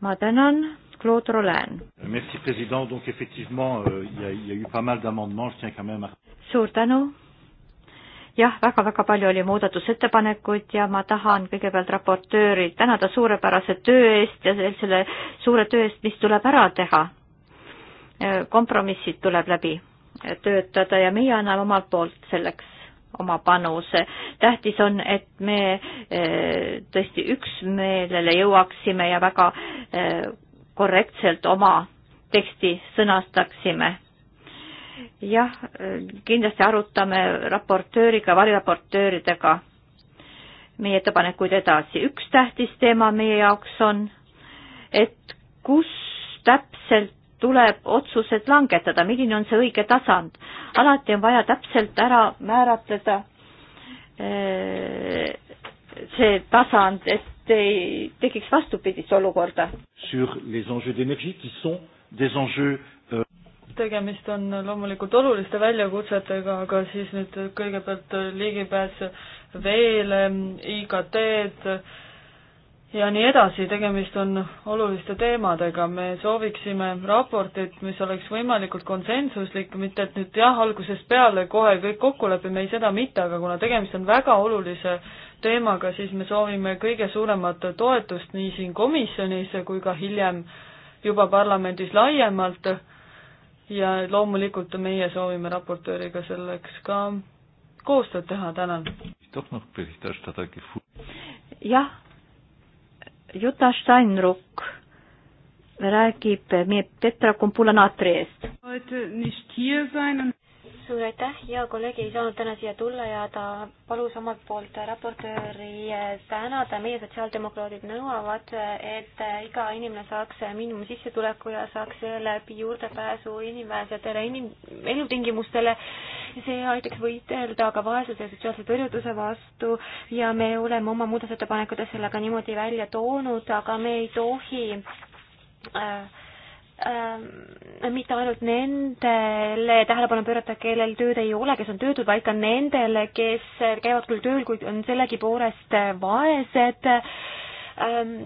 ma tänan. Claude Rollin. Merci président, donc effectivement euh, il euh, y, a, y a eu pas mal d'amendements, je tiens quand même à. suur tänu jah väga,, väga-väga palju oli muudatusettepanekuid ja ma tahan kõigepealt raportööri tänada suurepärase töö eest ja selle suure töö eest, mis tuleb ära teha. kompromissid tuleb läbi töötada ja meie anname omalt poolt selleks oma panuse. tähtis on, et me eh, tõesti üksmeelele jõuaksime ja väga eh, korrektselt oma teksti sõnastaksime jah, kindlasti arutame raportööriga, variraportööridega meie ettepanekuid edasi. üks tähtis teema meie jaoks on, et kus täpselt tuleb otsused langetada, milline on see õige tasand. alati on vaja täpselt ära määratleda eh, see tasand, et ei tekiks vastupidist olukorda. Sur les enjeux d'énergie qui sont des enjeux euh tegemist on loomulikult oluliste väljakutsetega, aga siis nüüd kõigepealt ligipääs veele, IKT-d ja nii edasi, tegemist on oluliste teemadega, me sooviksime raportit, mis oleks võimalikult konsensuslik, mitte et nüüd jah, algusest peale kohe kõik kokku lepime, ei seda mitte, aga kuna tegemist on väga olulise teemaga, siis me soovime kõige suuremat toetust nii siin komisjonis kui ka hiljem juba parlamendis laiemalt ja loomulikult meie soovime raportööriga selleks ka koostööd teha, tänan. jah, Juta Steinruck räägib meie tetrakumpulanaatri eest suur aitäh, hea kolleeg ei saanud täna siia tulla ja ta palus omalt poolt raportööri tänada, meie sotsiaaldemokraadid nõuavad, et iga inimene saaks miinimumsissetuleku ja saaks seeläbi juurdepääsu inimväärsetele inim-, elutingimustele. see aitaks võidelda ka vaesuse ja sotsiaalse tõrjutuse vastu ja me oleme oma muudatusettepanekutes selle ka niimoodi välja toonud, aga me ei tohi äh, Ehm, mitte ainult nendele tähelepanu pöörata, kellel tööd ei ole, kes on töötud, vaid ka nendele, kes käivad küll tööl, kuid on sellegipoolest vaesed. Ehm,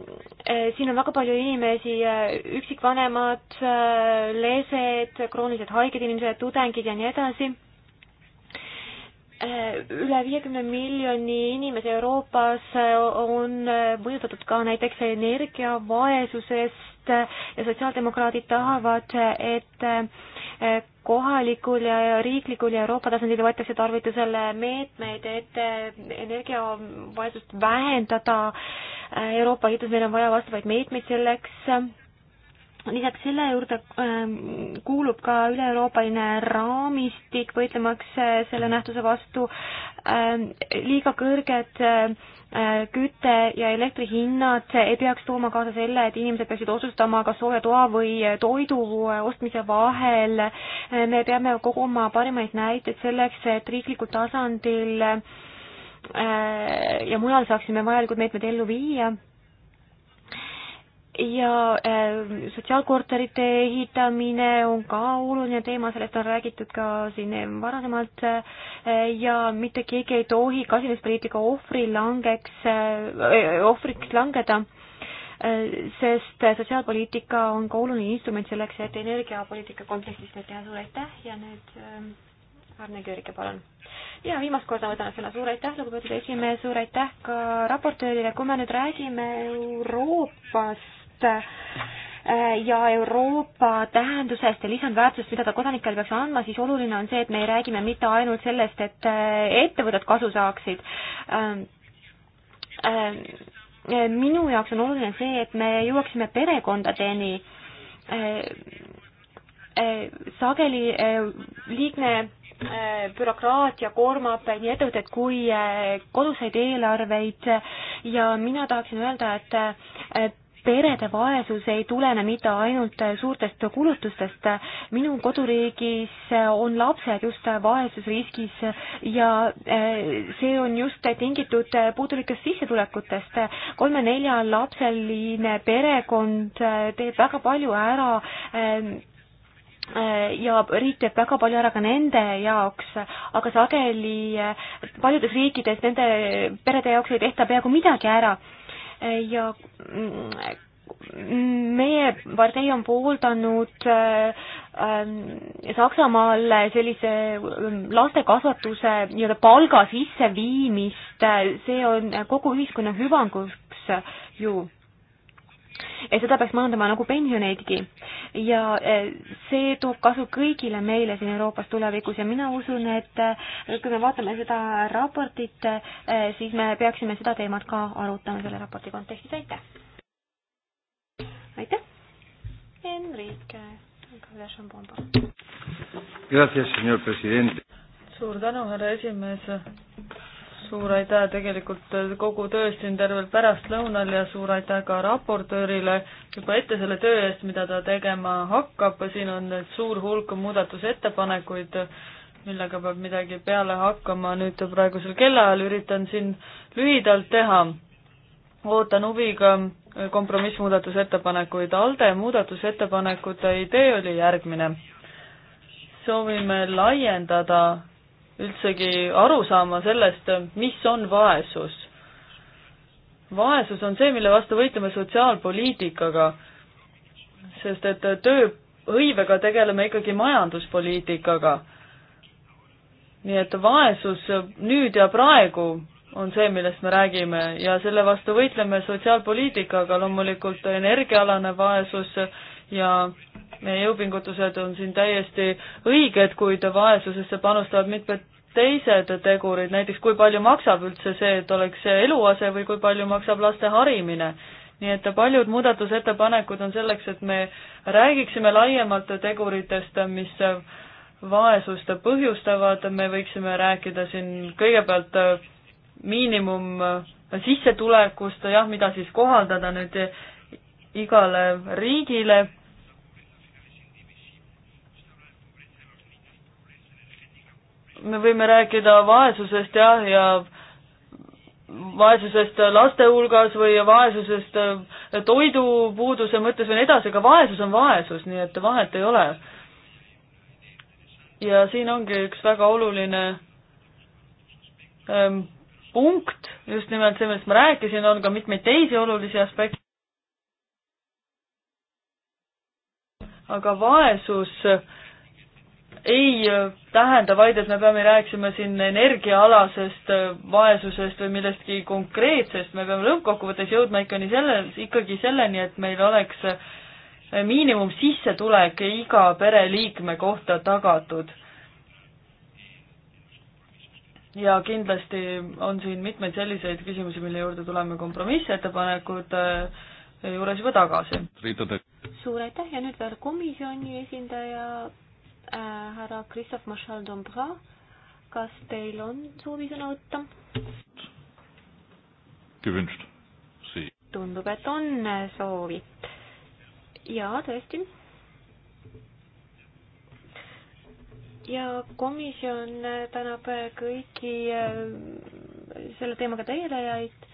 eh, siin on väga palju inimesi, eh, üksikvanemad, eh, lesed, kroonilised haiged inimesed, tudengid ja nii edasi Eh, üle viiekümne miljoni inimese Euroopas eh, on mõjutatud eh, ka näiteks energiavaesusest ja sotsiaaldemokraadid tahavad, et kohalikul ja riiklikul ja Euroopa tasandil võetakse tarvitusele meetmeid, et energiavaesust vähendada. Euroopa Liidus meil on vaja vastavaid meetmeid selleks lisaks selle juurde ähm, kuulub ka üle-euroopaline raamistik võitlemaks äh, selle nähtuse vastu ähm, liiga kõrged äh, küte- ja elektrihinnad ei peaks tooma kaasa selle, et inimesed peaksid otsustama, kas sooja toa või äh, toidu ostmise vahel. me peame koguma parimaid näiteid selleks, et riiklikul tasandil ja mujal saaksime vajalikud meetmed ellu viia ja ähm, sotsiaalkorterite ehitamine on ka oluline teema, sellest on räägitud ka siin varasemalt äh, ja mitte keegi ei tohi kasinuspoliitika ohvri langeks, äh, äh, ohvriks langeda, sest sotsiaalpoliitika on ka oluline instrument selleks, et energiapoliitika kontekstis neid teha. suur aitäh ja nüüd ähm, Arne Köörike, palun. ja viimast korda võtan sõna, suur aitäh, lugupeetud esimees, suur aitäh ka raportöörile, kui me nüüd räägime Euroopast, Äh, ja Euroopa tähendusest ja lisandväärtusest, mida ta kodanikele peaks andma, siis oluline on see, et me ei räägime mitte ainult sellest, et äh, ettevõtted kasu saaksid. Ähm, ähm, minu jaoks on oluline see, et me jõuaksime perekondadeni. Äh, sageli liigne bürokraatia koormab nii ettevõtteid kui koduseid eelarveid ja mina tahaksin öelda, et perede vaesus ei tulene mitte ainult suurtest kulutustest. minu koduriigis on lapsed just vaesusriskis ja eh, see on just tingitud puudulikest sissetulekutest. kolme-nelja lapseline perekond eh, teeb väga palju ära eh, ja riik teeb väga palju ära ka nende jaoks, aga sageli paljudes riikides nende perede jaoks ei tehta peaaegu midagi ära ja mm, meie partei on pooldanud ähm, Saksamaal sellise ähm, lastekasvatuse nii-öelda palga sisseviimist, see on kogu ühiskonna hüvanguks ju seda peaks maandama nagu pensioneidki ja eh, see toob kasu kõigile meile siin Euroopas tulevikus ja mina usun, et eh, kui me vaatame seda raportit, eh, siis me peaksime seda teemat ka arutama selle raporti kontekstis, aitäh! aitäh! Enrique Kalešambomba. suur tänu, härra esimees suur aitäh tegelikult äh, kogu töö eest siin tervelt pärastlõunal ja suur aitäh ka raportöörile juba ette selle töö eest, mida ta tegema hakkab, siin on suur hulk muudatusettepanekuid, millega peab midagi peale hakkama, nüüd praegusel kellaajal üritan siin lühidalt teha. ootan huviga äh, kompromissmuudatusettepanekuid, ALDE muudatusettepanekute idee oli järgmine. soovime laiendada üldsegi aru saama sellest, mis on vaesus. vaesus on see, mille vastu võitleme sotsiaalpoliitikaga, sest et tööhõivega tegeleme ikkagi majanduspoliitikaga. nii et vaesus nüüd ja praegu on see, millest me räägime ja selle vastu võitleme sotsiaalpoliitikaga, loomulikult energiaalane vaesus ja meie jõupingutused on siin täiesti õiged, kuid vaesusesse panustavad mitmed teised tegurid, näiteks kui palju maksab üldse see, et oleks eluase või kui palju maksab laste harimine. nii et paljud muudatusettepanekud on selleks, et me räägiksime laiemalt teguritest, mis vaesust põhjustavad, me võiksime rääkida siin kõigepealt miinimum sissetulekust, jah, mida siis kohaldada nüüd igale riigile me võime rääkida vaesusest jah, ja vaesusest laste hulgas või vaesusest eh, toidupuuduse mõttes või nii edasi, aga vaesus on vaesus, nii et vahet ei ole. ja siin ongi üks väga oluline ähm, punkt, just nimelt see, millest ma rääkisin, on ka mitmeid teisi olulisi aspekte. aga vaesus äh, ei äh, tähenda vaid, et me peame rääkima siin energiaalasest äh, vaesusest või millestki konkreetsest, me peame lõppkokkuvõttes jõudma ikkagi selle, ikkagi selleni, et meil oleks äh, miinimumsissetulek iga pereliikme kohta tagatud. ja kindlasti on siin mitmeid selliseid küsimusi, mille juurde tuleme kompromissettepanekute äh, juures juba tagasi. suur aitäh ja nüüd veel komisjoni esindaja Äh, härra Kristof Marchal-Dombra, kas teil on soovi sõna võtta? tundub, et on soovi. jaa, tõesti. ja komisjon tänab kõiki äh, selle teemaga tegelejaid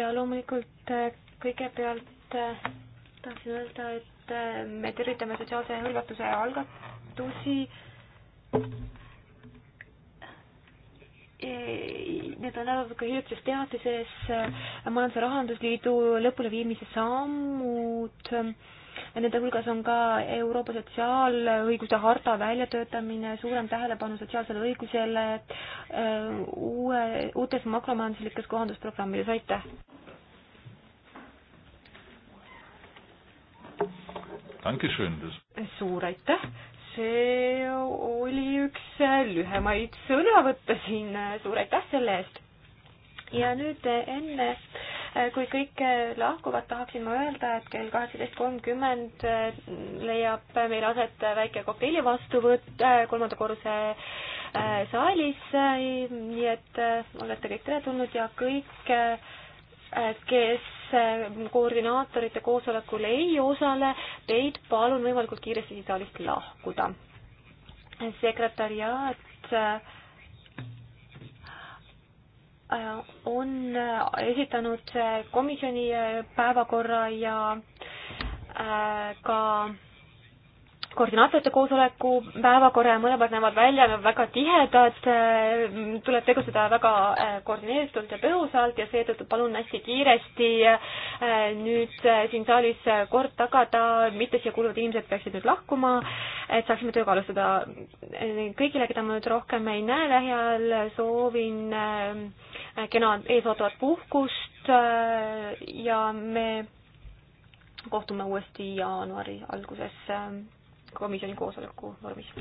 ja loomulikult äh, kõigepealt tahtsin öelda, et me tervitame sotsiaalse hõlvatuse algat-, muudatusi. Need on ära toodud ka hiljutises teatises Majandus- ja Rahandusliidu lõpuleviimise sammud nende hulgas on ka Euroopa sotsiaalõiguse harta väljatöötamine, suurem tähelepanu sotsiaalsele õigusele, uue, uutes makromajanduslikes kohandusprogrammides, aitäh! suur aitäh, see oli üks lühemaid sõnavõtte siin, suur aitäh selle eest! ja nüüd enne, kui kõik lahkuvad, tahaksin ma öelda, et kell kaheksateist kolmkümmend leiab meil aset väike kokteili vastuvõtt äh, kolmanda korruse äh, saalis, nii et äh, olete kõik teretulnud ja kõik kes äh, koordinaatorite koosolekul ei osale, teid palun võimalikult kiiresti saalist lahkuda. sekretäriaat äh, on äh, esitanud komisjoni päevakorra ja ka koordinaatorite koosoleku päevakorra ja mõlemad näevad välja väga tihedad, tuleb tegutseda väga äh, koordineeritult ja tõhusalt ja seetõttu palun hästi kiiresti äh, nüüd äh, siin saalis kord tagada, mitte siia kuuluvad inimesed peaksid nüüd lahkuma, et saaksime tööga alustada. kõigile, keda ma nüüd rohkem ei näe lähiajal, soovin kena eesootavat puhkust ja me kohtume uuesti jaanuari alguses komisjoni koosoleku vormis.